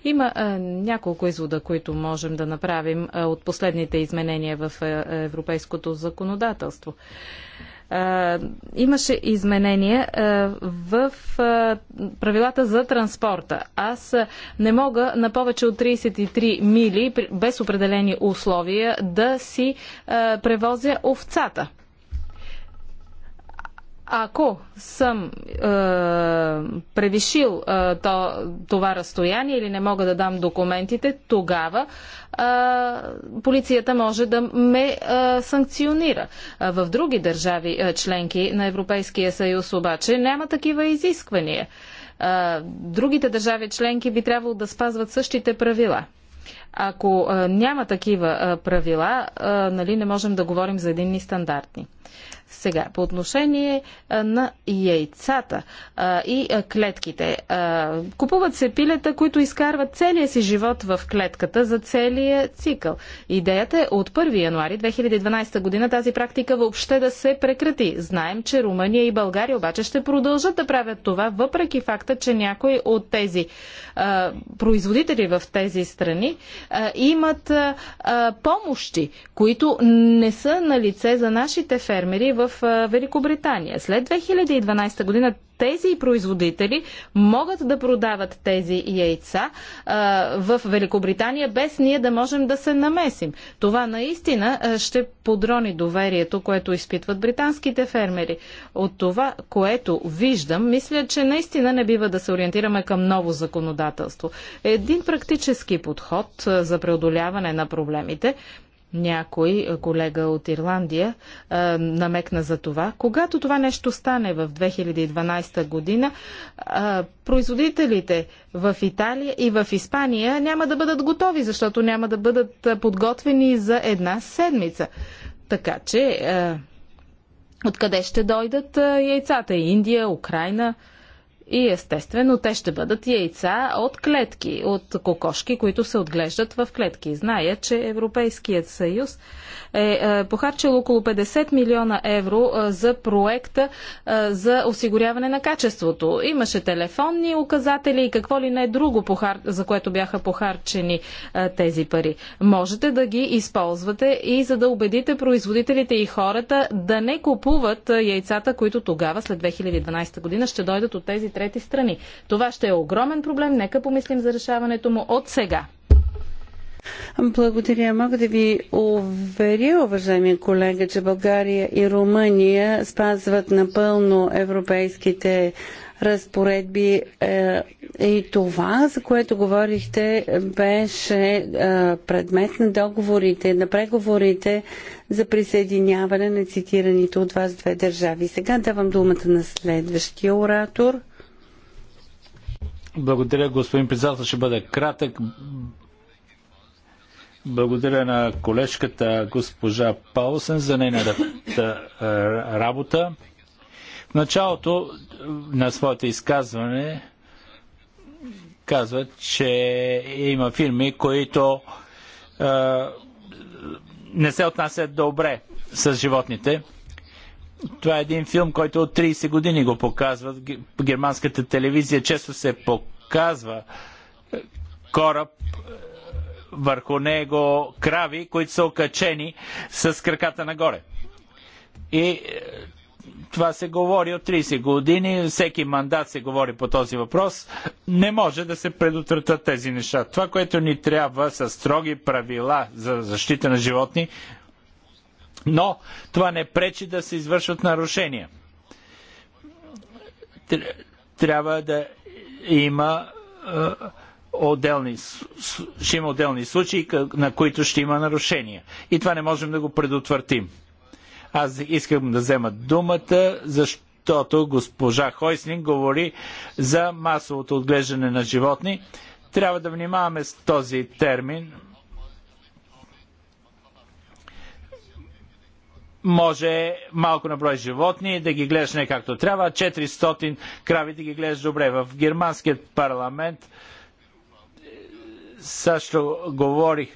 Има е, няколко извода, които можем да направим е, от последните изменения в е, европейското законодателство. Е, имаше изменения е, в е, правилата за транспорта. Аз не мога на повече от 33 мили без определени условия да си превозя овцата ако съм е, превишил е, то, това разстояние или не мога да дам документите, тогава е, полицията може да ме е, санкционира. В други държави е, членки на Европейския съюз обаче няма такива изисквания. Е, другите държави членки би трябвало да спазват същите правила. Ако е, няма такива е, правила, е, нали не можем да говорим за единни стандартни. Сега, по отношение на яйцата и клетките. Купуват се пилета, които изкарват целия си живот в клетката за целия цикъл. Идеята е от 1 януари 2012 година тази практика въобще да се прекрати. Знаем, че Румъния и България обаче ще продължат да правят това, въпреки факта, че някои от тези а, производители в тези страни а, имат а, помощи, които не са на лице за нашите фермери в Великобритания. След 2012 година тези производители могат да продават тези яйца в Великобритания, без ние да можем да се намесим. Това наистина ще подрони доверието, което изпитват британските фермери. От това, което виждам, мисля, че наистина не бива да се ориентираме към ново законодателство. Един практически подход за преодоляване на проблемите някой колега от Ирландия намекна за това. Когато това нещо стане в 2012 година, производителите в Италия и в Испания няма да бъдат готови, защото няма да бъдат подготвени за една седмица. Така че, откъде ще дойдат яйцата? Индия, Украина? И естествено, те ще бъдат яйца от клетки, от кокошки, които се отглеждат в клетки. Зная, че Европейският съюз е, е похарчил около 50 милиона евро е, за проекта е, за осигуряване на качеството. Имаше телефонни указатели и какво ли не е друго, за което бяха похарчени тези пари. Можете да ги използвате и за да убедите производителите и хората да не купуват яйцата, които тогава, след 2012 година, ще дойдат от тези трети страни. Това ще е огромен проблем. Нека помислим за решаването му от сега. Благодаря. Мога да ви уверя, уважаеми колега, че България и Румъния спазват напълно европейските разпоредби е, и това, за което говорихте, беше е, предмет на договорите, на преговорите за присъединяване на цитираните от вас две държави. Сега давам думата на следващия оратор. Благодаря, господин председател. Ще бъде кратък. Благодаря на колежката госпожа Паусен за нейната работа. В началото на своето изказване казва, че има фирми, които е, не се отнасят добре с животните. Това е един филм, който от 30 години го показват. Германската телевизия често се показва кораб върху него крави, които са окачени с краката нагоре. И е, това се говори от 30 години, всеки мандат се говори по този въпрос. Не може да се предотвратят тези неща. Това, което ни трябва са строги правила за защита на животни, но това не пречи да се извършват нарушения. Трябва да има е, отделни, ще има отделни случаи, на които ще има нарушения. И това не можем да го предотвратим. Аз искам да взема думата, защото госпожа Хойслин говори за масовото отглеждане на животни. Трябва да внимаваме с този термин. Може малко на брой животни да ги гледаш не както трябва, 400 крави да ги гледаш добре. В германският парламент също говорих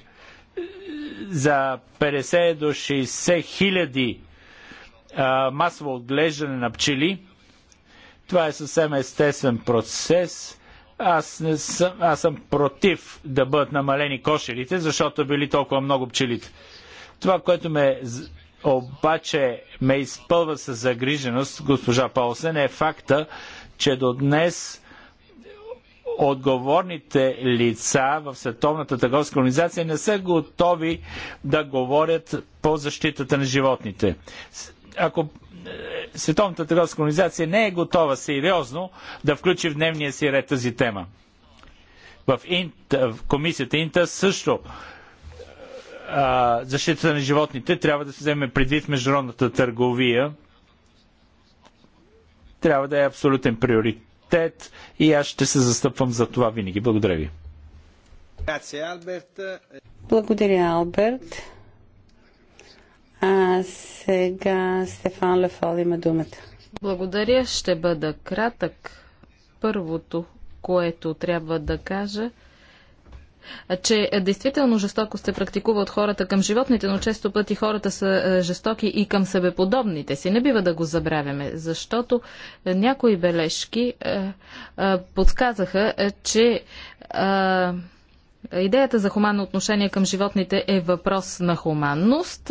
за 50 до 60 хиляди масово отглеждане на пчели. Това е съвсем естествен процес. Аз, не съм, аз съм против да бъдат намалени кошерите, защото били толкова много пчелите. Това, което ме обаче ме изпълва с загриженост, госпожа Паусен, е факта, че до днес отговорните лица в Световната търговска организация не са готови да говорят по защитата на животните. Ако е, Световната търговска организация не е готова сериозно да включи в дневния си ред тази тема. В, Инт, в комисията Инта също а, е, защитата на животните трябва да се вземе предвид международната търговия. Трябва да е абсолютен приоритет приоритет и аз ще се застъпвам за това винаги. Благодаря ви. Благодаря, Алберт. А сега Стефан Лефол има думата. Благодаря, ще бъда кратък. Първото, което трябва да кажа, че е, действително жестоко се практикува от хората към животните, но често пъти хората са е, жестоки и към себеподобните си. Не бива да го забравяме, защото е, някои бележки подсказаха, че Идеята за хуманно отношение към животните е въпрос на хуманност,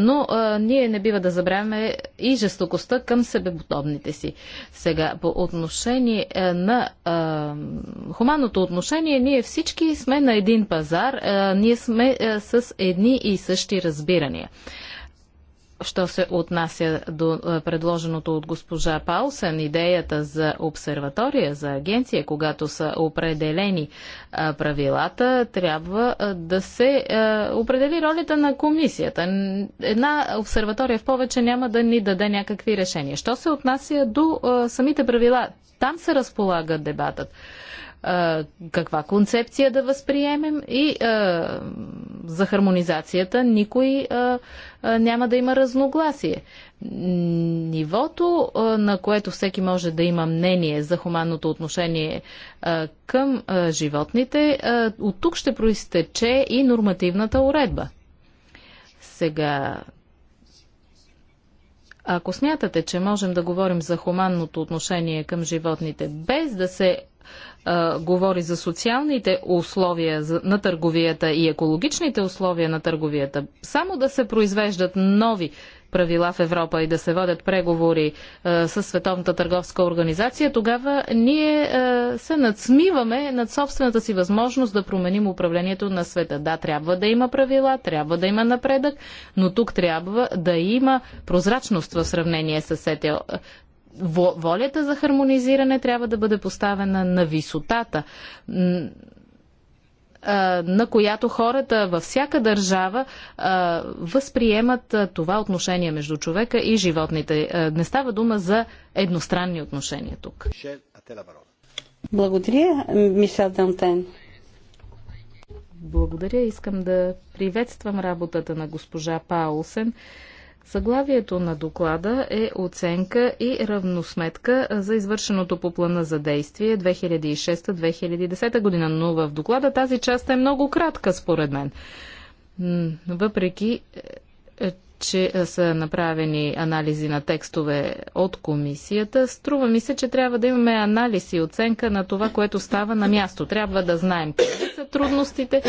но а, ние не бива да забравяме и жестокостта към себеподобните си. Сега, по отношение а, на а, хуманното отношение, ние всички сме на един пазар, а, ние сме а, с едни и същи разбирания. Що се отнася до е, предложеното от госпожа Паусен, идеята за обсерватория, за агенция, когато са определени е, правилата, трябва е, да се определи ролята на комисията. Една обсерватория в повече няма да ни даде някакви решения. Що се отнася до самите правила, там се разполага дебатът каква концепция да възприемем и за хармонизацията никой няма да има разногласие. Нивото, на което всеки може да има мнение за хуманното отношение към животните, от тук ще проистече и нормативната уредба. Сега, ако смятате, че можем да говорим за хуманното отношение към животните, без да се а, говори за социалните условия на търговията и екологичните условия на търговията, само да се произвеждат нови правила в Европа и да се водят преговори а, с Световната търговска организация, тогава ние а, се надсмиваме над собствената си възможност да променим управлението на света. Да, трябва да има правила, трябва да има напредък, но тук трябва да има прозрачност в сравнение с СТО волята за хармонизиране трябва да бъде поставена на висотата, на която хората във всяка държава възприемат това отношение между човека и животните. Не става дума за едностранни отношения тук. Благодаря, Мишел Дантен. Благодаря. Искам да приветствам работата на госпожа Паулсен. Заглавието на доклада е оценка и равносметка за извършеното по плана за действие 2006-2010 година, но в доклада тази част е много кратка според мен. Въпреки, е, е, че е, са направени анализи на текстове от комисията, струва ми се, че трябва да имаме анализ и оценка на това, което става на място. Трябва да знаем какви са трудностите,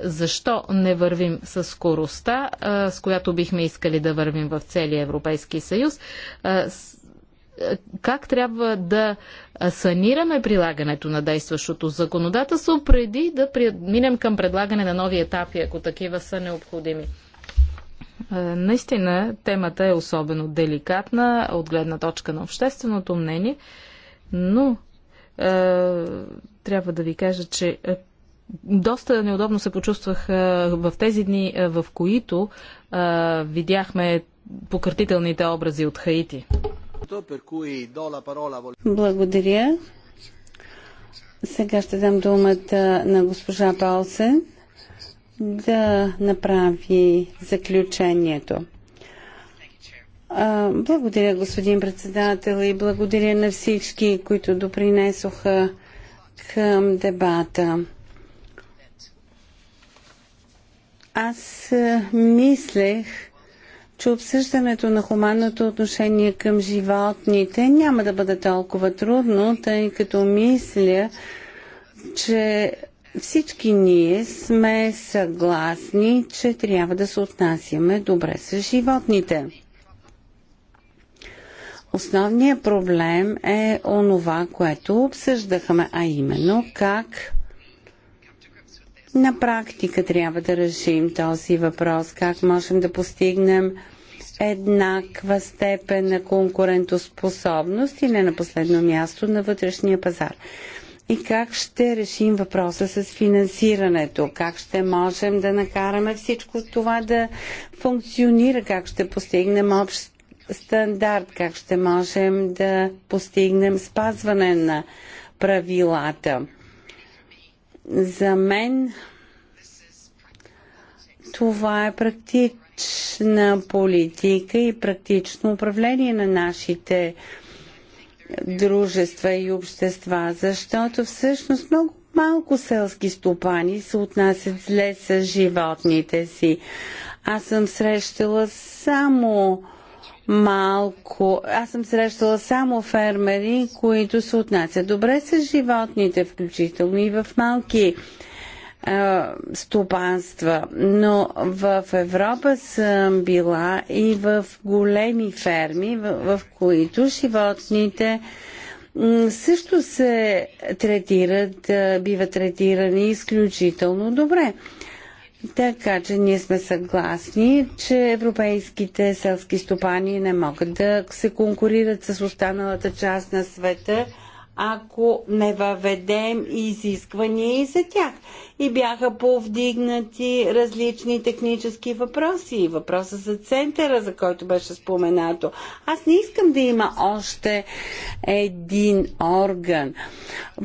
защо не вървим с скоростта, с която бихме искали да вървим в целия Европейски съюз как трябва да санираме прилагането на действащото законодателство преди да минем към предлагане на нови етапи, ако такива са необходими. Наистина темата е особено деликатна от гледна точка на общественото мнение, но е, трябва да ви кажа, че доста неудобно се почувствах в тези дни, в които видяхме пократителните образи от Хаити. Благодаря. Сега ще дам думата на госпожа Палсен да направи заключението. Благодаря, господин председател, и благодаря на всички, които допринесоха към дебата. Аз е, мислех, че обсъждането на хуманното отношение към животните няма да бъде толкова трудно, тъй като мисля, че всички ние сме съгласни, че трябва да се отнасяме добре с животните. Основният проблем е онова, което обсъждахме, а именно как на практика трябва да решим този въпрос. Как можем да постигнем еднаква степен на конкурентоспособност и не на последно място на вътрешния пазар. И как ще решим въпроса с финансирането? Как ще можем да накараме всичко това да функционира? Как ще постигнем общ стандарт? Как ще можем да постигнем спазване на правилата? За мен това е практична политика и практично управление на нашите дружества и общества, защото всъщност много малко селски стопани се отнасят зле с животните си. Аз съм срещала само малко. Аз съм срещала само фермери, които се отнасят добре с животните, включително и в малки е, стопанства, но в Европа съм била и в големи ферми, в, в които животните също се третират, е, биват третирани изключително добре. Така че ние сме съгласни, че европейските селски стопани не могат да се конкурират с останалата част на света, ако не въведем изисквания и за тях и бяха повдигнати различни технически въпроси. Въпроса за центъра, за който беше споменато. Аз не искам да има още един орган.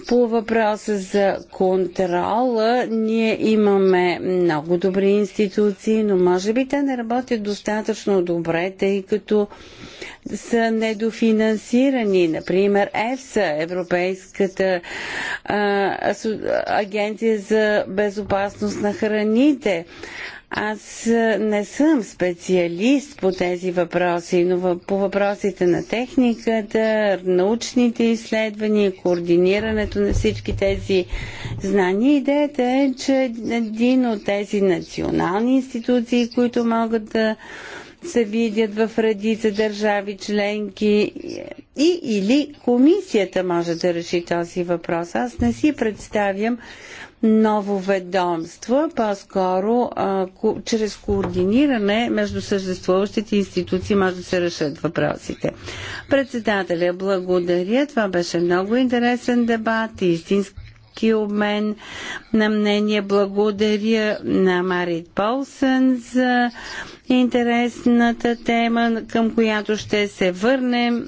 По въпроса за контрола, ние имаме много добри институции, но може би те не работят достатъчно добре, тъй като са недофинансирани. Например, ЕФСА, Европейската а, асо, агенция за безопасност на храните. Аз не съм специалист по тези въпроси, но по въпросите на техниката, научните изследвания, координирането на всички тези знания. Идеята е, че един от тези национални институции, които могат да се видят в редица държави членки и или комисията може да реши този въпрос. Аз не си представям ново ведомство, по-скоро ко чрез координиране между съществуващите институции може да се решат въпросите. Председателя, благодаря. Това беше много интересен дебат и истински истински обмен на мнение. Благодаря на Марит Полсън за интересната тема, към която ще се върнем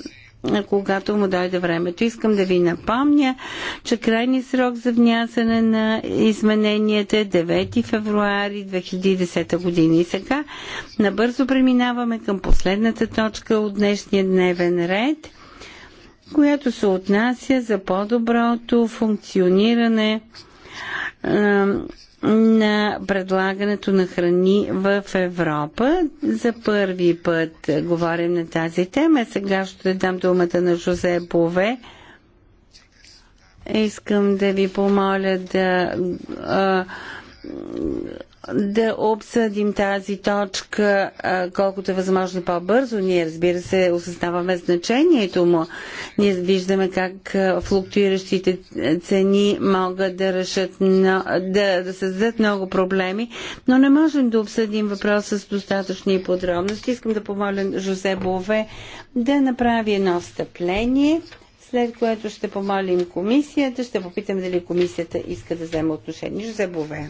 когато му дойде времето. Искам да ви напомня, че крайни срок за внясане на измененията е 9 февруари 2010 година. И сега набързо преминаваме към последната точка от днешния дневен ред, която се отнася за по-доброто функциониране на предлагането на храни в Европа. За първи път говорим на тази тема. Сега ще дам думата на Жозе Бове. Искам да ви помоля да а, да обсъдим тази точка колкото е възможно по-бързо. Ние, разбира се, осъзнаваме значението му. Ние виждаме как флуктуиращите цени могат да, решат, да, да създадат много проблеми, но не можем да обсъдим въпроса с достатъчни подробности. Искам да помоля Жозе Бове да направи едно встъпление след което ще помолим комисията, ще попитам дали комисията иска да вземе отношение. Жозе Бове.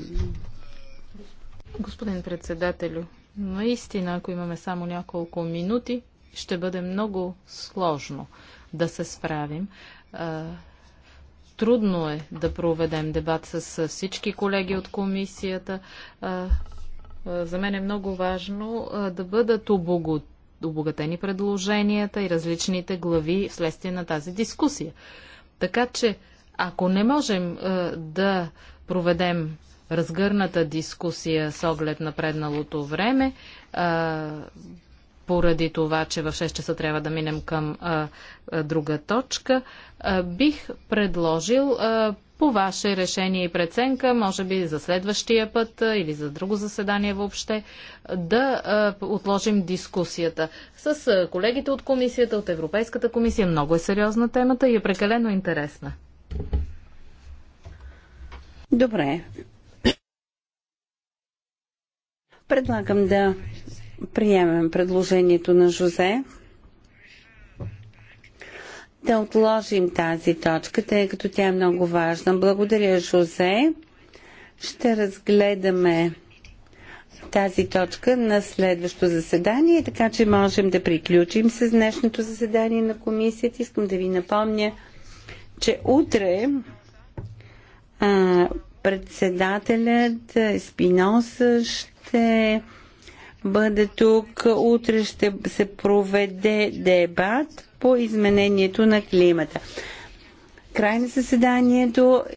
Господин председателю, наистина, ако имаме само няколко минути, ще бъде много сложно да се справим. Трудно е да проведем дебат с всички колеги от комисията. За мен е много важно да бъдат обогатени предложенията и различните глави вследствие на тази дискусия. Така че, ако не можем да проведем разгърната дискусия с оглед на предналото време, а, поради това, че в 6 часа трябва да минем към а, а, друга точка, а, бих предложил а, по ваше решение и преценка, може би за следващия път или за друго заседание въобще, да а, отложим дискусията с а, колегите от комисията, от Европейската комисия. Много е сериозна темата и е прекалено интересна. Добре, Предлагам да приемем предложението на Жозе да отложим тази точка, тъй като тя е много важна. Благодаря, Жозе. Ще разгледаме тази точка на следващо заседание, така че можем да приключим с днешното заседание на комисията. Искам да ви напомня, че утре а, председателят Спиноса ще ще бъде тук. Утре ще се проведе дебат по изменението на климата. Край на съседанието.